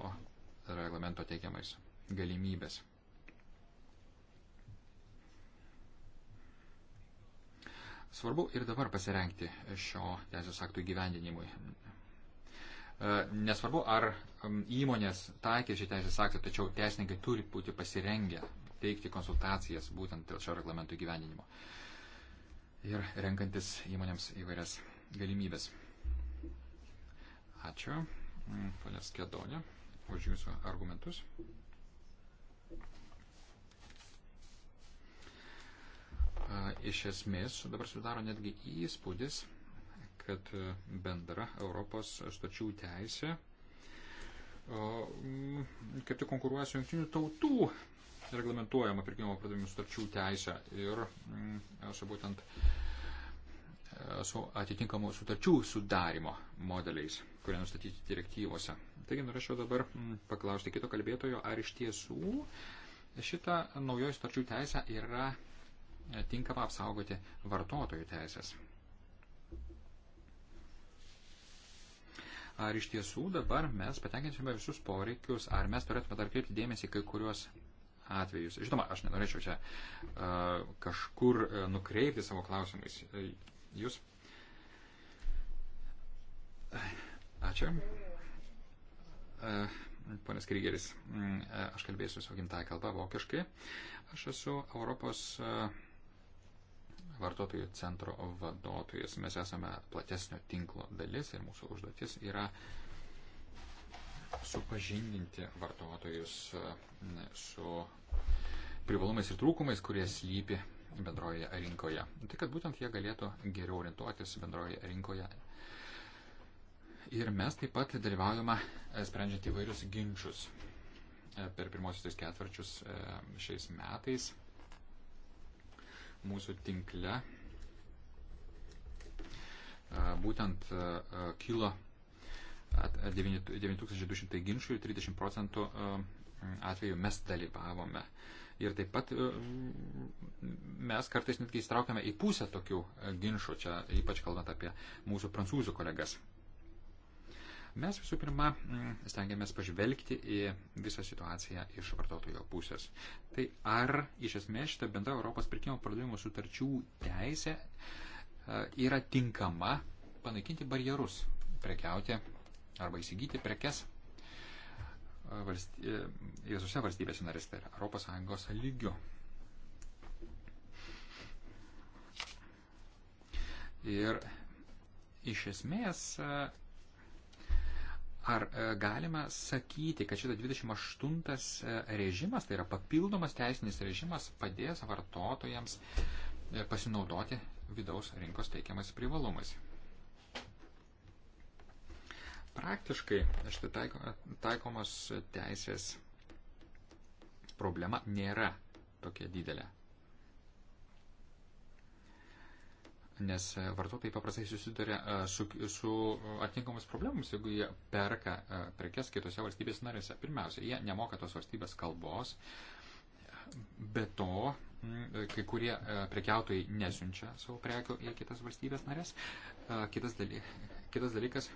reglamento teikiamais galimybės. Svarbu ir dabar pasirenkti šio teisės aktų įgyvendinimui. E, nesvarbu, ar įmonės taikė šį teisės aktą, tačiau teisininkai turi būti pasirengę teikti konsultacijas būtent dėl šio reglamento įgyvendinimo ir renkantis įmonėms įvairias galimybės. Ačiū, ponės Kedonė, už jūsų argumentus. iš esmės dabar sudaro netgi įspūdis, kad bendra Europos stočių teisė kaip tik konkuruoja su jungtinių tautų reglamentuojama pirkimo pardavimų stočių teisė ir su būtent e, su atitinkamu sutarčių sudarimo modeliais, kurie nustatyti direktyvose. Taigi norėčiau dabar paklausti kito kalbėtojo, ar iš tiesų šita naujoji sutarčių teisė yra tinkamą apsaugoti vartotojų teisės. Ar iš tiesų dabar mes patenkinsime visus poreikius, ar mes turėtume dar kreipti dėmesį kai kuriuos atvejus. Žinoma, aš nenorėčiau čia uh, kažkur uh, nukreipti savo klausimais. Uh, jūs. Ačiū. Uh, Ponas Krygeris, aš kalbėsiu savo gimtąją kalbą vokiškai. Aš esu Europos. Uh, vartotojų centro vadotojus. Mes esame platesnio tinklo dalis ir mūsų užduotis yra supažindinti vartotojus e, su privalumais ir trūkumais, kurie slypi bendroje rinkoje. Tai kad būtent jie galėtų geriau orientuotis bendroje rinkoje. Ir mes taip pat dalyvaujame e, sprendžiant įvairius ginčius e, per pirmosius tris ketvirčius šiais metais mūsų tinkle būtent kilo 9200 ginčių ir 30 procentų atveju mes dalyvavome. Ir taip pat mes kartais netgi įstraukiame į pusę tokių ginčių, čia ypač kalbant apie mūsų prancūzų kolegas. Mes visų pirma mm, stengiamės pažvelgti į visą situaciją iš vartotojo pusės. Tai ar iš esmės šita bendra Europos pirkimo pardavimo sutarčių teisė e, yra tinkama panaikinti barjerus prekiauti arba įsigyti prekes e, valstybė, e, visose valstybėse narėse, tai yra Europos Sąjungos lygiu. Ir iš esmės Ar e, galima sakyti, kad šitas 28 e, režimas, tai yra papildomas teisinis režimas, padės vartotojams e, pasinaudoti vidaus rinkos teikiamais privalumais? Praktiškai šitai taiko, taikomos teisės problema nėra tokia didelė. nes e, vartotojai paprastai susiduria e, su, su atinkamos problemus, jeigu jie perka e, prekes kitose valstybės narėse. Pirmiausia, jie nemoka tos valstybės kalbos, be to, kai kurie prekiautojai nesiunčia savo prekių į kitas valstybės narės. Kitas, daly, kitas dalykas,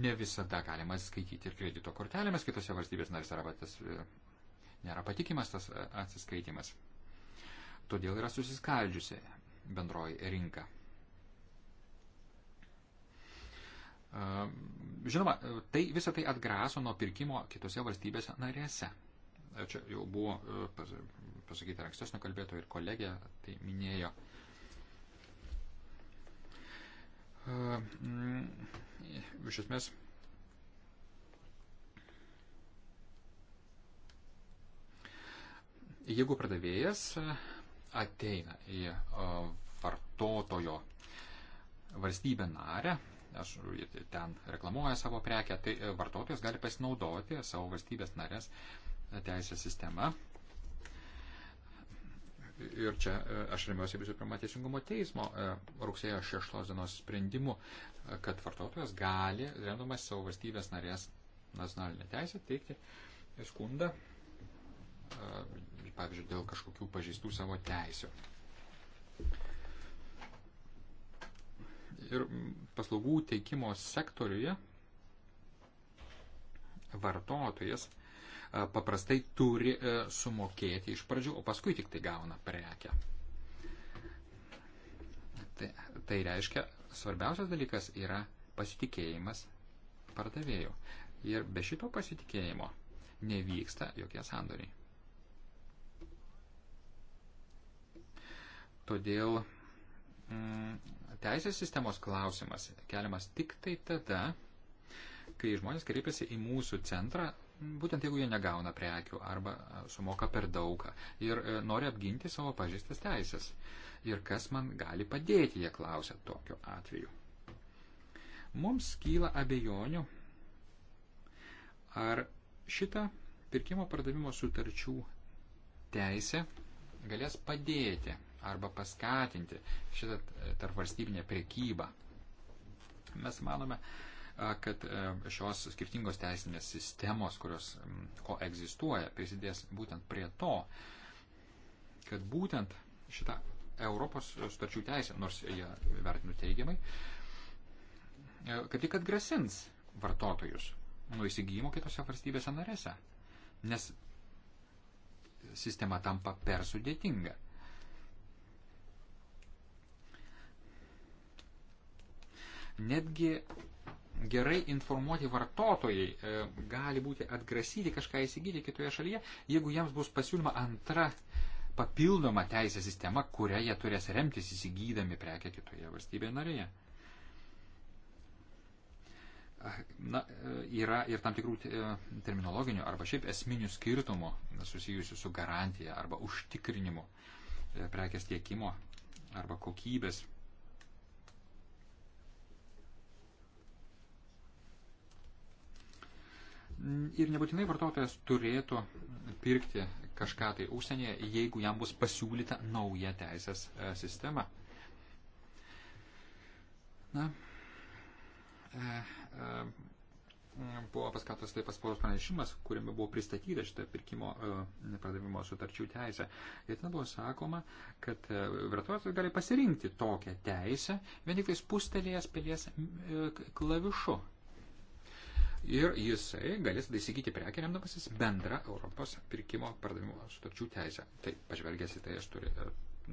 ne visada galima skaityti ir kredito kortelėmis kitose valstybės narėse, arba tas nėra patikimas tas atsiskaitimas. Todėl yra susiskaldžiusi bendroji rinka. E, žinoma, tai, visą tai atgraso nuo pirkimo kitose valstybėse narėse. E, čia jau buvo e, pasakyta ankstesnio kalbėtojo ir kolegė tai minėjo. Mm, iš esmės. Jeigu pradavėjas ateina į e, vartotojo valstybę narę, aš e, ten reklamuoja savo prekę, tai e, vartotojas gali pasinaudoti savo valstybės narės teisės sistema. Ir čia aš remiuosi visų pirma teisingumo teismo rugsėjo 6 dienos sprendimu, kad vartotojas gali, remdamas savo valstybės narės nacionalinę teisę, teikti skundą pavyzdžiui, dėl kažkokių pažeistų savo teisių. Ir paslaugų teikimo sektoriuje vartotojas e, paprastai turi e, sumokėti iš pradžių, o paskui tik tai gauna prekę. Tai, tai reiškia, svarbiausias dalykas yra pasitikėjimas pardavėjų. Ir be šito pasitikėjimo nevyksta jokie sandoriai. Todėl mm, teisės sistemos klausimas keliamas tik tai tada, kai žmonės kreipiasi į mūsų centrą, būtent jeigu jie negauna prekių arba sumoka per daug ir e, nori apginti savo pažįstas teisės. Ir kas man gali padėti, jie klausia tokiu atveju. Mums kyla abejonių, ar šita pirkimo pardavimo sutarčių teisė galės padėti arba paskatinti šitą tarpvalstybinę priekybą. Mes manome, kad šios skirtingos teisinės sistemos, kurios koegzistuoja, prisidės būtent prie to, kad būtent šitą Europos sutarčių teisę, nors ją vertinu teigiamai, kad tik atgrasins vartotojus nuo įsigijimo kitose valstybėse narėse, nes sistema tampa per sudėtinga. netgi gerai informuoti vartotojai e, gali būti atgrasyti kažką įsigyti kitoje šalyje, jeigu jiems bus pasiūlyma antra papildoma teisė sistema, kurią jie turės remtis įsigydami prekę kitoje valstybėje narėje. Na, e, yra ir tam tikrų e, terminologinių arba šiaip esminių skirtumų susijusių su garantija arba užtikrinimu prekės tiekimo arba kokybės Ir nebūtinai vartotojas turėtų pirkti kažką tai užsienyje, jeigu jam bus pasiūlyta nauja teisės e, sistema. Na, e, e, buvo paskatos taip paspaudos pranešimas, kuriame buvo pristatyta šitą pirkimo e, pardavimo sutarčių teisę. Ir ten buvo sakoma, kad e, vartotojas gali pasirinkti tokią teisę, vien tik tai spustelėjęs pilies e, klavišu ir jisai galės tada įsigyti prekį remdamasis bendrą Europos pirkimo pardavimo sutarčių teisę. Tai pažvelgęs į tai aš turi, e,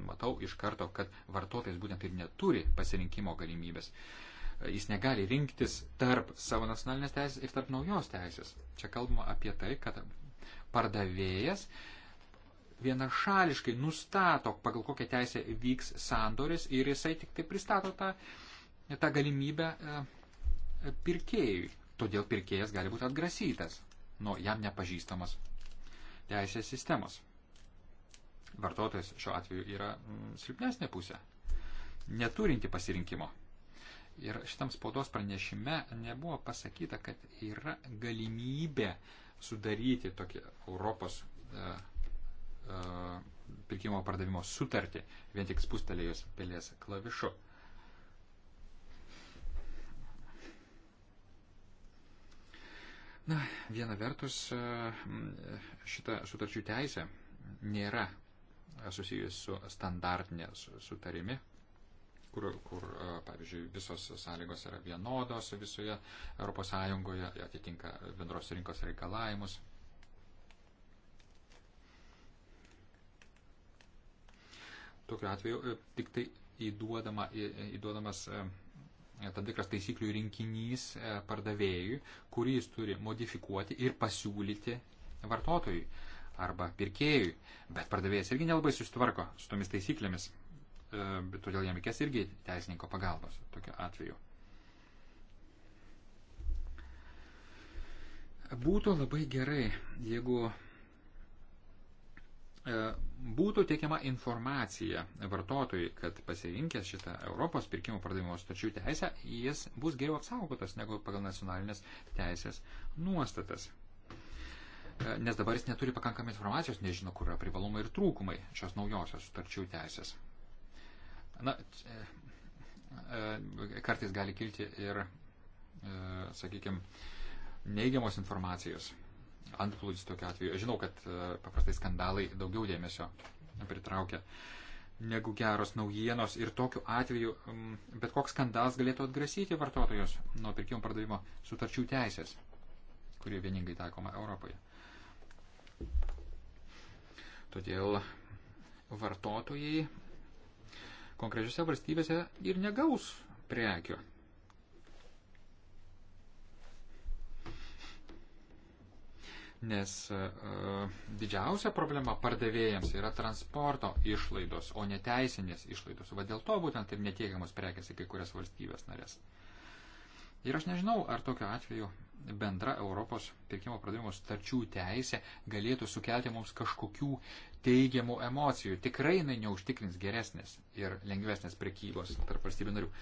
matau iš karto, kad vartotojas būtent ir neturi pasirinkimo galimybės. E, jis negali rinktis tarp savo nacionalinės teisės ir tarp naujos teisės. Čia kalbama apie tai, kad pardavėjas vienašališkai nustato, pagal kokią teisę vyks sandoris ir jisai tik tai pristato tą, tą galimybę e, pirkėjui. Todėl pirkėjas gali būti atgrasytas nuo jam nepažįstamos teisės sistemos. Vartotojas šiuo atveju yra mm, silpnesnė pusė, neturinti pasirinkimo. Ir šitam spaudos pranešime nebuvo pasakyta, kad yra galimybė sudaryti tokią Europos e, e, pirkimo pardavimo sutartį vien tik spustelėjus pelės klavišu. E, Na, viena vertus, e, šita sutarčių teisė nėra susijusi su standartinė sutarimi, kur, kur, e, pavyzdžiui, visos sąlygos yra vienodos visoje ES, atitinka bendros rinkos reikalavimus. Tokiu atveju e, tik tai įduodama, įduodamas E, tam tikras taisyklių rinkinys e, pardavėjui, kurį jis turi modifikuoti ir pasiūlyti vartotojui arba pirkėjui. Bet pardavėjas irgi nelabai susitvarko su tomis taisyklėmis, e, todėl jam reikės irgi teisininko pagalbos tokiu atveju. Būtų labai gerai, jeigu E, būtų teikiama informacija vartotojui, kad pasirinkęs šitą Europos pirkimų pardavimo sutarčių teisę, jis bus geriau apsaugotas negu pagal nacionalinės teisės nuostatas. E, nes dabar jis neturi pakankamai informacijos, nežino, kur yra privalumai ir trūkumai šios naujosios sutarčių teisės. Na, e, kartais gali kilti ir, sakykime, neigiamos informacijos antplūdis tokiu atveju. Aš žinau, kad e, paprastai skandalai daugiau dėmesio pritraukia negu geros naujienos ir tokiu atveju bet koks skandalas galėtų atgrasyti vartotojus nuo pirkimo pardavimo sutarčių teisės, kurie vieningai taikoma Europoje. Todėl vartotojai konkrečiose valstybėse ir negaus prekių nes e, didžiausia problema pardavėjams yra transporto išlaidos, o ne teisinės išlaidos. Va dėl to būtent ir netiekiamos prekes į kai kurias valstybės narės. Ir aš nežinau, ar tokiu atveju bendra Europos pirkimo pradavimo starčių teisė galėtų sukelti mums kažkokių teigiamų emocijų. Tikrai jinai neužtikrins geresnės ir lengvesnės prekybos tarp valstybių narių.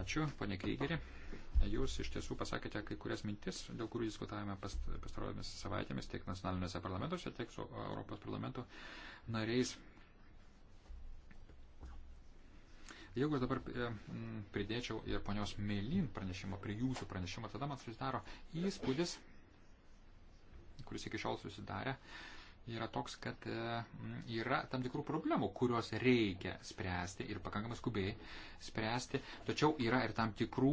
Ačiū, ponė Kreigeri. Jūs iš tiesų pasakėte kai kurias mintis, dėl kurių diskutavome pastarojomis savaitėmis tiek nacionaliniuose parlamentuose, tiek su Europos parlamento nariais. Jeigu aš dabar e, pridėčiau ir ponios Melin pranešimą prie jūsų pranešimo, tada man susidaro įspūdis, kuris iki šiol susidarė, uh, yra toks, kad e, yra tam tikrų problemų, kurios reikia spręsti ir pakankamai skubiai spręsti, tačiau yra ir tam tikrų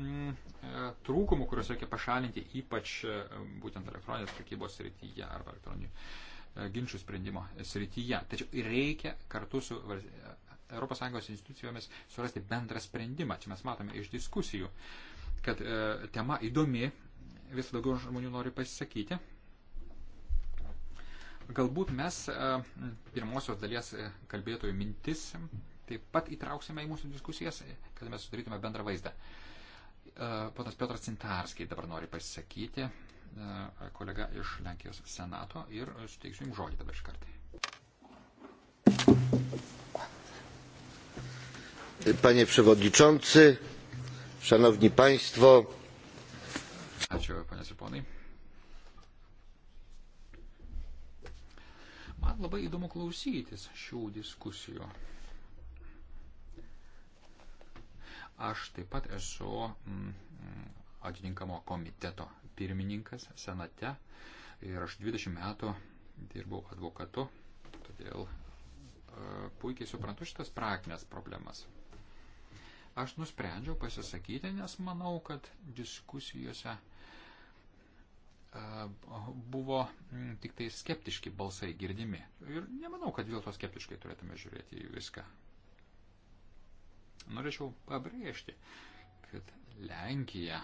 m, e, trūkumų, kuriuos reikia pašalinti, ypač e, būtent elektroninės prekybos srityje arba elektroninių ginčių sprendimo srityje. Tačiau reikia kartu su ES institucijomis surasti bendrą sprendimą. Čia mes matome iš diskusijų, kad e, tema įdomi, vis daugiau žmonių nori pasisakyti, Galbūt mes e, pirmosios dalies e, kalbėtojų mintis taip pat įtrauksime į mūsų diskusijas, kad mes sudarytume bendrą vaizdą. E, ponas Piotras Cintarskiai dabar nori pasisakyti, kolega iš Lenkijos senato ir suteiksiu jums žodį dabar iš kartai. Panie Przewodniczący, Szanowni Państwo. Ačiū, panie ir ponai. Man labai įdomu klausytis šių diskusijų. Aš taip pat esu mm, mm, atitinkamo komiteto pirmininkas senate ir aš 20 metų dirbau advokatu, todėl e, puikiai suprantu šitas praktinės problemas. Aš nusprendžiau pasisakyti, nes manau, kad diskusijose buvo mm, tik tai skeptiški balsai girdimi. Ir nemanau, kad dėl to skeptiškai turėtume žiūrėti į viską. Norėčiau pabrėžti, kad Lenkija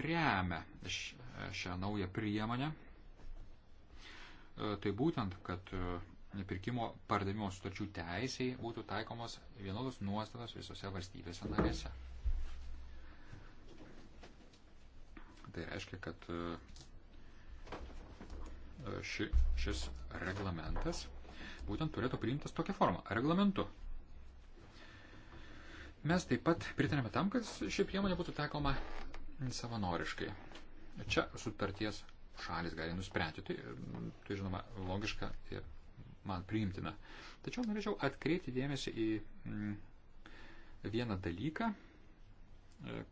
remia šią naują priemonę. E, tai būtent, kad e, pirkimo pardavimo sutarčių teisiai būtų taikomos vienodos nuostatos visose valstybėse narėse. Tai reiškia, kad e, ši, šis reglamentas būtent turėtų priimtas tokią formą - reglamentu. Mes taip pat pritarėme tam, kad ši priemonė būtų taikoma savanoriškai. Čia sutarties šalis gali nuspręsti. Tai, tai žinoma, logiška ir man priimtina. Tačiau norėčiau atkreipti dėmesį į mm, vieną dalyką, e,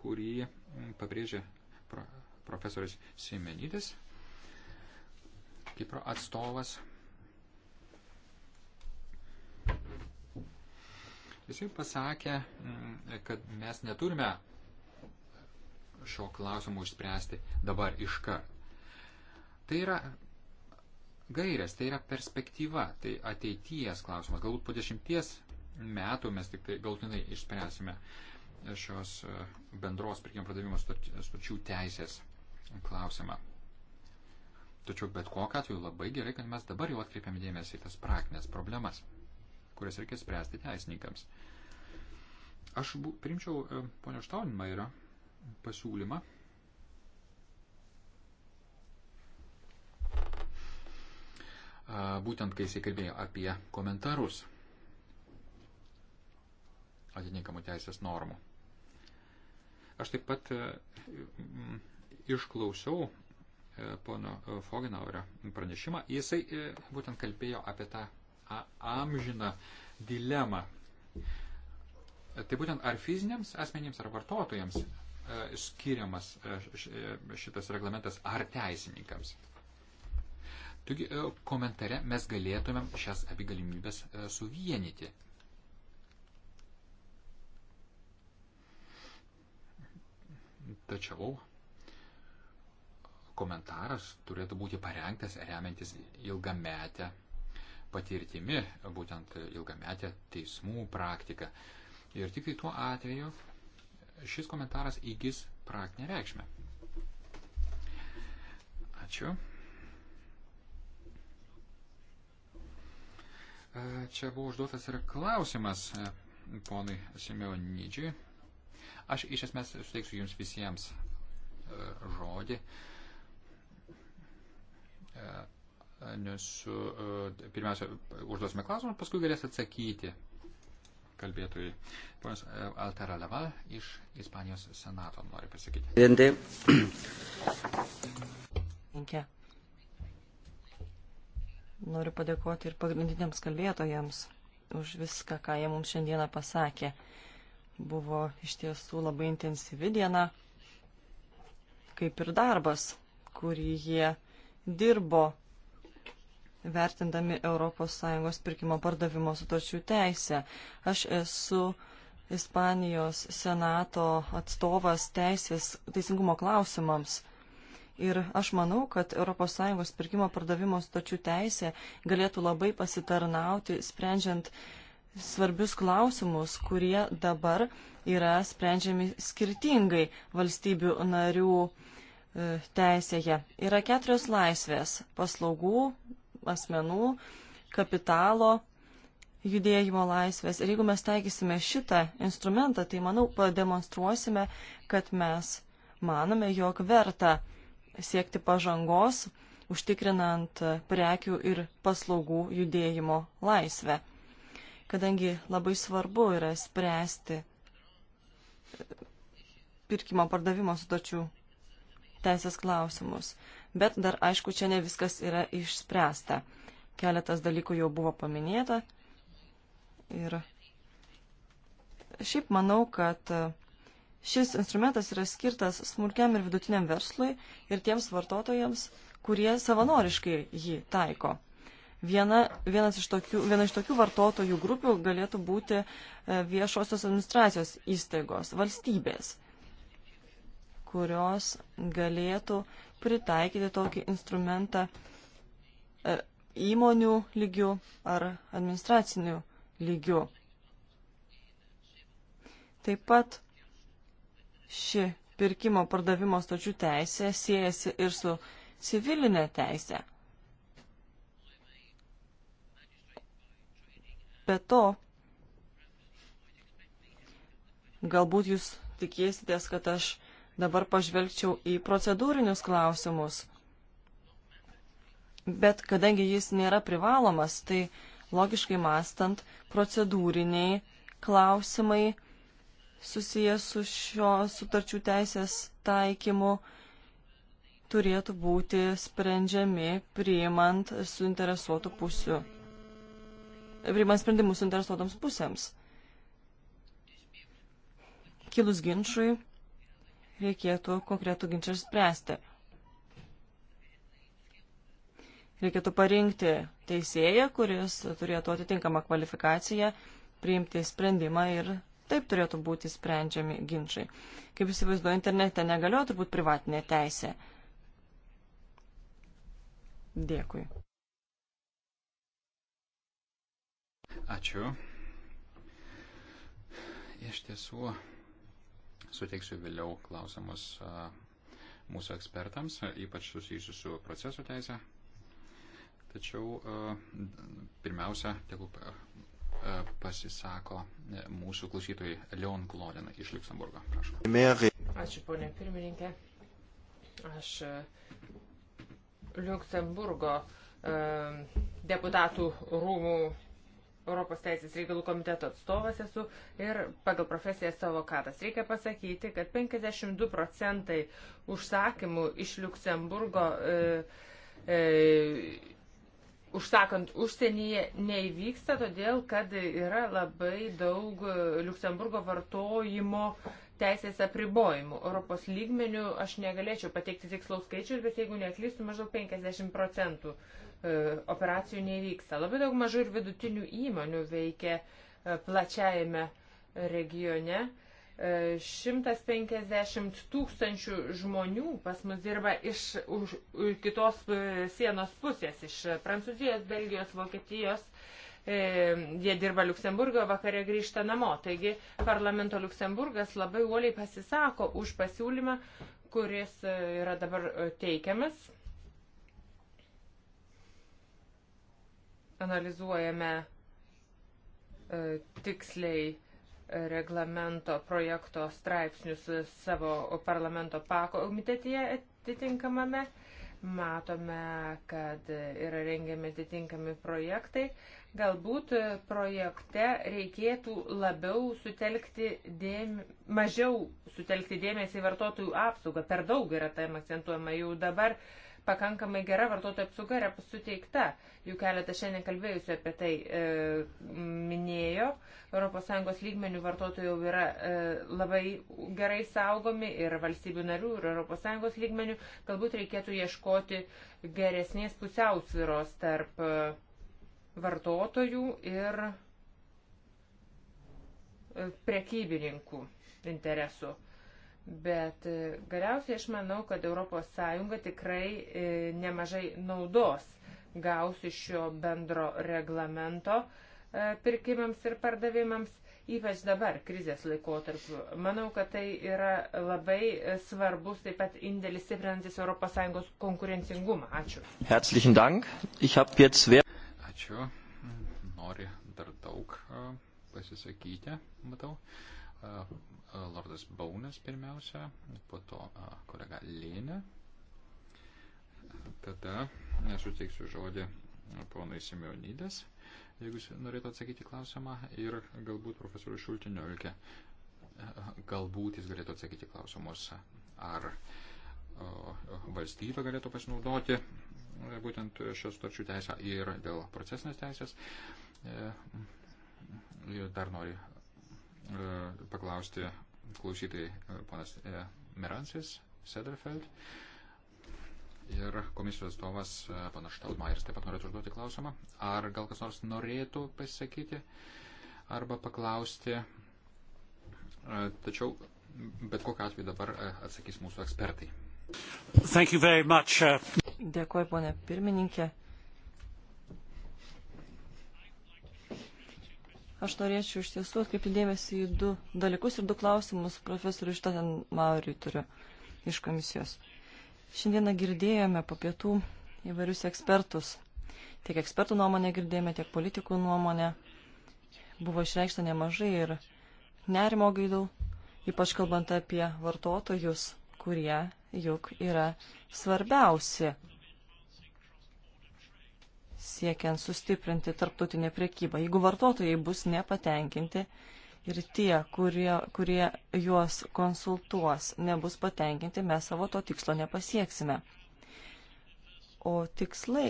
kurį pabrėžė profesorius Simenydis, Kipro atstovas. Jisai pasakė, mm, kad mes neturime šio klausimo išspręsti dabar iškart. Tai yra gairės, tai yra perspektyva, tai ateities klausimas. Galbūt po dešimties metų mes tik tai galtinai išspręsime uh, šios e, bendros pirkimų pardavimo sutarčių teisės klausimą. Tačiau bet kokiu atveju labai gerai, kad mes dabar jau atkreipiam dėmesį į tas praktinės problemas, kurias reikia spręsti teisininkams. Aš bu, primčiau e, ponio Štaunmairio pasiūlymą. Būtent kai jisai kalbėjo apie komentarus atitinkamų teisės normų. Aš taip pat e, išklausiau e, pono e, Fogenauerio pranešimą. Jisai būtent kalbėjo apie tą amžiną dilemą. Tai būtent ar fiziniams asmenims, ar vartotojams skiriamas šitas reglamentas, ar teisininkams. Taigi komentare mes galėtumėm šias abi galimybės suvienyti. Tačiau komentaras turėtų būti parengtas remiantis ilgametę patirtimi, būtent ilgametę teismų praktiką. Ir tik tai tuo atveju šis komentaras įgis praktinę reikšmę. Ačiū. Čia buvo užduotas ir klausimas ponui Simeonidžiui. Aš iš esmės suteiksiu jums visiems e, žodį. E, Nes e, pirmiausia, užduosime klausimą, paskui galės atsakyti kalbėtojai. Ponas Altera Leva iš Ispanijos senato nori pasakyti. Inke. Noriu padėkoti ir pagrindiniams kalbėtojams už viską, ką jie mums šiandieną pasakė. Uh, Buvo iš tiesų labai intensyvi diena, kaip ir darbas, kurį jie dirbo vertindami ES pirkimo pardavimo sutarčių teisę. Aš esu Ispanijos senato atstovas teisės teisingumo klausimams. Ir aš manau, kad ES pirkimo pardavimo sutarčių teisė galėtų labai pasitarnauti, sprendžiant svarbius klausimus, kurie dabar yra sprendžiami skirtingai valstybių narių e, teisėje. Yra keturios laisvės - paslaugų, asmenų, kapitalo, judėjimo laisvės. Ir jeigu mes taikysime šitą instrumentą, tai manau pademonstruosime, kad mes manome, jog verta siekti pažangos, užtikrinant prekių ir paslaugų judėjimo laisvę kadangi labai svarbu yra spręsti e, pirkimo pardavimo sutarčių teisės klausimus. Bet dar aišku, čia ne viskas yra išspręsta. Keletas dalykų jau buvo paminėta. Ir šiaip manau, kad e, šis instrumentas yra skirtas smulkiam ir vidutiniam verslui ir tiems vartotojams, kurie savanoriškai jį taiko. Viena, vienas iš tokių, viena iš tokių vartotojų grupių galėtų būti e, viešosios administracijos įstaigos, valstybės, kurios galėtų pritaikyti tokį instrumentą e, įmonių lygių ar administracinių lygių. Taip pat ši pirkimo pardavimo stočių teisė siejasi ir su civilinė teisė. Be to, galbūt jūs tikėsitės, kad aš dabar pažvelgčiau į procedūrinius klausimus. Bet kadangi jis nėra privalomas, tai logiškai mastant, procedūriniai klausimai susijęs su šio sutarčių teisės taikymu turėtų būti sprendžiami priimant suinteresuotų pusių priimant sprendimus interesuotoms pusėms. Kilus ginčiui, reikėtų konkretų ginčą spręsti. Reikėtų parinkti teisėją, kuris turėtų atitinkamą kvalifikaciją, priimti sprendimą ir taip turėtų būti sprendžiami ginčiai. Kaip įsivaizduoju, internete negalėjo turbūt privatinė teisė. Dėkui. Ačiū. Iš tiesų, suteiksiu vėliau klausimus mūsų ekspertams, ypač susijusius su proceso teise. Tačiau pirmiausia, tegul pasisako e, mūsų klausytojai Leon Klodina iš Luxemburgo. Prašau. Ačiū, ponė pirmininkė. Aš Luxemburgo deputatų rūmų Europos Teisės reikalų komiteto atstovas esu ir pagal profesiją esu avokatas. Reikia pasakyti, kad 52 procentai užsakymų iš Luksemburgo e, e, užsakant užsienyje neįvyksta, todėl kad yra labai daug Luksemburgo vartojimo teisės apribojimų. Europos lygmenių aš negalėčiau pateikti tikslaus skaičius, bet jeigu neklystu, maždaug 50 procentų. E, E, operacijų nevyksta. Labai daug mažų ir vidutinių įmonių veikia e, plačiajame regione. 150 e, tūkstančių žmonių pas mus dirba iš už, kitos sienos pusės, iš Prancūzijos, Belgijos, Vokietijos. Jie dirba Luksemburgo, vakare grįžta namo. Taigi parlamento Luksemburgas labai uoliai pasisako už pasiūlymą, kuris yra dabar teikiamas analizuojame e, tiksliai e, reglamento projekto straipsnius savo parlamento pakomitetyje atitinkamame. Matome, kad yra rengiami atitinkami projektai. Galbūt projekte reikėtų labiau sutelkti dėmesį, mažiau sutelkti dėmesį į vartotojų apsaugą. Per daug yra tam akcentuojama jau dabar pakankamai gera vartotojų apsauga yra suteikta. Jų keletą šiandien kalbėjusių apie tai e, minėjo. ES lygmenių vartotojai jau yra e, labai gerai saugomi ir valstybių narių, ir ES lygmenių. Galbūt reikėtų ieškoti geresnės pusiausviros tarp e, vartotojų ir e, prekybininkų interesų. Bet e, galiausiai aš manau, kad ES tikrai e, nemažai naudos gaus iš šio bendro reglamento e, pirkimams ir pardavimams, ypač dabar krizės laikotarpiu. Manau, kad tai yra labai svarbus taip pat indėlis stiprinantis ES konkurencingumą. Ačiū. Herzlichen Dank. Ich habe jetzt wer. Ačiū. Nori dar daug pasisakyti, matau. Lordas Baunas pirmiausia, po to kolega Lėnė. Tada nesuteiksiu žodį ponui Simeonydės, jeigu jūs norėtų atsakyti klausimą, ir galbūt profesoriui Šultiniolke, galbūt jis galėtų atsakyti klausimus, ar valstybė galėtų pasinaudoti e, būtent šios sutarčių teisę ir dėl procesinės teisės. E, dar noriu e, paklausti klausytojai e, ponas e, Miransis Sederfeld ir komisijos atstovas e, panas Štalmairis taip pat norėtų užduoti klausimą. Ar gal kas nors norėtų pasisakyti arba paklausti? Tačiau bet kokiu atveju dabar atsakys mūsų ekspertai. Much, uh... Dėkuoju, ponė pirmininkė. Aš norėčiau iš tiesų atkreipti dėmesį į du dalykus ir du klausimus profesoriui Štaten Mauriui turiu iš komisijos. Šiandieną girdėjome po pietų įvairius ekspertus. Tiek ekspertų nuomonę girdėjome, tiek politikų nuomonę. Buvo išreikšta nemažai ir nerimo gaidų, ypač kalbant apie vartotojus, kurie juk yra svarbiausi siekiant sustiprinti tarptautinę priekybą. Jeigu vartotojai bus nepatenkinti ir tie, kurie, kurie juos konsultuos, nebus patenkinti, mes savo to tikslo nepasieksime. O tikslai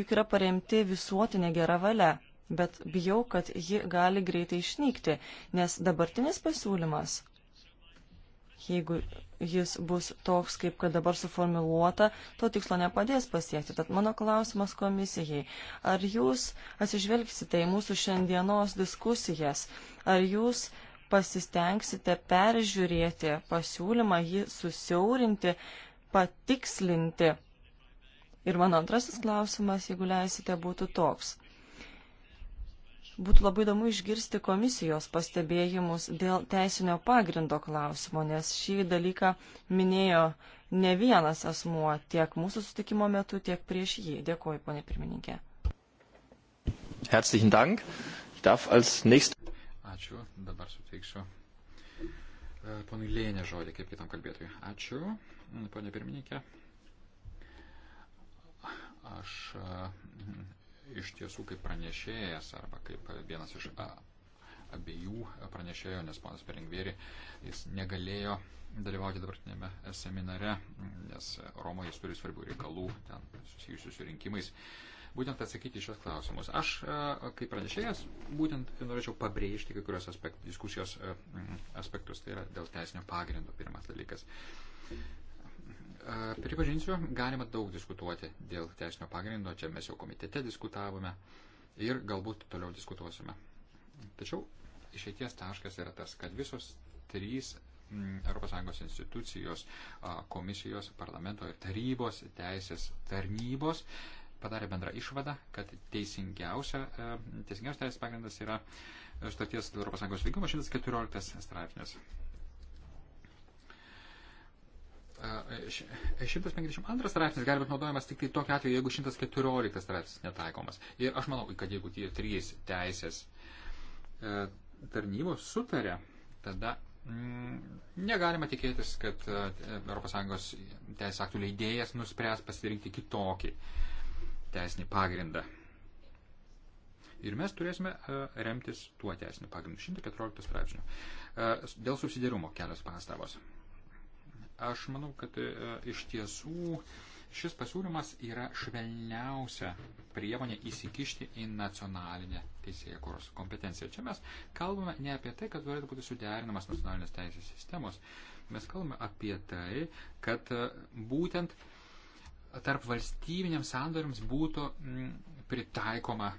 juk yra paremti visuotinė gera valia, bet bijau, kad ji gali greitai išnykti, nes dabartinis pasiūlymas jeigu jis bus toks, kaip kad dabar suformiluota, to tikslo nepadės pasiekti. Tad mano klausimas komisijai, ar jūs atsižvelgsite į mūsų šiandienos diskusijas, ar jūs pasistengsite peržiūrėti pasiūlymą, jį susiaurinti, patikslinti. Ir mano antrasis klausimas, jeigu leisite, būtų toks. Būtų labai įdomu išgirsti komisijos pastebėjimus dėl teisinio pagrindo klausimo, nes šį dalyką minėjo ne vienas asmuo tiek mūsų sutikimo metu, tiek prieš jį. Dėkuoju, ponė pirmininkė. Herzlichen Dank. Ich darf als nächstes. Ačiū. Dabar suteiksiu e, ponui Lėnė žodį, kaip kitam kalbėtojui. Ačiū, ponė pirmininkė. Aš e, iš tiesų kaip pranešėjas arba kaip vienas iš a, abiejų pranešėjo, nes ponas Perengvėri, jis negalėjo dalyvauti dabartinėme seminare, nes Romoje jis turi svarbių reikalų ten susijusių su rinkimais. Būtent atsakyti šios klausimus. Aš, kaip pranešėjas, būtent norėčiau pabrėžti kai kurios aspekt, diskusijos aspektus. Tai yra dėl teisinio pagrindo pirmas dalykas. Pripažinsiu, galima daug diskutuoti dėl teisinio pagrindo, čia mes jau komitete diskutavome ir galbūt toliau diskutuosime. Tačiau išeities taškas yra tas, kad visos trys mm, ES institucijos, komisijos, parlamento ir tarybos, teisės tarnybos padarė bendrą išvadą, kad teisingiausia, teisingiausia teisės pagrindas yra sutarties ES veikimo 114 straipsnis. 152 straipsnis gali būti naudojamas tik tai tokiu atveju, jeigu 114 straipsnis netaikomas. Ir aš manau, kad jeigu tie trys teisės e, tarnybos sutarė, tada mm, negalima tikėtis, kad ES teisės aktų leidėjas nuspręs pasirinkti kitokį teisinį pagrindą. Ir mes turėsime e, remtis tuo teisiniu pagrindu 114 straipsniu. E, dėl susidėrumo kelios pastabos. Aš manau, kad e, iš tiesų šis pasiūlymas yra švelniausia priemonė įsikišti į nacionalinę teisėjų kuros kompetenciją. Čia mes kalbame ne apie tai, kad turėtų būti suderinamas nacionalinės teisės sistemos. Mes kalbame apie tai, kad e, būtent tarp valstybiniams sandoriams būtų mm, pritaikoma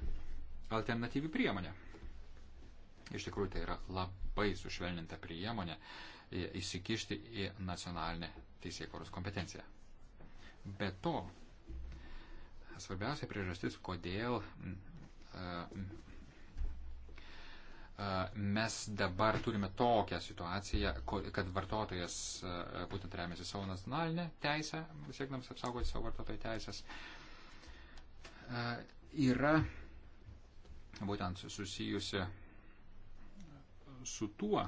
alternatyvi priemonė. Iš tikrųjų, tai yra labai sušvelninta priemonė. Uh, įsikišti į nacionalinę teisėkoros kompetenciją. Be to, svarbiausia priežastis, kodėl mes dabar turime tokią situaciją, kad vartotojas būtent remiasi savo nacionalinę teisę, siekdamas apsaugoti savo vartotojo teisės, yra būtent susijusi su tuo,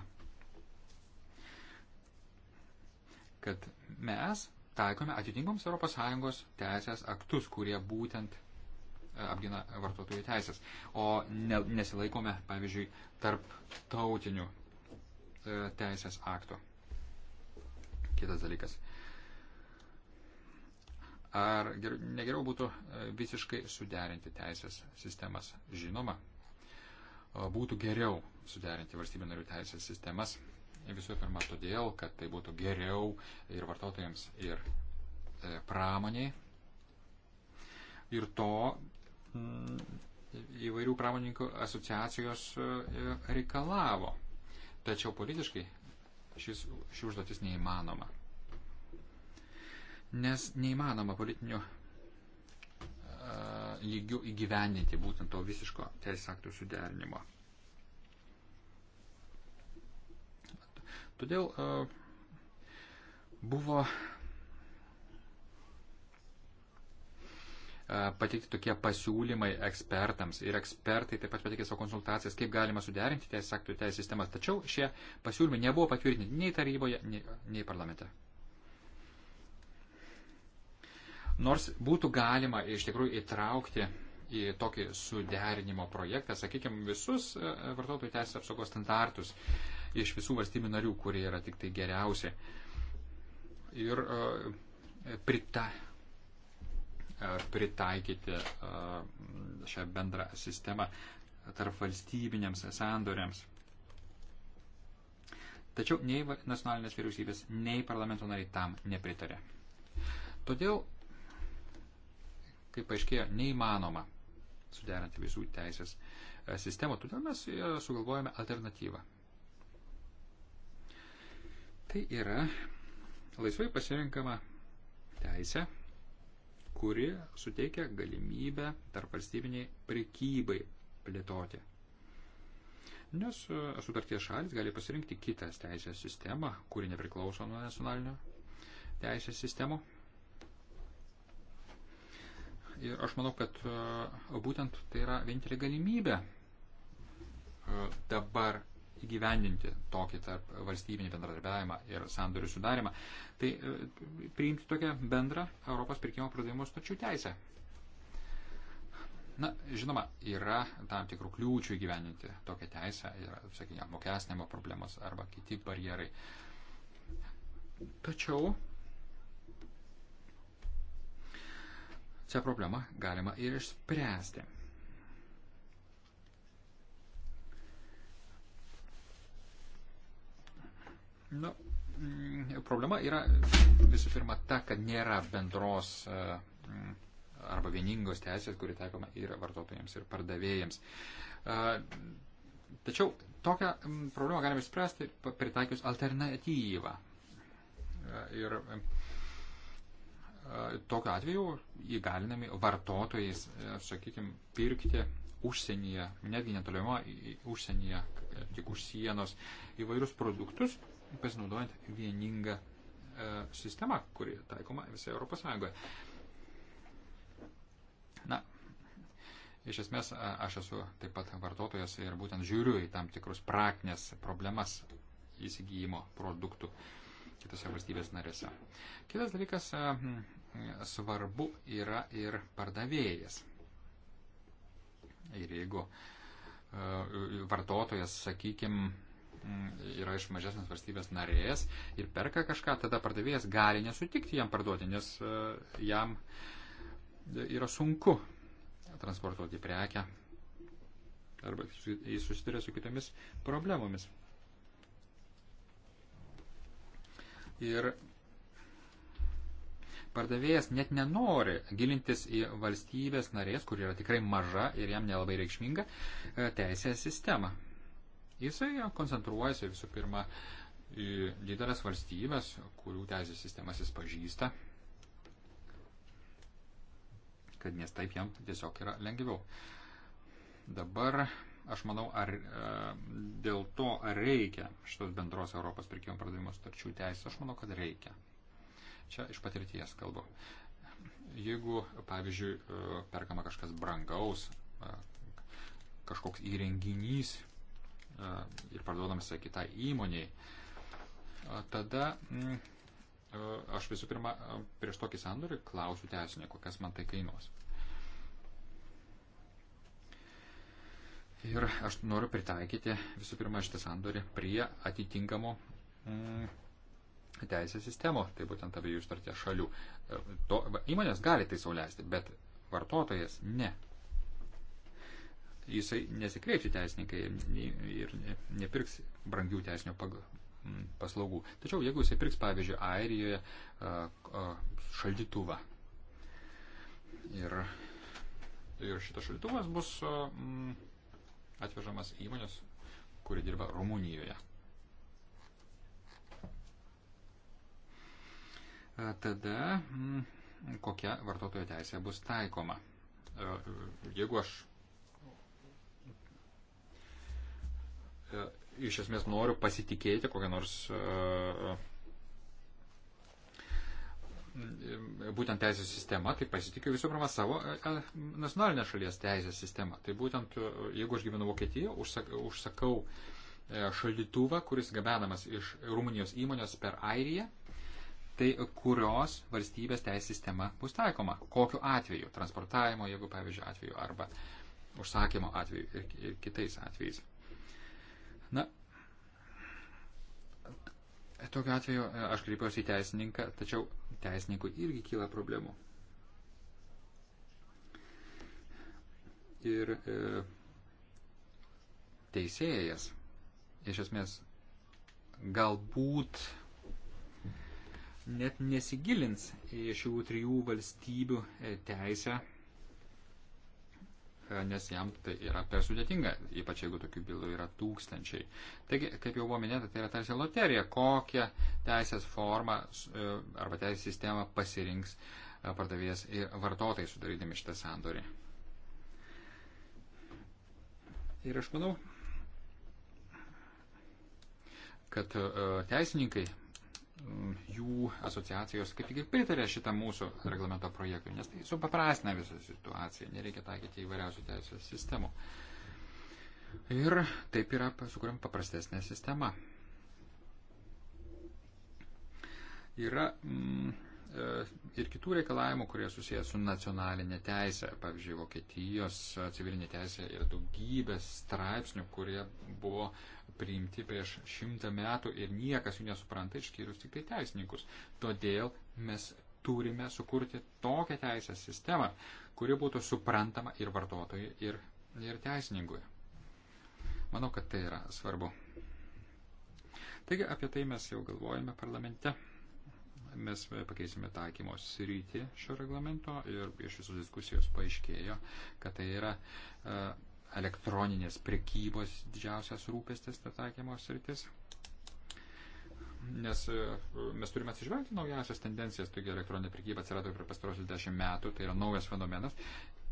kad mes taikome atitinkamus ES teisės aktus, kurie būtent e, apgina vartotojų teisės, o ne, nesilaikome, pavyzdžiui, tarptautinių e, teisės akto. Kitas dalykas. Ar ger, negeriau būtų e, visiškai suderinti teisės sistemas? Žinoma, būtų geriau suderinti valstybių narių teisės sistemas visų pirma todėl, kad tai būtų geriau ir vartotojams, ir e, pramoniai. Ir to mm, įvairių pramoninkų asociacijos e, reikalavo. Tačiau politiškai šis, ši užduotis neįmanoma. Nes neįmanoma politiniu e, lygių įgyvendinti būtent to visiško teisės aktų suderinimo. Todėl buvo pateikti tokie pasiūlymai ekspertams ir ekspertai taip pat pateikė savo konsultacijas, kaip galima suderinti teisės aktų ir teisės sistemas. Tačiau šie pasiūlymai nebuvo patvirtinti nei taryboje, nei, nei parlamente. Nors būtų galima iš tikrųjų įtraukti į tokį suderinimo projektą, sakykime, visus e, vartotojų teisės apsaugos standartus. Uh, iš visų valstybių narių, kurie yra tik tai geriausi. Ir e, prita, e, pritaikyti e, šią bendrą sistemą tarp valstybiniams sandoriams. Tačiau nei nacionalinės vyriausybės, nei parlamento nariai tam nepritarė. Todėl, kaip aiškėjo, neįmanoma suderinti visų teisės sistemų, todėl mes sugalvojame alternatyvą. Tai yra laisvai pasirinkama teisė, kuri suteikia galimybę tarp valstybiniai prekybai plėtoti. Nes e, sutarties šalis gali pasirinkti kitas teisės sistemą, kuri nepriklauso nuo nacionalinio teisės sistemo. Ir aš manau, kad e, būtent tai yra vienintelė galimybė e, dabar įgyvendinti tokį tarp valstybinį bendradarbiavimą ir sandorių sudarimą, tai e, priimti tokią bendrą Europos pirkimo pradavimo stačių teisę. Na, žinoma, yra tam tikrų kliūčių įgyvendinti tokią teisę, yra, sakykime, apmokestinimo problemos arba kiti barjerai. Tačiau šią problemą galima ir išspręsti. Na, nu, mm, problema yra visų pirma ta, kad nėra bendros e, mm, arba vieningos teisės, kuri taikoma ir vartotojams, ir pardavėjams. E, tačiau tokią mm, problemą galime spręsti pritaikius alternatyvą. E, ir tokiu atveju įgalinami vartotojais, sakykime, pirkti užsienyje, netgi netolimo užsienyje, tik už sienos įvairius produktus, pasinaudojant vieningą e, sistemą, kuri taikoma visoje Europos Sąjungoje. Na, iš esmės aš esu taip pat vartotojas ir būtent žiūriu į tam tikrus praktinės problemas įsigijimo produktų kitose valstybės narėse. Kitas dalykas svarbu yra ir pardavėjas. Ir jeigu e, vartotojas, sakykime, Mm, yra iš mažesnės valstybės narės ir perka kažką, tada pardavėjas gali nesutikti jam parduoti, nes e, jam yra sunku transportuoti prekę arba jis susiduria su kitomis problemomis. Ir pardavėjas net nenori gilintis į valstybės narės, kur yra tikrai maža ir jam nelabai reikšminga e, teisė sistema. Jisai koncentruojasi visų pirma į didelės valstybės, kurių teisės sistemas jis pažįsta, kad nes taip jam tiesiog yra lengviau. Dabar aš manau, ar e, dėl to, ar reikia šitos bendros Europos pirkimo pardavimo sutarčių teisės, aš manau, kad reikia. Čia iš patirties kalbu. Jeigu, pavyzdžiui, e, perkama kažkas brangaus, e, kažkoks įrenginys, ir parduodamas kitai įmoniai, tada mm, aš visų pirma prieš tokį sandorį klausiu teisininko, kas man tai kainuos. Ir aš noriu pritaikyti visų pirma šitą sandorį prie atitinkamo mm, teisės sistemo, tai būtent abiejų sutarties šalių. E, to, įmonės gali tai sauliaisti, bet vartotojas ne jisai nesikreipsi teisininkai ir nepirks brangių teisinio paslaugų. Tačiau jeigu jisai pirks, pavyzdžiui, Airijoje šaldytuvą ir, ir šitas šaldytuvas bus atvežamas įmonės, kuri dirba Rumunijoje. Tada kokia vartotojo teisė bus taikoma. Jeigu aš E, iš esmės noriu pasitikėti kokią nors e, e, būtent teisės sistema, tai pasitikiu visų pirma savo nacionalinę šalies teisės sistemą. Tai būtent, jeigu aš gyvenu Vokietijoje, užsakau šaldytuvą, kuris gabenamas iš Rumunijos įmonės per Airiją, tai kurios valstybės teisės sistema bus taikoma, kokiu atveju, transportavimo, jeigu pavyzdžiui atveju, arba užsakymo atveju ir, ir kitais atvejais. Na, tokiu atveju e, aš kreipiuosi į teisininką, tačiau teisininkui irgi kyla problemų. Ir e, teisėjas iš esmės galbūt net nesigilins į šių trijų valstybių e, teisę nes jam tai yra per sudėtinga, ypač jeigu tokių bylų yra tūkstančiai. Taigi, kaip jau buvo minėta, tai yra tarsi loterija, kokią teisės formą e, arba teisės sistemą pasirinks e, pardavėjas ir vartotojai sudarydami šitą sandorį. Ir aš manau, kad e, teisininkai jų asociacijos kaip tik ir pritarė šitą mūsų reglamento projektui, nes tai supaprastina visą situaciją, nereikia taikyti įvairiausių teisės sistemų. Ir taip yra sukuriam paprastesnė sistema. Yra mm, E, ir kitų reikalavimų, kurie susijęs su nacionalinė teisė, pavyzdžiui, Vokietijos civilinė teisė ir daugybės straipsnių, kurie buvo priimti prieš šimtą metų ir niekas jų nesupranta, išskyrus tik tai teisininkus. Todėl mes turime sukurti tokią teisės sistemą, kuri būtų suprantama ir vartotojui, ir, ir teisininkui. Manau, kad tai yra svarbu. Taigi apie tai mes jau galvojame parlamente mes pakeisime taikymo sritį šio reglamento ir iš visos diskusijos paaiškėjo, kad tai yra e, elektroninės prekybos didžiausias rūpestis ta taikymo sritis. Nes e, mes turime atsižvelgti naujasias tendencijas, taigi elektroninė prekyba atsirado per pastarosius dešimt metų, tai yra naujas fenomenas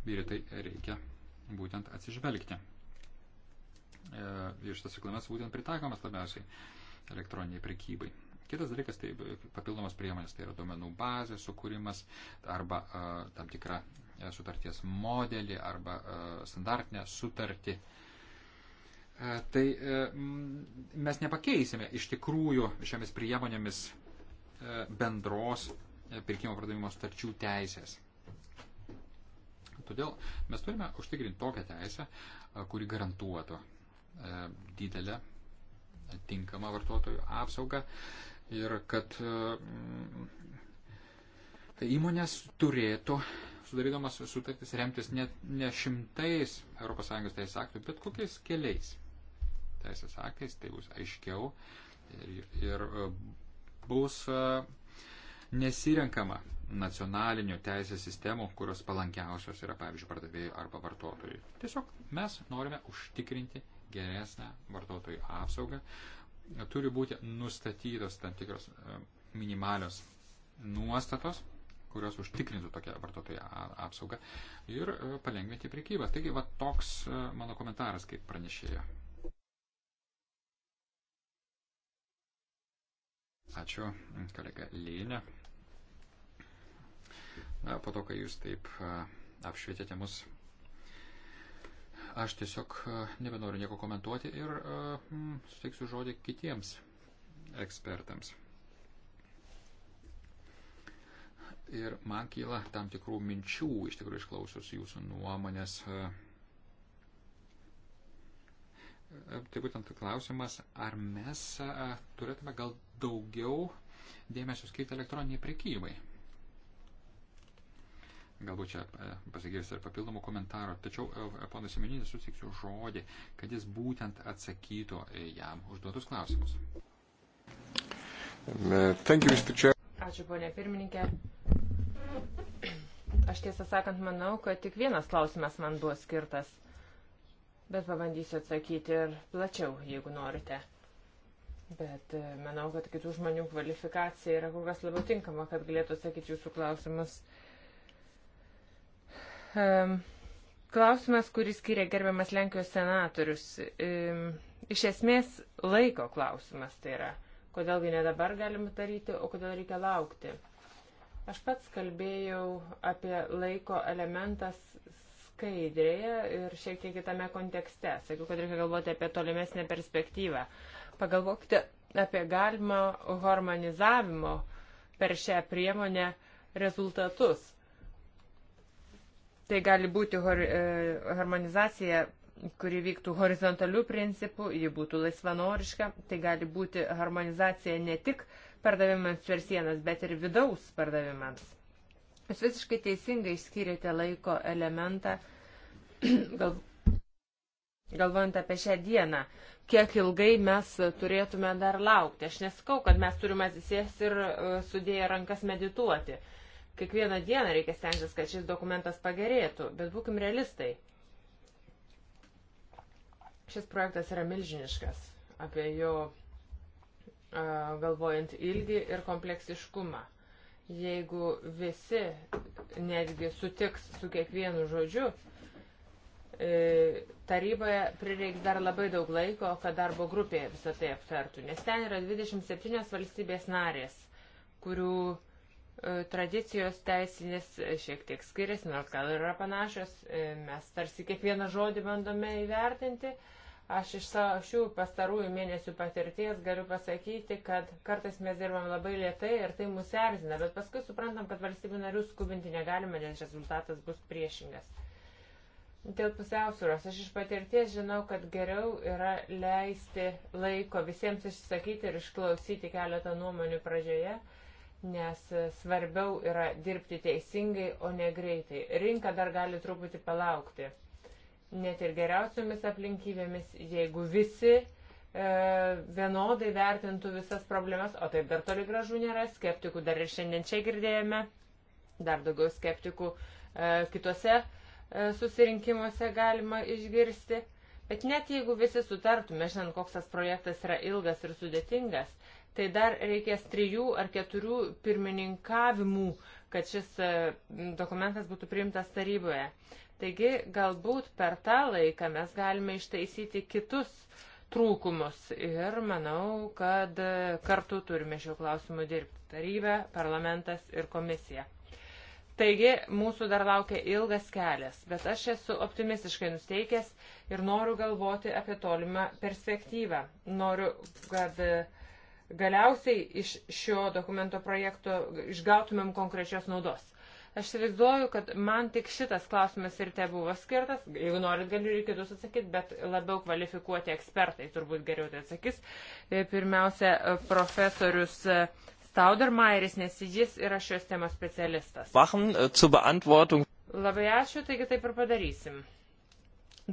ir tai reikia būtent atsižvelgti. E, ir šitas reglamentas būtent pritaikomas labiausiai elektroniniai prekybai. Kitas dalykas tai papildomos priemonės, tai yra duomenų bazės sukūrimas arba a, tam tikra e, sutarties modelį arba a, standartinę sutartį. A, e, tai a, e, mes nepakeisime iš tikrųjų šiomis priemonėmis a, bendros pirkimo pardavimo starčių teisės. Todėl mes turime užtikrinti tokią teisę, kuri garantuotų didelę tinkamą vartotojų apsaugą ir kad e, tai įmonės turėtų sudarydamas sutartis remtis net ne šimtais ES teisės aktų, bet kokiais keliais teisės aktais, tai bus aiškiau ir, ir e, bus e, nesirenkama nacionalinių teisės sistemų, kurios palankiausios yra, pavyzdžiui, pardavėjai arba vartotojai. Tiesiog mes norime užtikrinti geresnę vartotojų apsaugą, turi būti nustatytos tam tikros e, minimalios nuostatos, kurios užtikrintų tokią vartotoją apsaugą ir e, palengvinti prekybą. Taigi, va toks e, mano komentaras kaip pranešėjo. Ačiū, kolega Lėlė. Po to, kai jūs taip apšvietėte mus Aš tiesiog e, nebenoriu nieko komentuoti ir mm, suteiksiu žodį kitiems ekspertams. Ir man kyla tam tikrų minčių, iš tikrųjų išklausius jūsų nuomonės. E, tai būtent klausimas, ar mes turėtume gal daugiau dėmesio skirti elektroniniai prekybai. Galbūt čia e, pasigirs ir papildomų komentarų, tačiau e, e, ponas Simeninis sutiksiu žodį, kad jis būtent atsakytų jam užduotus klausimus. You, Ačiū, ponė pirmininkė. Aš tiesą sakant, manau, kad tik vienas klausimas man buvo skirtas, bet pabandysiu atsakyti ir plačiau, jeigu norite. Bet manau, kad kitų žmonių kvalifikacija yra kur kas labiau tinkama, kad galėtų atsakyti jūsų klausimus. Uh, Klausimas, kurį skiria gerbiamas Lenkijos senatorius. Iš esmės laiko klausimas tai yra. Kodėlgi ne dabar galim daryti, o kodėl reikia laukti. Aš pats kalbėjau apie laiko elementas skaidrėje ir šiek tiek kitame kontekste. Sakiau, kad reikia galvoti apie tolimesnę perspektyvą. Pagalvokite apie galimą harmonizavimo per šią priemonę rezultatus. Tai gali būti e, harmonizacija, kuri vyktų horizontalių principų, ji būtų laisvanoriška, tai gali būti harmonizacija ne tik pardavimams per sienas, bet ir vidaus pardavimams. Jūs visiškai teisingai išskyrėte laiko elementą, gal, galvojant apie šią dieną, kiek ilgai mes turėtume dar laukti. Aš nesakau, kad mes turime atsisės ir e, sudėję rankas medituoti. Uh, Kiekvieną dieną reikia stengtis, kad šis dokumentas pagerėtų, bet būkim realistai. Šis projektas yra milžiniškas, apie jo galvojant ilgį ir kompleksiškumą. Jeigu visi netgi sutiks su kiekvienu žodžiu, e, taryboje prireiks dar labai daug laiko, kad darbo grupėje visą tai aptartų, nes ten yra 27 valstybės narės, kurių E, tradicijos teisinės šiek tiek skiriasi, nors gal ir yra panašios, e, mes tarsi kiekvieną žodį bandome įvertinti. Aš iš šių pastarųjų mėnesių patirties galiu pasakyti, kad kartais mes dirbam labai lietai ir tai mus erzina, bet paskui suprantam, kad valstybių narių skubinti negalime, nes rezultatas bus priešingas. Dėl pusiausvėros aš iš patirties žinau, kad geriau yra leisti laiko visiems išsakyti ir išklausyti keletą nuomonių pradžioje nes svarbiau yra dirbti teisingai, o ne greitai. Rinka dar gali truputį palaukti. Net ir geriausiomis aplinkybėmis, jeigu visi e, vienodai vertintų visas problemas, o taip dar toli gražu nėra, skeptikų dar ir šiandien čia girdėjome, dar daugiau skeptikų e, kitose e, susirinkimuose galima išgirsti. Bet net jeigu visi sutartume, žinant, koks tas projektas yra ilgas ir sudėtingas, tai dar reikės trijų ar keturių pirmininkavimų, kad šis e, dokumentas būtų priimtas taryboje. Taigi galbūt per tą laiką mes galime ištaisyti kitus trūkumus ir manau, kad e, kartu turime šiuo klausimu dirbti taryba, parlamentas ir komisija. Taigi mūsų dar laukia ilgas kelias, bet aš esu optimistiškai nusteikęs ir noriu galvoti apie tolimą perspektyvą. Noriu, kad uh, galiausiai iš šio dokumento projekto išgautumėm konkrečios naudos. Aš įsivaizduoju, kad man tik šitas klausimas ir te buvo skirtas, jeigu norit, galiu ir kitus atsakyti, bet labiau kvalifikuoti ekspertai turbūt geriau tai atsakys. E, pirmiausia, e, profesorius e, Staudermaieris, nes jis yra šios temos specialistas. Machen, uh, Labai ačiū, taigi taip ir padarysim.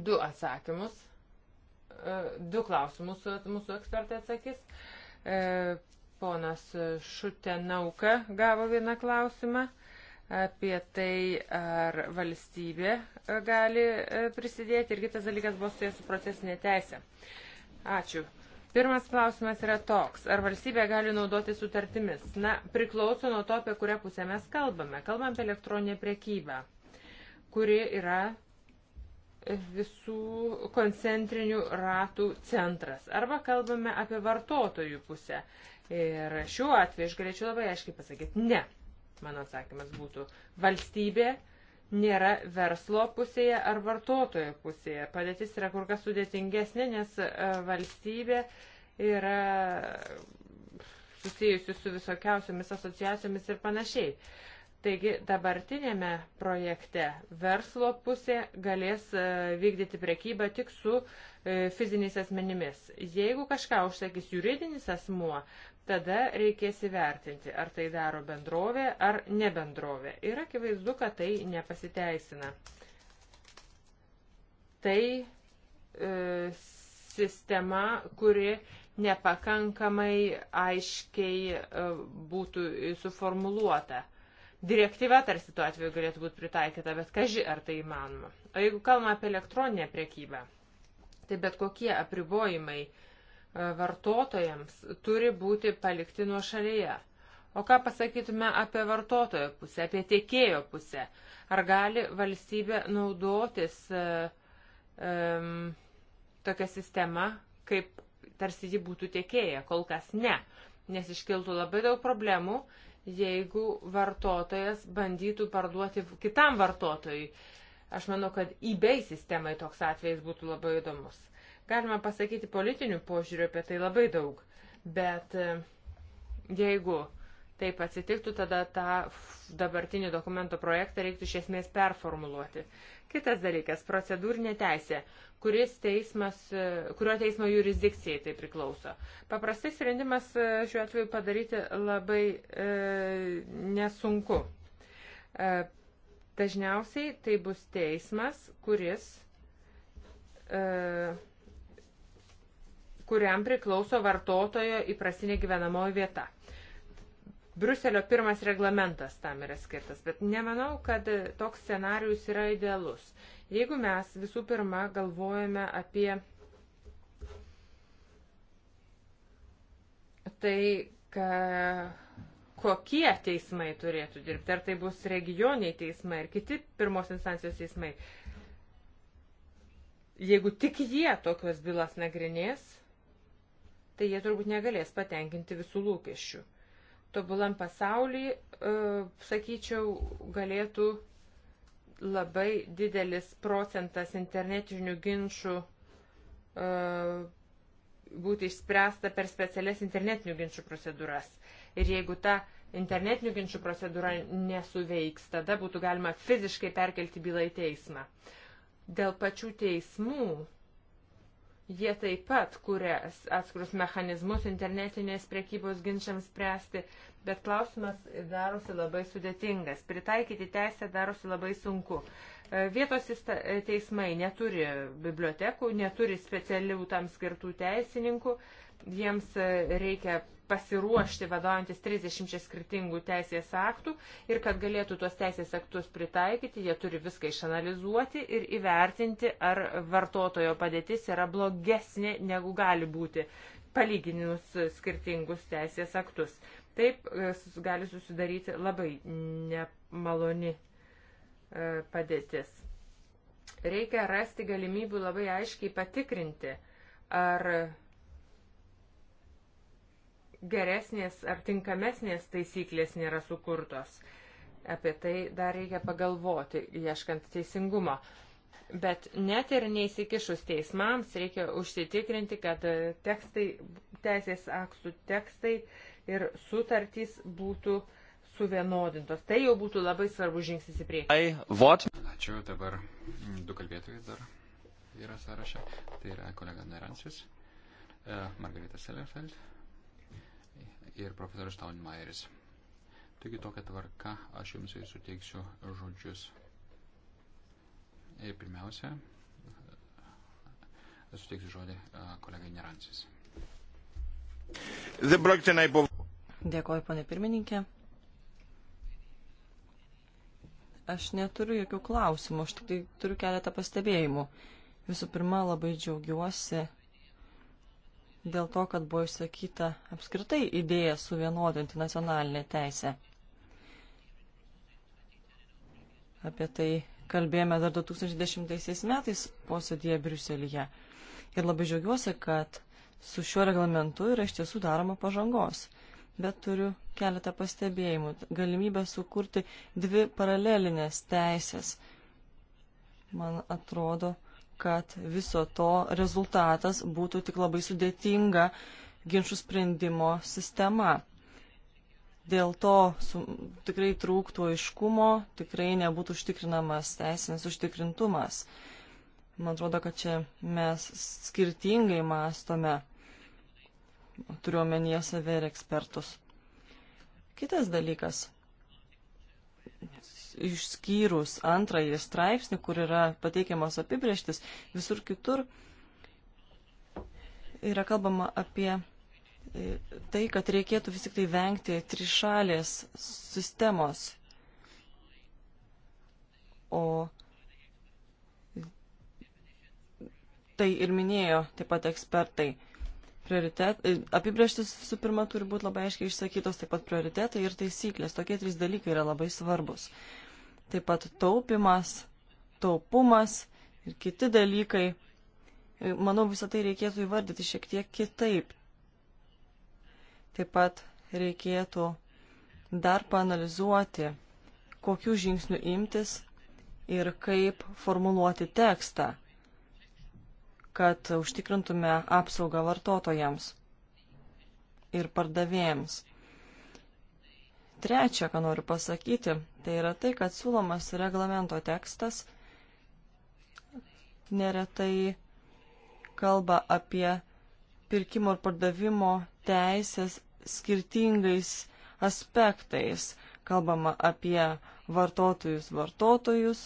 Du atsakymus, du klausimus mūsų ekspertai atsakys. E, ponas Šutenauka gavo vieną klausimą apie tai, ar valstybė gali e, prisidėti ir kitas dalykas buvo su jie su procesinė teisė. Ačiū. Pirmas klausimas yra toks, ar valstybė gali naudoti sutartimis? Na, priklauso nuo to, apie kurią pusę mes kalbame. Kalbam apie elektroninę priekybą, kuri yra visų koncentrinių ratų centras. Arba kalbame apie vartotojų pusę. Ir šiuo atveju aš galėčiau labai aiškiai pasakyti, ne. Mano atsakymas būtų valstybė nėra verslo pusėje ar vartotojo pusėje. Padėtis yra kur kas sudėtingesnė, nes e, valstybė yra susijusi su visokiausiamis asociacijomis ir panašiai. Taigi dabartinėme projekte verslo pusė galės e, vykdyti prekybą tik su e, fiziniais asmenimis. Jeigu kažką užsakys juridinis asmuo, tada reikės įvertinti, ar tai daro bendrovė ar ne bendrovė. Ir akivaizdu, kad tai nepasiteisina. Tai e, sistema, kuri nepakankamai aiškiai e, būtų suformuluota direktyva tarsi tuo atveju galėtų būti pritaikyta, bet kaži ar tai įmanoma. O jeigu kalbame apie elektroninę priekybą, tai bet kokie apribojimai e, vartotojams turi būti palikti nuo šalyje. O ką pasakytume apie vartotojo pusę, apie tiekėjo pusę? Ar gali valstybė naudotis um, tokia sistema, kaip tarsi ji būtų tiekėja? Kol kas ne, nes iškiltų labai daug problemų jeigu vartotojas bandytų parduoti kitam vartotojui. Aš manau, kad eBay sistemai toks atvejis būtų labai įdomus. Galima pasakyti politinių požiūrių apie tai labai daug, bet e, jeigu uh, taip atsitiktų, tada tą dabartinį dokumento projektą reiktų iš esmės performuluoti. Kitas dalykas - procedūrinė teisė, kuris teismas, e, kurio teismo jurisdikcijai tai priklauso. Paprastai sprendimas e, šiuo atveju padaryti labai e, nesunku. E, dažniausiai tai bus teismas, kuris, e, kuriam priklauso vartotojo įprastinė gyvenamoji vieta. Bruselio pirmas reglamentas tam yra skirtas, bet nemanau, kad toks scenarius yra idealus. Jeigu mes visų pirma galvojame apie tai, ka, kokie teismai turėtų dirbti, ar tai bus regioniai teismai ar kiti pirmos instancijos teismai, jeigu tik jie tokios bylas nagrinės, tai jie turbūt negalės patenkinti visų lūkesčių tobulam pasaulį, e, sakyčiau, galėtų labai didelis procentas internetinių ginčių e, būti išspręsta per specialias internetinių ginčių procedūras. Ir jeigu ta internetinių ginčių procedūra nesuveiks, tada būtų galima fiziškai perkelti bylą į teismą. Dėl pačių teismų Jie taip pat kuria atskirus mechanizmus internetinės priekybos ginčiams spręsti, bet klausimas darosi labai sudėtingas. Pritaikyti teisę darosi labai sunku. E, vietos e, teismai neturi bibliotekų, neturi specialių tam skirtų teisininkų, jiems e, reikia pasiruošti vadovantis 30 skirtingų teisės aktų ir kad galėtų tuos teisės aktus pritaikyti, jie turi viską išanalizuoti ir įvertinti, ar vartotojo padėtis yra blogesnė negu gali būti, palyginus skirtingus teisės aktus. Taip e, gali susidaryti labai nemaloni e, padėtis. Reikia rasti galimybių labai aiškiai patikrinti, ar geresnės ar tinkamesnės taisyklės nėra sukurtos. Apie tai dar reikia pagalvoti, ieškant teisingumo. Bet net ir neįsikišus teismams reikia užsitikrinti, kad tekstai, teisės aktų tekstai ir sutartys būtų suvienodintos. Tai jau būtų labai svarbus žingsnis į priekį. Ačiū, dabar du kalbėtojai dar yra sąraše. Tai yra kolega Neransis, e, Margarita Selerfeld ir profesorius Stauninmajeris. Taigi tokia tvarka aš jums ir suteiksiu žodžius. Ir pirmiausia, suteiksiu žodį kolegai Nerancis. Dėkoju, ponė pirmininkė. Aš neturiu jokių klausimų, aš tik tai turiu keletą pastebėjimų. Visų pirma, labai džiaugiuosi dėl to, kad buvo išsakyta apskritai idėja suvienodinti nacionalinę teisę. Apie tai kalbėjome dar 2010 metais posėdėje Briuselyje. Ir labai džiaugiuosi, kad su šiuo reglamentu yra iš tiesų daroma pažangos. Bet turiu keletą pastebėjimų. Galimybę sukurti dvi paralelinės teisės. Man atrodo, kad viso to rezultatas būtų tik labai sudėtinga ginčių sprendimo sistema. Dėl to su, tikrai trūktų aiškumo, tikrai nebūtų užtikrinamas teisinis užtikrintumas. Man atrodo, kad čia mes skirtingai mąstome, turiuomenyje save ir ekspertus. Kitas dalykas išskyrus antrąjį straipsnį, kur yra pateikiamos apibrieštis, visur kitur yra kalbama apie e, tai, kad reikėtų vis tik tai vengti trišalės sistemos. O tai ir minėjo taip pat ekspertai. Prioritet, e, apibrieštis visų pirma turi būti labai aiškiai išsakytos, taip pat prioritetai ir taisyklės. Tokie trys dalykai yra labai svarbus taip pat taupimas, taupumas ir kiti dalykai. Manau, visą tai reikėtų įvardyti šiek tiek kitaip. Taip pat reikėtų dar panalizuoti, kokių žingsnių imtis ir kaip formuluoti tekstą, kad užtikrintume apsaugą vartotojams ir pardavėjams trečia, ką noriu pasakyti, tai yra tai, kad siūlomas reglamento tekstas neretai kalba apie pirkimo ir pardavimo teisės skirtingais aspektais. Kalbama apie vartotojus vartotojus,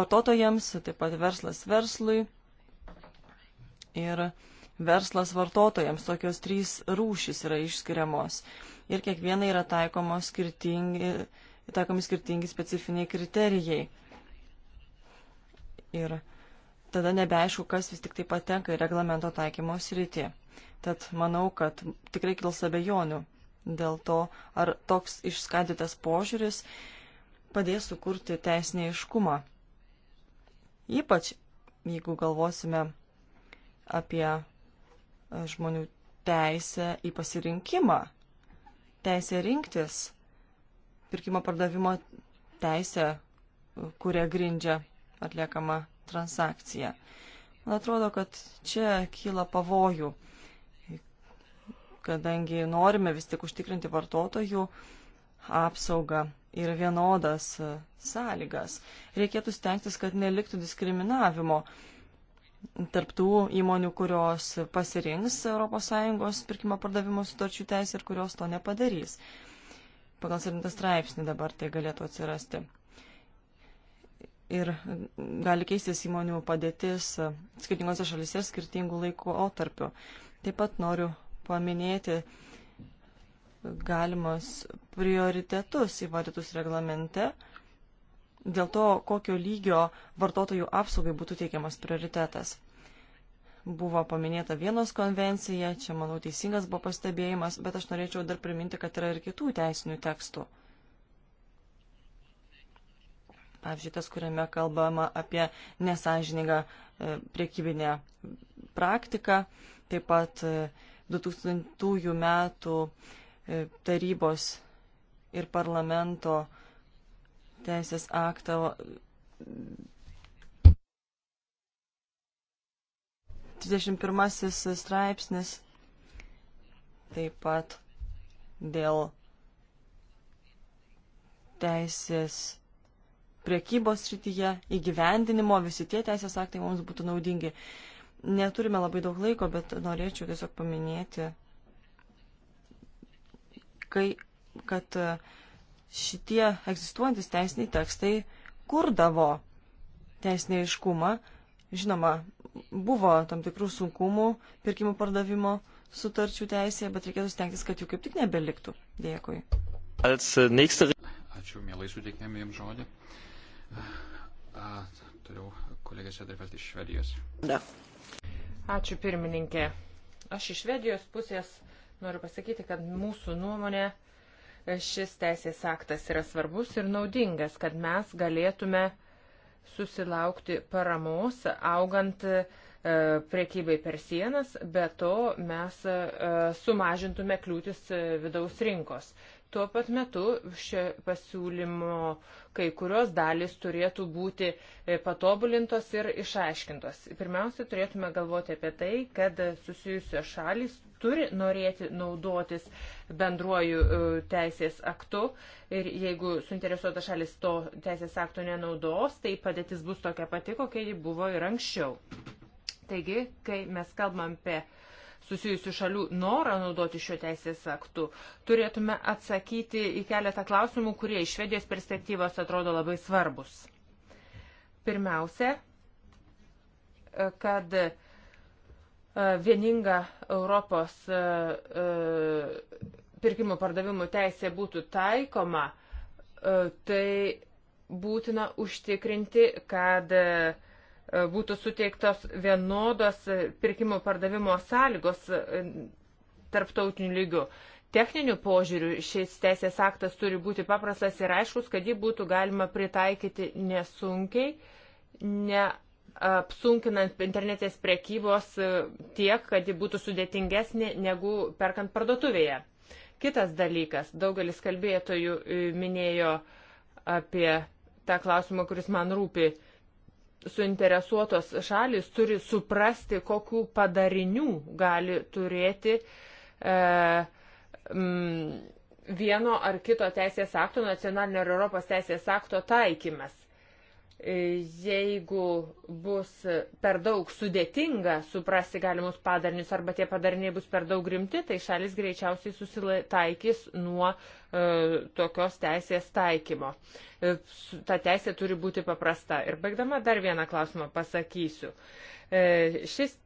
vartotojams, taip pat verslas verslui. Ir verslas vartotojams. Tokios trys rūšys yra išskiriamos ir kiekvienai yra taikomos skirtingi, taikomi skirtingi specifiniai kriterijai. Ir tada nebeaišku, kas vis tik tai patenka į reglamento taikymo sritį. Tad manau, kad tikrai kils abejonių dėl to, ar toks išskaidytas požiūris padės sukurti teisinį iškumą. Ypač jeigu galvosime apie žmonių teisę į pasirinkimą, teisę rinktis, pirkimo pardavimo teisę, kuria grindžia atliekama transakcija. Man atrodo, kad čia kyla pavojų, kadangi norime vis tik užtikrinti vartotojų apsaugą ir vienodas sąlygas. Reikėtų stengtis, kad neliktų diskriminavimo tarptų įmonių, kurios pasirinks ES pirkimo pardavimo sutarčių teisę ir kurios to nepadarys. Pagal 7 straipsnį dabar tai galėtų atsirasti. Ir gali keistis įmonių padėtis skirtingose šalise skirtingų laikų otarpių. Taip pat noriu paminėti galimas prioritetus įvardytus reglamente dėl to, kokio lygio vartotojų apsaugai būtų teikiamas prioritetas. Buvo paminėta vienos konvencija, čia manau teisingas buvo pastebėjimas, bet aš norėčiau dar priminti, kad yra ir kitų teisinių tekstų. Pavyzdžiui, tas, kuriame kalbama apie nesažiningą e, priekybinę praktiką, taip pat 2000 e, metų e, tarybos ir parlamento teisės akto 31 straipsnis taip pat dėl teisės priekybos srityje įgyvendinimo, visi tie teisės aktai mums būtų naudingi. Neturime labai daug laiko, bet norėčiau tiesiog paminėti, kai, kad uh, šitie egzistuojantis teisiniai tekstai kurdavo teisinį aiškumą. Žinoma, buvo tam tikrų sunkumų pirkimų pardavimo sutarčių teisėje, bet reikėtų stengtis, kad jų kaip tik nebeliktų. Dėkui. E, Ačiū, mielai suteikėme jums žodį. A, toliau kolegė Sedrifelt iš Švedijos. Da. Ačiū pirmininkė. Aš iš Švedijos pusės noriu pasakyti, kad mūsų nuomonė uh, šis teisės aktas yra svarbus ir naudingas, kad mes galėtume susilaukti paramos augant e, priekybai per sienas, bet to mes e, sumažintume kliūtis e, vidaus rinkos. Tuo pat metu šio pasiūlymo kai kurios dalys turėtų būti patobulintos ir išaiškintos. Pirmiausia, turėtume galvoti apie tai, kad susijusios šalis turi norėti naudotis bendruoju e, teisės aktu ir jeigu suinteresuota šalis to teisės akto nenaudos, tai padėtis bus tokia pati, kokia ji buvo ir anksčiau. Taigi, kai mes kalbam apie susijusių šalių norą naudoti šio teisės aktu, turėtume atsakyti į keletą klausimų, kurie iš švedijos perspektyvos atrodo labai svarbus. Pirmiausia, kad E, vieninga Europos e, e, pirkimų pardavimų teisė būtų taikoma, tai būtina užtikrinti, kad būtų suteiktos vienodos pirkimų pardavimo sąlygos tarptautiniu lygiu. Techniniu požiūriu šis teisės aktas turi būti paprastas ir aiškus, kad jį būtų galima pritaikyti nesunkiai, ne apsunkinant internetinės prekybos e, tiek, kad ji būtų sudėtingesnė negu perkant parduotuvėje. Kitas dalykas, daugelis kalbėtojų e, minėjo apie tą klausimą, kuris man rūpi. Suinteresuotos šalis turi suprasti, kokiu padarinių gali turėti e, m, vieno ar kito teisės akto, nacionalinio ar Europos teisės akto taikymas jeigu bus per daug sudėtinga suprasti galimus padarinius arba tie padariniai bus per daug rimti, tai šalis greičiausiai susitaikys nuo e, tokios teisės taikymo. E, ta teisė turi būti paprasta. Ir baigdama dar vieną klausimą pasakysiu. E, šis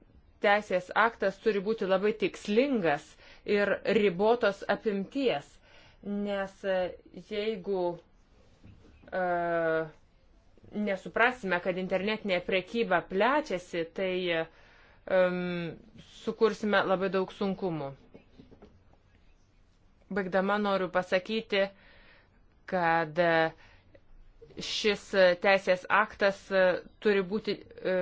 teisės aktas turi būti labai tikslingas ir ribotos apimties, nes e, jeigu uh, e, nesuprasime, kad internetinė prekyba plečiasi, tai um, sukursime labai daug sunkumų. Baigdama noriu pasakyti, kad e, šis teisės aktas e, turi būti e,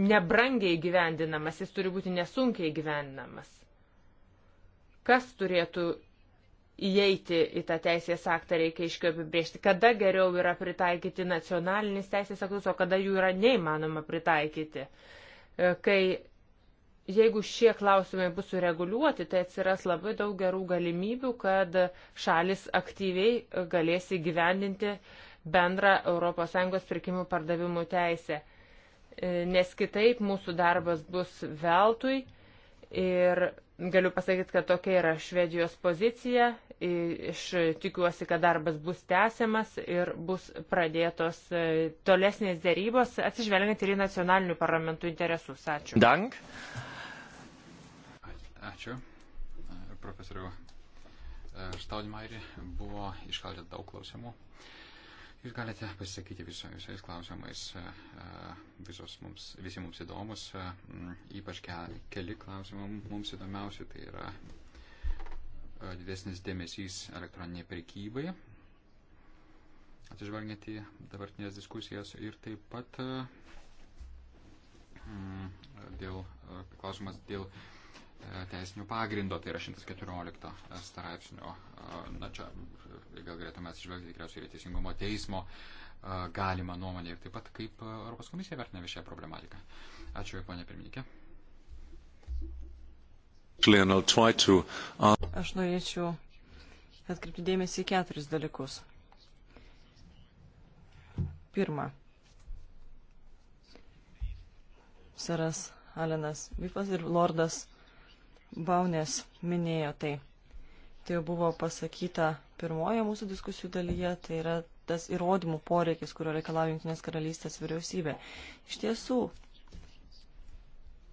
nebrangiai gyvendinamas, jis turi būti nesunkiai gyvendinamas. Kas turėtų įeiti į tą teisės aktą reikia aiškiau apibriežti, kada geriau yra pritaikyti nacionalinis teisės aktus, o kada jų yra neįmanoma pritaikyti. E, kai jeigu šie klausimai bus sureguliuoti, tai atsiras labai daug gerų galimybių, kad šalis aktyviai galės įgyvendinti bendrą ES pirkimų pardavimų teisę. E, nes kitaip mūsų darbas bus veltui Ir galiu pasakyti, kad tokia yra Švedijos pozicija. Iš tikiuosi, kad darbas bus tęsiamas ir bus pradėtos e, tolesnės dėrybos, atsižvelgiant ir į nacionalinių parlamentų interesus. Ačiū. Dank. Ačiū. Profesoriu Štaudimairį e, buvo iškaldę daug klausimų. Jūs galite pasisakyti viso, visais klausimais, e, e, visos mums, visi mums įdomus, e, ypač ke, keli klausimai mums įdomiausi, tai yra didesnis dėmesys elektroniniai prekybai, atsižvelgiant į dabartinės diskusijas ir taip pat dėl, klausimas dėl teisinio pagrindo, tai yra 114 straipsnio. Na čia gal galėtume atsižvelgti tikriausiai ir teisingumo teismo galimą nuomonę ir taip pat kaip Europos komisija vertina šią problematiką. Ačiū, ponė pirmininkė. Uh, Aš norėčiau atkreipti dėmesį į keturis dalykus. Pirma. Seras Alenas Vypas ir Lordas Baunės minėjo tai tai jau buvo pasakyta pirmoje mūsų diskusijų dalyje, tai yra tas įrodymų poreikis, kurio reikalauja Junktinės karalystės vyriausybė. Iš tiesų,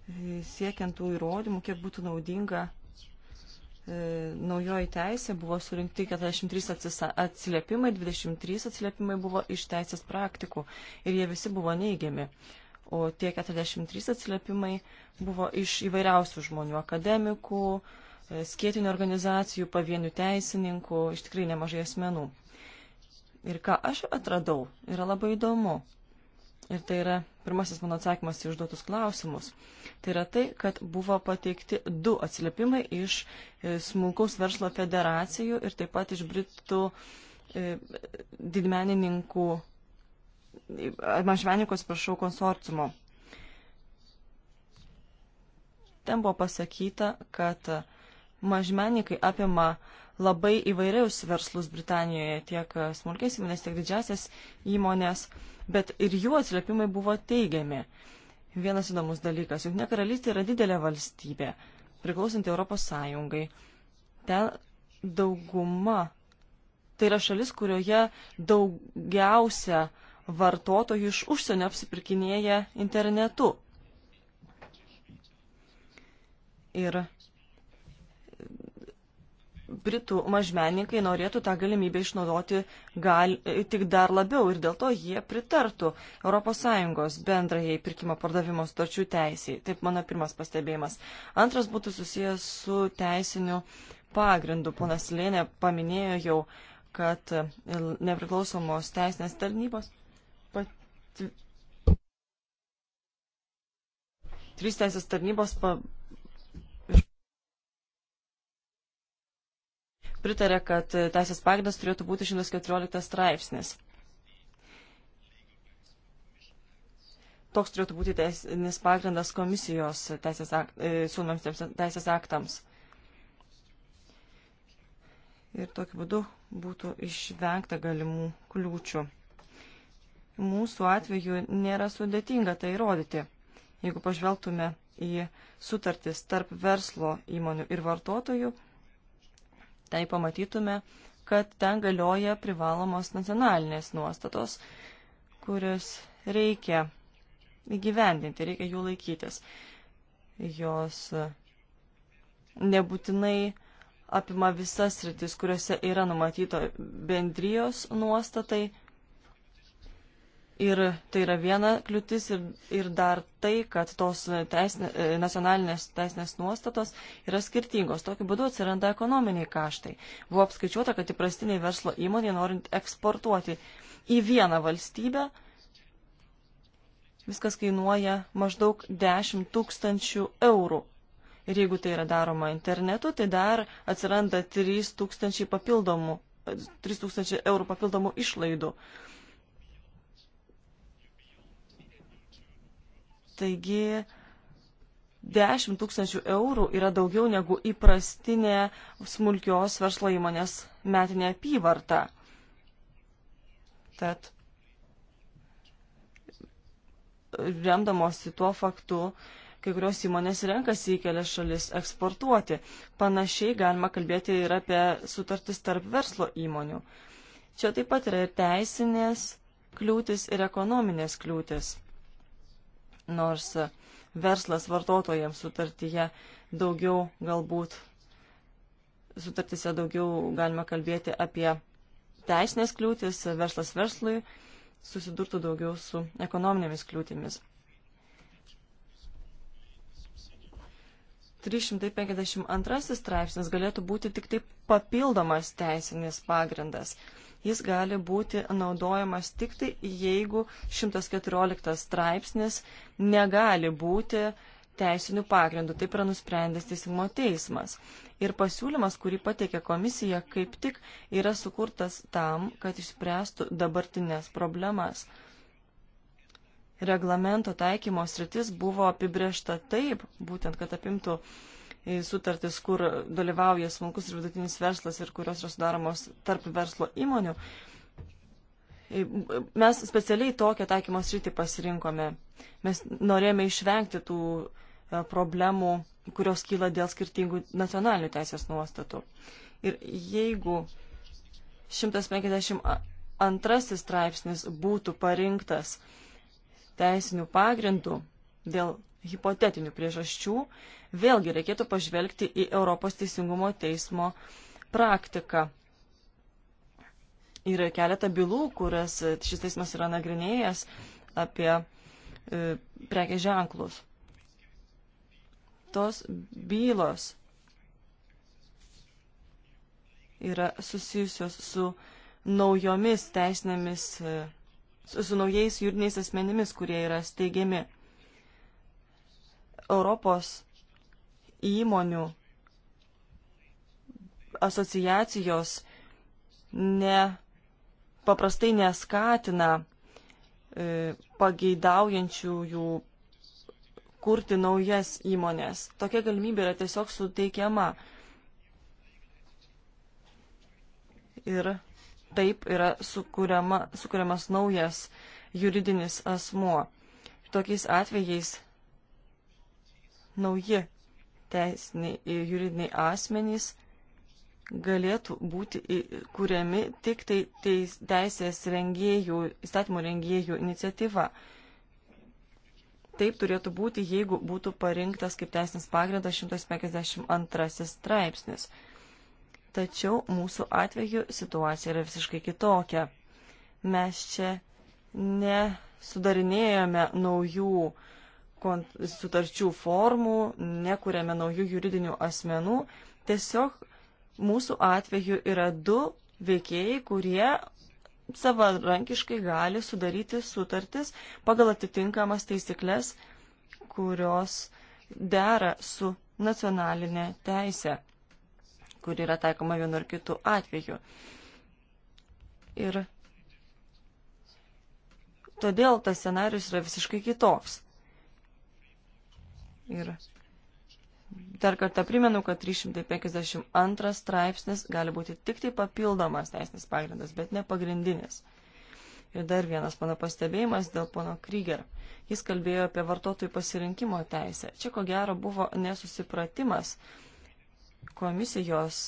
e, siekiant tų įrodymų, kiek būtų naudinga e, naujoji teisė buvo surinkti 43 atsiliepimai, 23 atsiliepimai buvo iš teisės praktikų ir jie visi buvo neigiami. O tie 43 atsiliepimai buvo iš įvairiausių žmonių - akademikų, skėtinių organizacijų, pavienių teisininkų, iš tikrai nemažai asmenų. Ir ką aš atradau, yra labai įdomu. Ir tai yra pirmasis mano atsakymas į užduotus klausimus. Tai yra tai, kad buvo pateikti du atsiliepimai iš e, smulkaus verslo federacijų ir taip pat iš Britų e, didmenininkų, e, mažmenininkos, prašau, konsorciumo ten buvo pasakyta, kad mažmenininkai apima labai įvairius verslus Britanijoje, tiek e, smulkės įmonės, tiek didžiasias įmonės, bet ir jų atsiliepimai buvo teigiami. Vienas įdomus dalykas, juk ne karalystė yra didelė valstybė, priklausanti Europos Sąjungai. Ten dauguma, tai yra šalis, kurioje daugiausia vartotojų iš užsienio apsipirkinėja internetu. Ir Britų mažmeninkai norėtų tą galimybę išnaudoti gal, tik dar labiau ir dėl to jie pritartų ES bendrajai pirkimo pardavimo stočių teisiai. Taip mano pirmas pastebėjimas. Antras būtų susijęs su teisiniu pagrindu. Ponas Lėnė paminėjo jau, kad nepriklausomos teisinės tarnybos. Pat... Trys teisės tarnybos pa pritarė, kad teisės pagrindas turėtų būti 114 straipsnis. Toks turėtų būti teisinis pagrindas komisijos teisės, akt, e, siūlomiems teisės aktams. Ir tokiu būdu būtų išvengta galimų kliūčių. Mūsų atveju nėra sudėtinga tai įrodyti. Jeigu pažvelgtume į sutartis tarp verslo įmonių ir vartotojų, tai pamatytume, kad ten galioja privalomos nacionalinės nuostatos, kurias reikia įgyvendinti, reikia jų laikytis. Jos nebūtinai apima visas rytis, kuriuose yra numatyto bendrijos nuostatai, Ir tai yra viena kliūtis ir, ir dar tai, kad tos teisne, e, nacionalinės teisinės nuostatos yra skirtingos. Tokiu būdu atsiranda ekonominiai kaštai. Buvo apskaičiuota, kad įprastiniai verslo įmonė, norint eksportuoti į vieną valstybę, viskas kainuoja maždaug 10 tūkstančių eurų. Ir jeigu tai yra daroma internetu, tai dar atsiranda 3 tūkstančiai papildomų, 3 e, tūkstančiai eurų papildomų išlaidų. Uh, Taigi 10 tūkstančių eurų yra daugiau negu įprastinė smulkios verslo įmonės metinė apyvarta. Tad remdamosi tuo faktu, kai kurios įmonės renkasi į kelias šalis eksportuoti. Panašiai galima kalbėti ir apie sutartis tarp verslo įmonių. Čia taip pat yra ir teisinės kliūtis, ir ekonominės kliūtis nors verslas vartotojams sutartyje daugiau galbūt sutartyse daugiau galima kalbėti apie teisinės kliūtis, verslas verslui susidurtų daugiau su ekonominėmis kliūtimis. 352 straipsnis galėtų būti tik taip papildomas teisinis pagrindas jis gali būti naudojamas tik tai, jeigu 114 straipsnis negali būti teisinių pagrindų. Taip yra nusprendęs teisingumo teismas. Ir pasiūlymas, kurį pateikė komisija, kaip tik yra sukurtas tam, kad išspręstų dabartinės problemas. Reglamento taikymo sritis buvo apibriešta taip, būtent, kad apimtų uh, sutartis, kur dalyvauja smulkus ir vidutinis verslas ir kurios yra sudaromos tarp verslo įmonių. Mes specialiai tokią taikymo sritį pasirinkome. Mes norėjome išvengti tų e, problemų, kurios kyla dėl skirtingų nacionalinių teisės nuostatų. Ir jeigu 152 straipsnis būtų parinktas teisinių pagrindų dėl hipotetinių priežasčių, vėlgi reikėtų pažvelgti į Europos teisingumo teismo praktiką. Yra keletą bylų, kurias šis teismas yra nagrinėjęs apie e, prekės ženklus. Tos bylos yra susijusios su naujomis teisinėmis, e, su, su naujais juridiniais asmenimis, kurie yra steigiami. Europos įmonių asociacijos ne, paprastai neskatina e, pageidaujančiųjų kurti naujas įmonės. Tokia galimybė yra tiesiog suteikiama. Ir taip yra sukuriama, sukuriamas naujas juridinis asmuo. Tokiais atvejais nauji teisiniai ir juridiniai asmenys galėtų būti kuriami tik tai teisės rengėjų, įstatymų rengėjų iniciatyva. Taip turėtų būti, jeigu būtų parinktas kaip teisinis pagrindas 152 straipsnis. Tačiau mūsų atveju situacija yra visiškai kitokia. Mes čia nesudarinėjome naujų uh, sutarčių formų, nekuriame naujų juridinių asmenų. Tiesiog mūsų atveju yra du veikėjai, kurie savarankiškai gali sudaryti sutartis pagal atitinkamas taisyklės, kurios dera su nacionalinė teisė, kuri yra taikoma vienu ar kitu atveju. Ir todėl tas scenarius yra visiškai kitoks. Ir dar kartą primenu, kad 352 straipsnis gali būti tik tai papildomas teisinis pagrindas, bet ne pagrindinis. Ir dar vienas mano pastebėjimas dėl pono Kryger. Jis kalbėjo apie vartotojų pasirinkimo teisę. Čia ko gero buvo nesusipratimas. Komisijos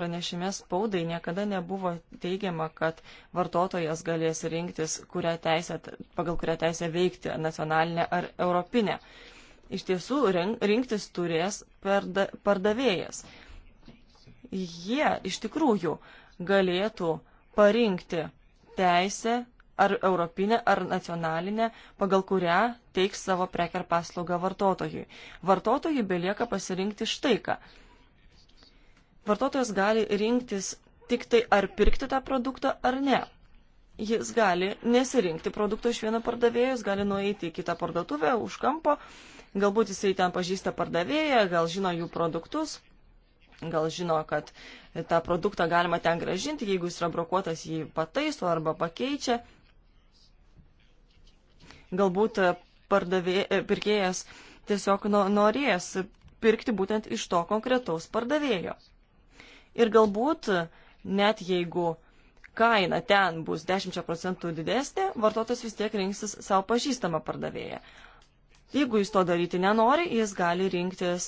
pranešime spaudai niekada nebuvo teigiama, kad vartotojas galės rinktis, kurią teisę, pagal kurią teisę veikti, nacionalinę ar europinę iš tiesų rinktis turės pardavėjas. Jie iš tikrųjų galėtų parinkti teisę ar europinę, ar nacionalinę, pagal kurią teiks savo prekę ar paslaugą vartotojui. Vartotojui belieka pasirinkti štai ką. Vartotojas gali rinktis tik tai ar pirkti tą produktą ar ne jis gali nesirinkti produkto iš vieno pardavėjo, jis gali nueiti į kitą parduotuvę už kampo Galbūt jisai ten pažįsta pardavėją, gal žino jų produktus, gal žino, kad tą produktą galima ten gražinti, jeigu jis yra brokuotas, jį pataiso arba pakeičia. Galbūt pardavė, pirkėjas tiesiog norės pirkti būtent iš to konkretaus pardavėjo. Ir galbūt net jeigu kaina ten bus 10 procentų didesnė, vartotojas vis tiek rinksis savo pažįstamą pardavėją. Jeigu jis to daryti nenori, jis gali rinktis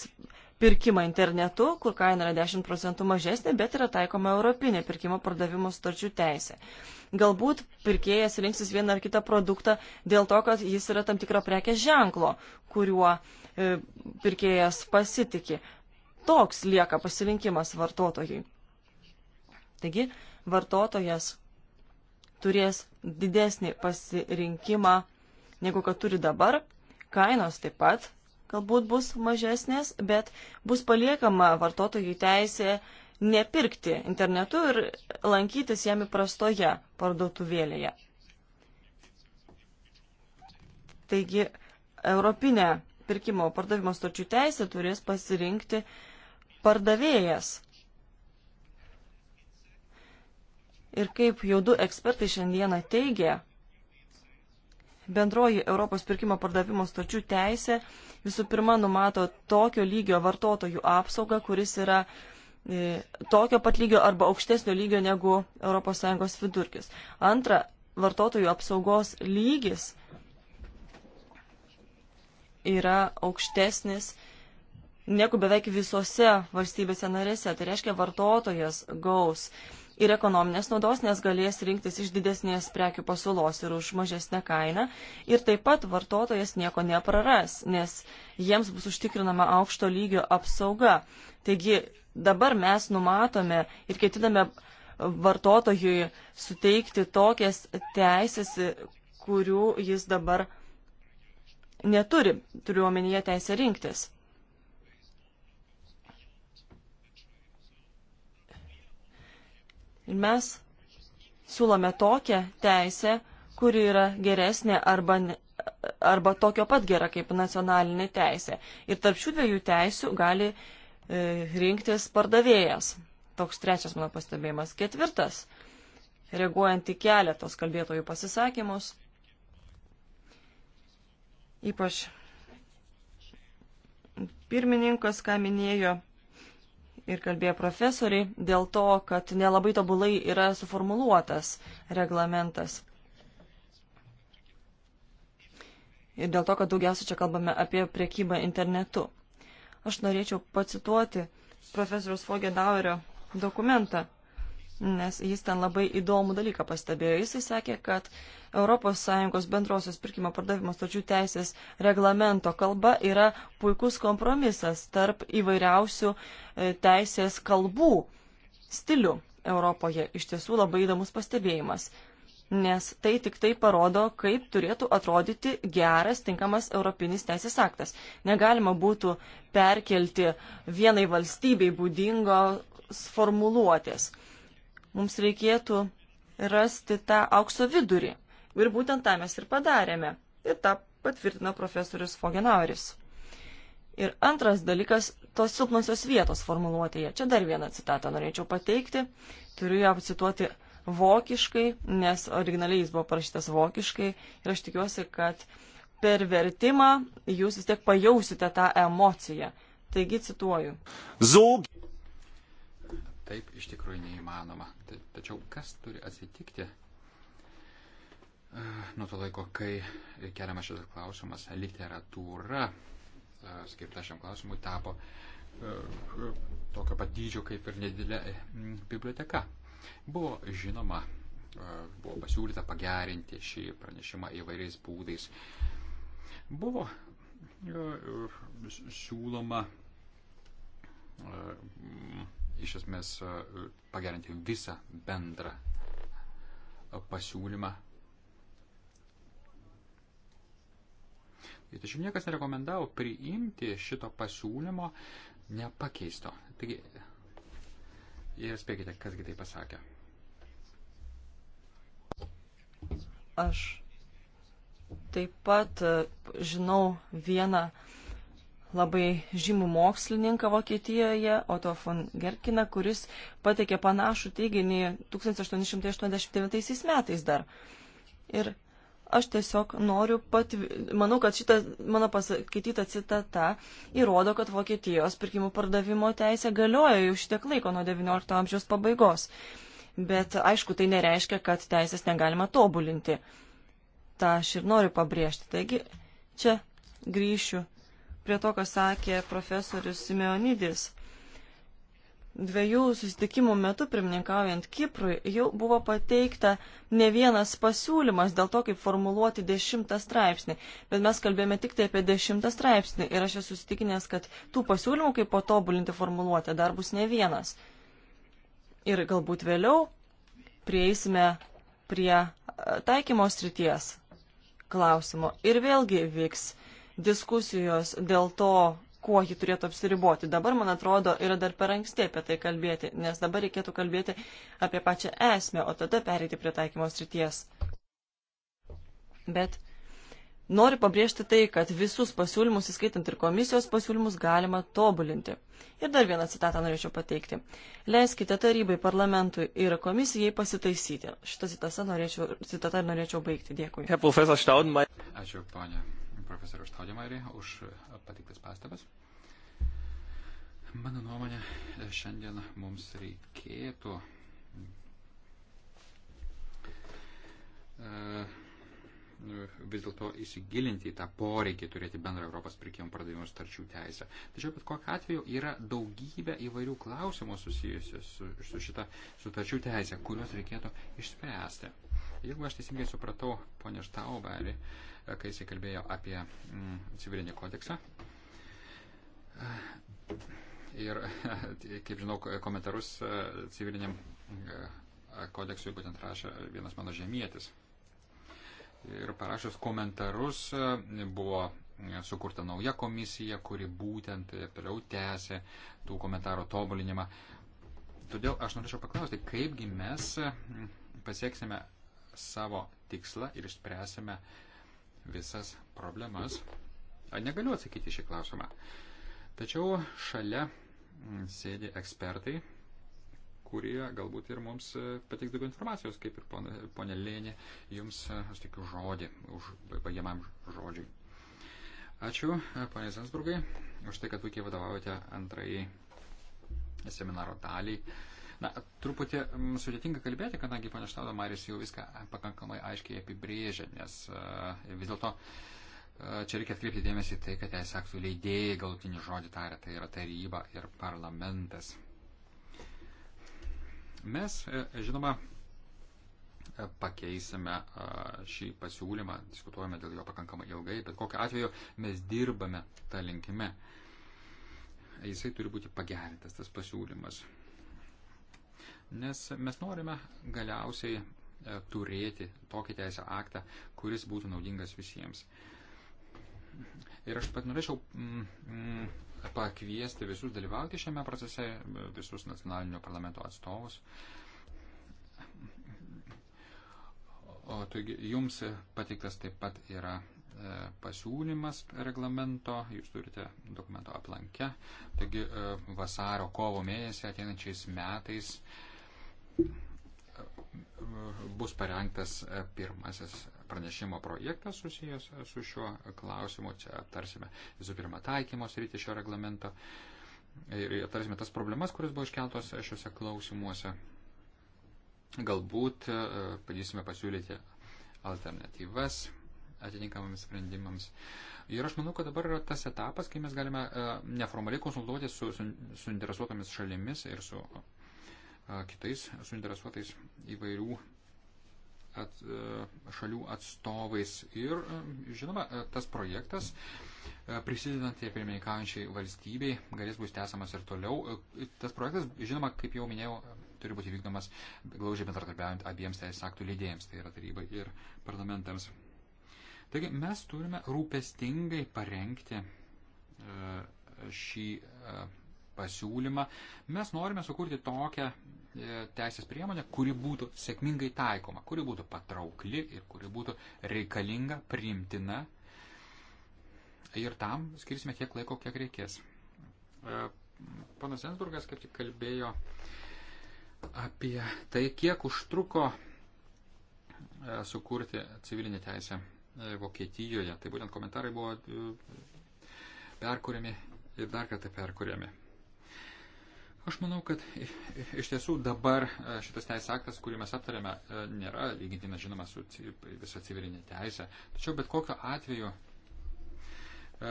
pirkimą internetu, kur kaina yra 10 procentų mažesnė, bet yra taikoma europinė pirkimo pardavimo sutarčių teisė. Galbūt pirkėjas rinksis vieną ar kitą produktą dėl to, kad jis yra tam tikro prekės ženklo, kuriuo e, pirkėjas pasitikė. Toks lieka pasirinkimas vartotojui. Taigi, vartotojas turės didesnį pasirinkimą negu kad turi dabar kainos taip pat galbūt bus mažesnės, bet bus paliekama vartotojų teisė nepirkti internetu ir lankytis jam įprastoje parduotuvėlėje. Taigi, Europinė pirkimo pardavimo stočių teisė turės pasirinkti pardavėjas. Ir kaip jau du ekspertai šiandieną teigia, Bendroji Europos pirkimo pardavimo stočių teisė visų pirma numato tokio lygio vartotojų apsaugą, kuris yra e, tokio pat lygio arba aukštesnio lygio negu ES vidurkis. Antra, vartotojų apsaugos lygis yra aukštesnis negu beveik visose valstybėse narėse. Tai reiškia, vartotojas gaus ir ekonominės naudos, nes galės rinktis iš didesnės prekių pasiūlos ir už mažesnę kainą. Ir taip pat vartotojas nieko nepraras, nes jiems bus užtikrinama aukšto lygio apsauga. Taigi dabar mes numatome ir ketiname vartotojui suteikti tokias teisės, kurių jis dabar neturi, turiu omenyje teisę rinktis. Ir mes siūlome tokią teisę, kuri yra geresnė arba, arba tokio pat gera kaip nacionalinė teisė. Ir tarp šių dviejų teisių gali e, rinktis pardavėjas. Toks trečias mano pastebėjimas. Ketvirtas, reaguojant į keletos kalbėtojų pasisakymus, ypač pirmininkas, ką minėjo, ir kalbėjo profesoriai dėl to, kad nelabai tobulai yra suformuluotas reglamentas. Ir dėl to, kad daugiausia čia kalbame apie priekybą internetu. Aš norėčiau pacituoti profesoriaus Fogendauerio dokumentą, nes jis ten labai įdomų dalyką pastebėjo. Jisai sakė, kad ES bendrosios pirkimo pardavimo stočių teisės reglamento kalba yra puikus kompromisas tarp įvairiausių e, teisės kalbų stilių Europoje. Iš tiesų labai įdomus pastebėjimas. Nes tai tik tai parodo, kaip turėtų atrodyti geras, tinkamas europinis teisės aktas. Negalima būtų perkelti vienai valstybei būdingos formuluotės. Mums reikėtų rasti tą aukso vidurį. Ir būtent tą mes ir padarėme. Ir tą patvirtino profesorius Fogenaueris. Ir antras dalykas - tos silpnosios vietos formuluotėje. Čia dar vieną citatą norėčiau pateikti. Turiu ją cituoti vokiškai, nes originaliai jis buvo parašytas vokiškai. Ir aš tikiuosi, kad per vertimą jūs vis tiek pajausite tą emociją. Taigi cituoju. Zog taip iš tikrųjų neįmanoma. Tačiau kas turi atsitikti e, nuo to laiko, kai keliamas šis klausimas, literatūra e, skirta šiam klausimui tapo e, tokio pat dydžio kaip ir nedidelė biblioteka. Buvo žinoma, buvo pasiūlyta pagerinti šį pranešimą įvairiais būdais. Buvo siūloma iš esmės e, pagerinti visą bendrą e, pasiūlymą. Tai tačiau niekas nerekomendavo priimti šito pasiūlymo nepakeisto. Taigi, ir spėkite, kasgi tai pasakė. Aš taip pat e, žinau vieną uh, labai žymų mokslininką Vokietijoje, Otto von Gerkina, kuris pateikė panašų teiginį 1889 metais dar. Ir aš tiesiog noriu pat, manau, kad šita mano pasakyta citata įrodo, kad Vokietijos pirkimų pardavimo teisė galioja jau šitiek laiko nuo XIX amžiaus pabaigos. Bet aišku, tai nereiškia, kad teisės negalima tobulinti. Ta aš ir noriu pabrėžti. Taigi, čia grįšiu prie to, ką sakė profesorius Simeonidis. Dviejų susitikimų metu, pirmininkaujant Kiprui, jau buvo pateikta ne vienas pasiūlymas dėl to, kaip formuluoti dešimtą straipsnį, bet mes kalbėjome tik tai apie dešimtą straipsnį ir aš esu susitikinęs, kad tų pasiūlymų, kaip patobulinti formuluotę, dar bus ne vienas. Ir galbūt vėliau prieisime prie taikymo srities klausimo. Ir vėlgi vyks diskusijos dėl to, kuo ji turėtų apsiriboti. Dabar, man atrodo, yra dar per anksti apie tai kalbėti, nes dabar reikėtų kalbėti apie pačią esmę, o tada pereiti prie taikymo srities. Bet noriu pabrėžti tai, kad visus pasiūlymus, įskaitant ir komisijos pasiūlymus, galima tobulinti. Ir dar vieną citatą norėčiau pateikti. Leiskite tarybai, parlamentui ir komisijai pasitaisyti. Šitą citatą norėčiau, citatą norėčiau baigti. Dėkui. Ačiū, ponė profesorių Štaudimairį už patiktas pastabas. Mano nuomonė, šiandien mums reikėtų e, vis dėlto įsigilinti į tą poreikį turėti bendrą Europos pirkimų pardavimų starčių teisę. Tačiau bet kokiu atveju yra daugybė įvairių klausimų susijusių su, su šita sutarčių teisė, kuriuos reikėtų išspręsti. Jeigu aš teisingai supratau, ponė Štauberį, e, kai jisai kalbėjo apie mm, civilinį kodeksą. E, ir, e, kaip žinau, komentarus civiliniam kodeksui būtent rašė vienas mano žemietis. Ir parašęs komentarus buvo sukurta nauja komisija, kuri būtent toliau tęsė tų komentarų tobulinimą. Todėl aš norėčiau paklausti, kaipgi mes mm, pasieksime savo tikslą ir išspręsime visas problemas? Negaliu atsakyti šį klausimą. Tačiau šalia sėdi ekspertai, kurie galbūt ir mums e, pateiks daugiau informacijos, kaip ir ponė Lėnė, jums e, aš tikiu žodį, už baigiamam žodžiui. Ačiū, e, ponė Zansburgai, už tai, kad puikiai vadovaujate antrajai seminaro daliai Na, truputį mm, sudėtinga kalbėti, kadangi pana Štado Maris jau viską pakankamai aiškiai apibrėžė, nes uh, vis dėlto uh, čia reikia atkreipti dėmesį tai, kad teisės aktų leidėjai galutinį žodį taria, tai yra taryba ir parlamentas. Mes, e, žinoma, pakeisime šį pasiūlymą, diskutuojame dėl jo pakankamai ilgai, bet kokiu atveju mes dirbame tą linkime. Jisai turi būti pagerintas, tas pasiūlymas. Nes mes norime galiausiai e, turėti tokį teisę aktą, kuris būtų naudingas visiems. Ir aš pat norėčiau mm, mm pakviesti visus dalyvauti šiame procese, visus nacionalinio parlamento atstovus. O taigi jums patiktas taip pat yra e, pasiūlymas reglamento, jūs turite dokumento aplankę. Taigi e, vasario kovo mėnesį ateinančiais metais uh, bus parengtas pirmasis pranešimo projektas susijęs su šiuo klausimu. Čia aptarsime visų pirma taikymos rytį šio reglamento ir aptarsime tas problemas, kuris buvo iškeltos šiuose klausimuose. Galbūt padėsime e, pasiūlyti alternatyvas atitinkamams sprendimams. Ir aš manau, kad dabar yra tas etapas, kai mes galime e, neformaliai konsultuoti su suinteresuotomis šalimis ir su kitais suinteresuotais įvairių at, e, šalių atstovais. Ir, e, žinoma, e, tas projektas, prisidedant ir pirmininkaujančiai valstybei, galės bus tęsiamas ir toliau. Tas projektas, žinoma, kaip jau minėjau, turi būti vykdomas glaužiai bendradarbiaujant abiems teisės aktų leidėjams, tai yra tarybai ir parlamentams. Taigi mes turime rūpestingai parengti šį pasiūlymą. Mes norime sukurti tokią e, teisės priemonę, kuri būtų sėkmingai taikoma, kuri būtų patraukli ir kuri būtų reikalinga, priimtina. Ir tam skirsime tiek laiko, kiek reikės. E, Panas Ensburgas kaip tik kalbėjo apie tai, kiek užtruko e, sukurti civilinę teisę Vokietijoje. Tai būtent komentarai buvo perkūrėmi ir dar kartą perkūrėmi. Aš manau, kad iš tiesų dabar e, šitas teisės aktas, kurį mes aptarėme, e, nėra lygintinas, žinoma, su visą civilinė teisė. Tačiau bet kokiu atveju e,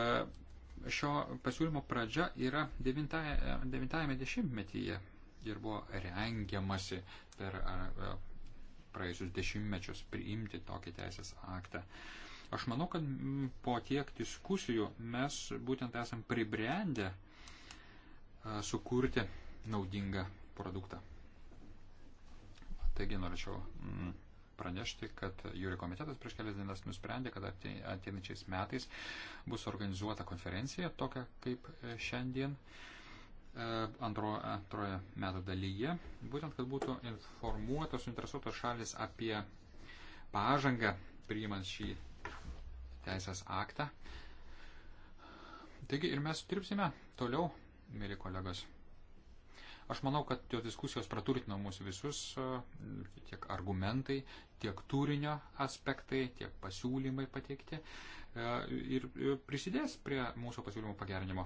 šio pasiūlymo pradžia yra 90-ame dešimtmetyje ir buvo rengiamasi per praėjusius dešimtmečius priimti tokį teisės aktą. Aš manau, kad po tiek diskusijų mes būtent esam pribrendę sukurti naudingą produktą. Taigi norėčiau mm, pranešti, kad jūrių komitetas prieš kelias dienas nusprendė, kad ateinančiais metais bus organizuota konferencija, tokia kaip e, šiandien, e, antro, antroje metų dalyje, būtent, kad būtų informuotos, suinteresuotos šalis apie pažangą priimant šį teisės aktą. Taigi ir mes dirbsime toliau, mėly kolegos. Aš manau, kad jo diskusijos praturtino mūsų visus, tiek argumentai, tiek turinio aspektai, tiek pasiūlymai pateikti e, ir e, prisidės prie mūsų pasiūlymų pagerinimo.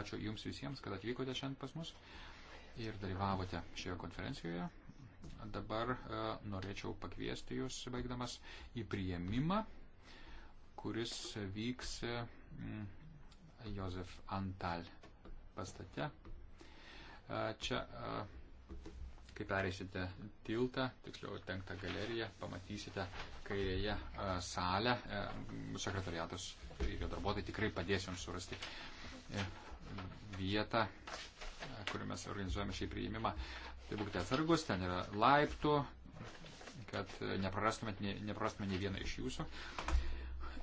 Ačiū Jums visiems, kad atvykote šiandien pas mus ir dalyvavote šioje konferencijoje. Dabar e, norėčiau pakviesti Jūs, baigdamas, į prieimimą, kuris vyks mm, Josef Antal pastate Čia, kai pereisite tiltą, tiksliau tenktą galeriją, pamatysite kairėje salę. Sekretariatas ir jo darbuotojai tikrai padės jums surasti e, vietą, kuriuo mes organizuojame šį priėmimą. Tai būkite atsargus, ten yra laiptų, kad e, neprarastumėt, ne, neprarastumėt ne vieną iš jūsų.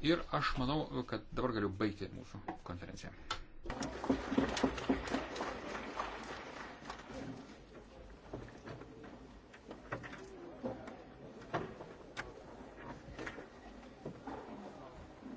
Ir aš manau, kad dabar galiu baigti mūsų konferenciją.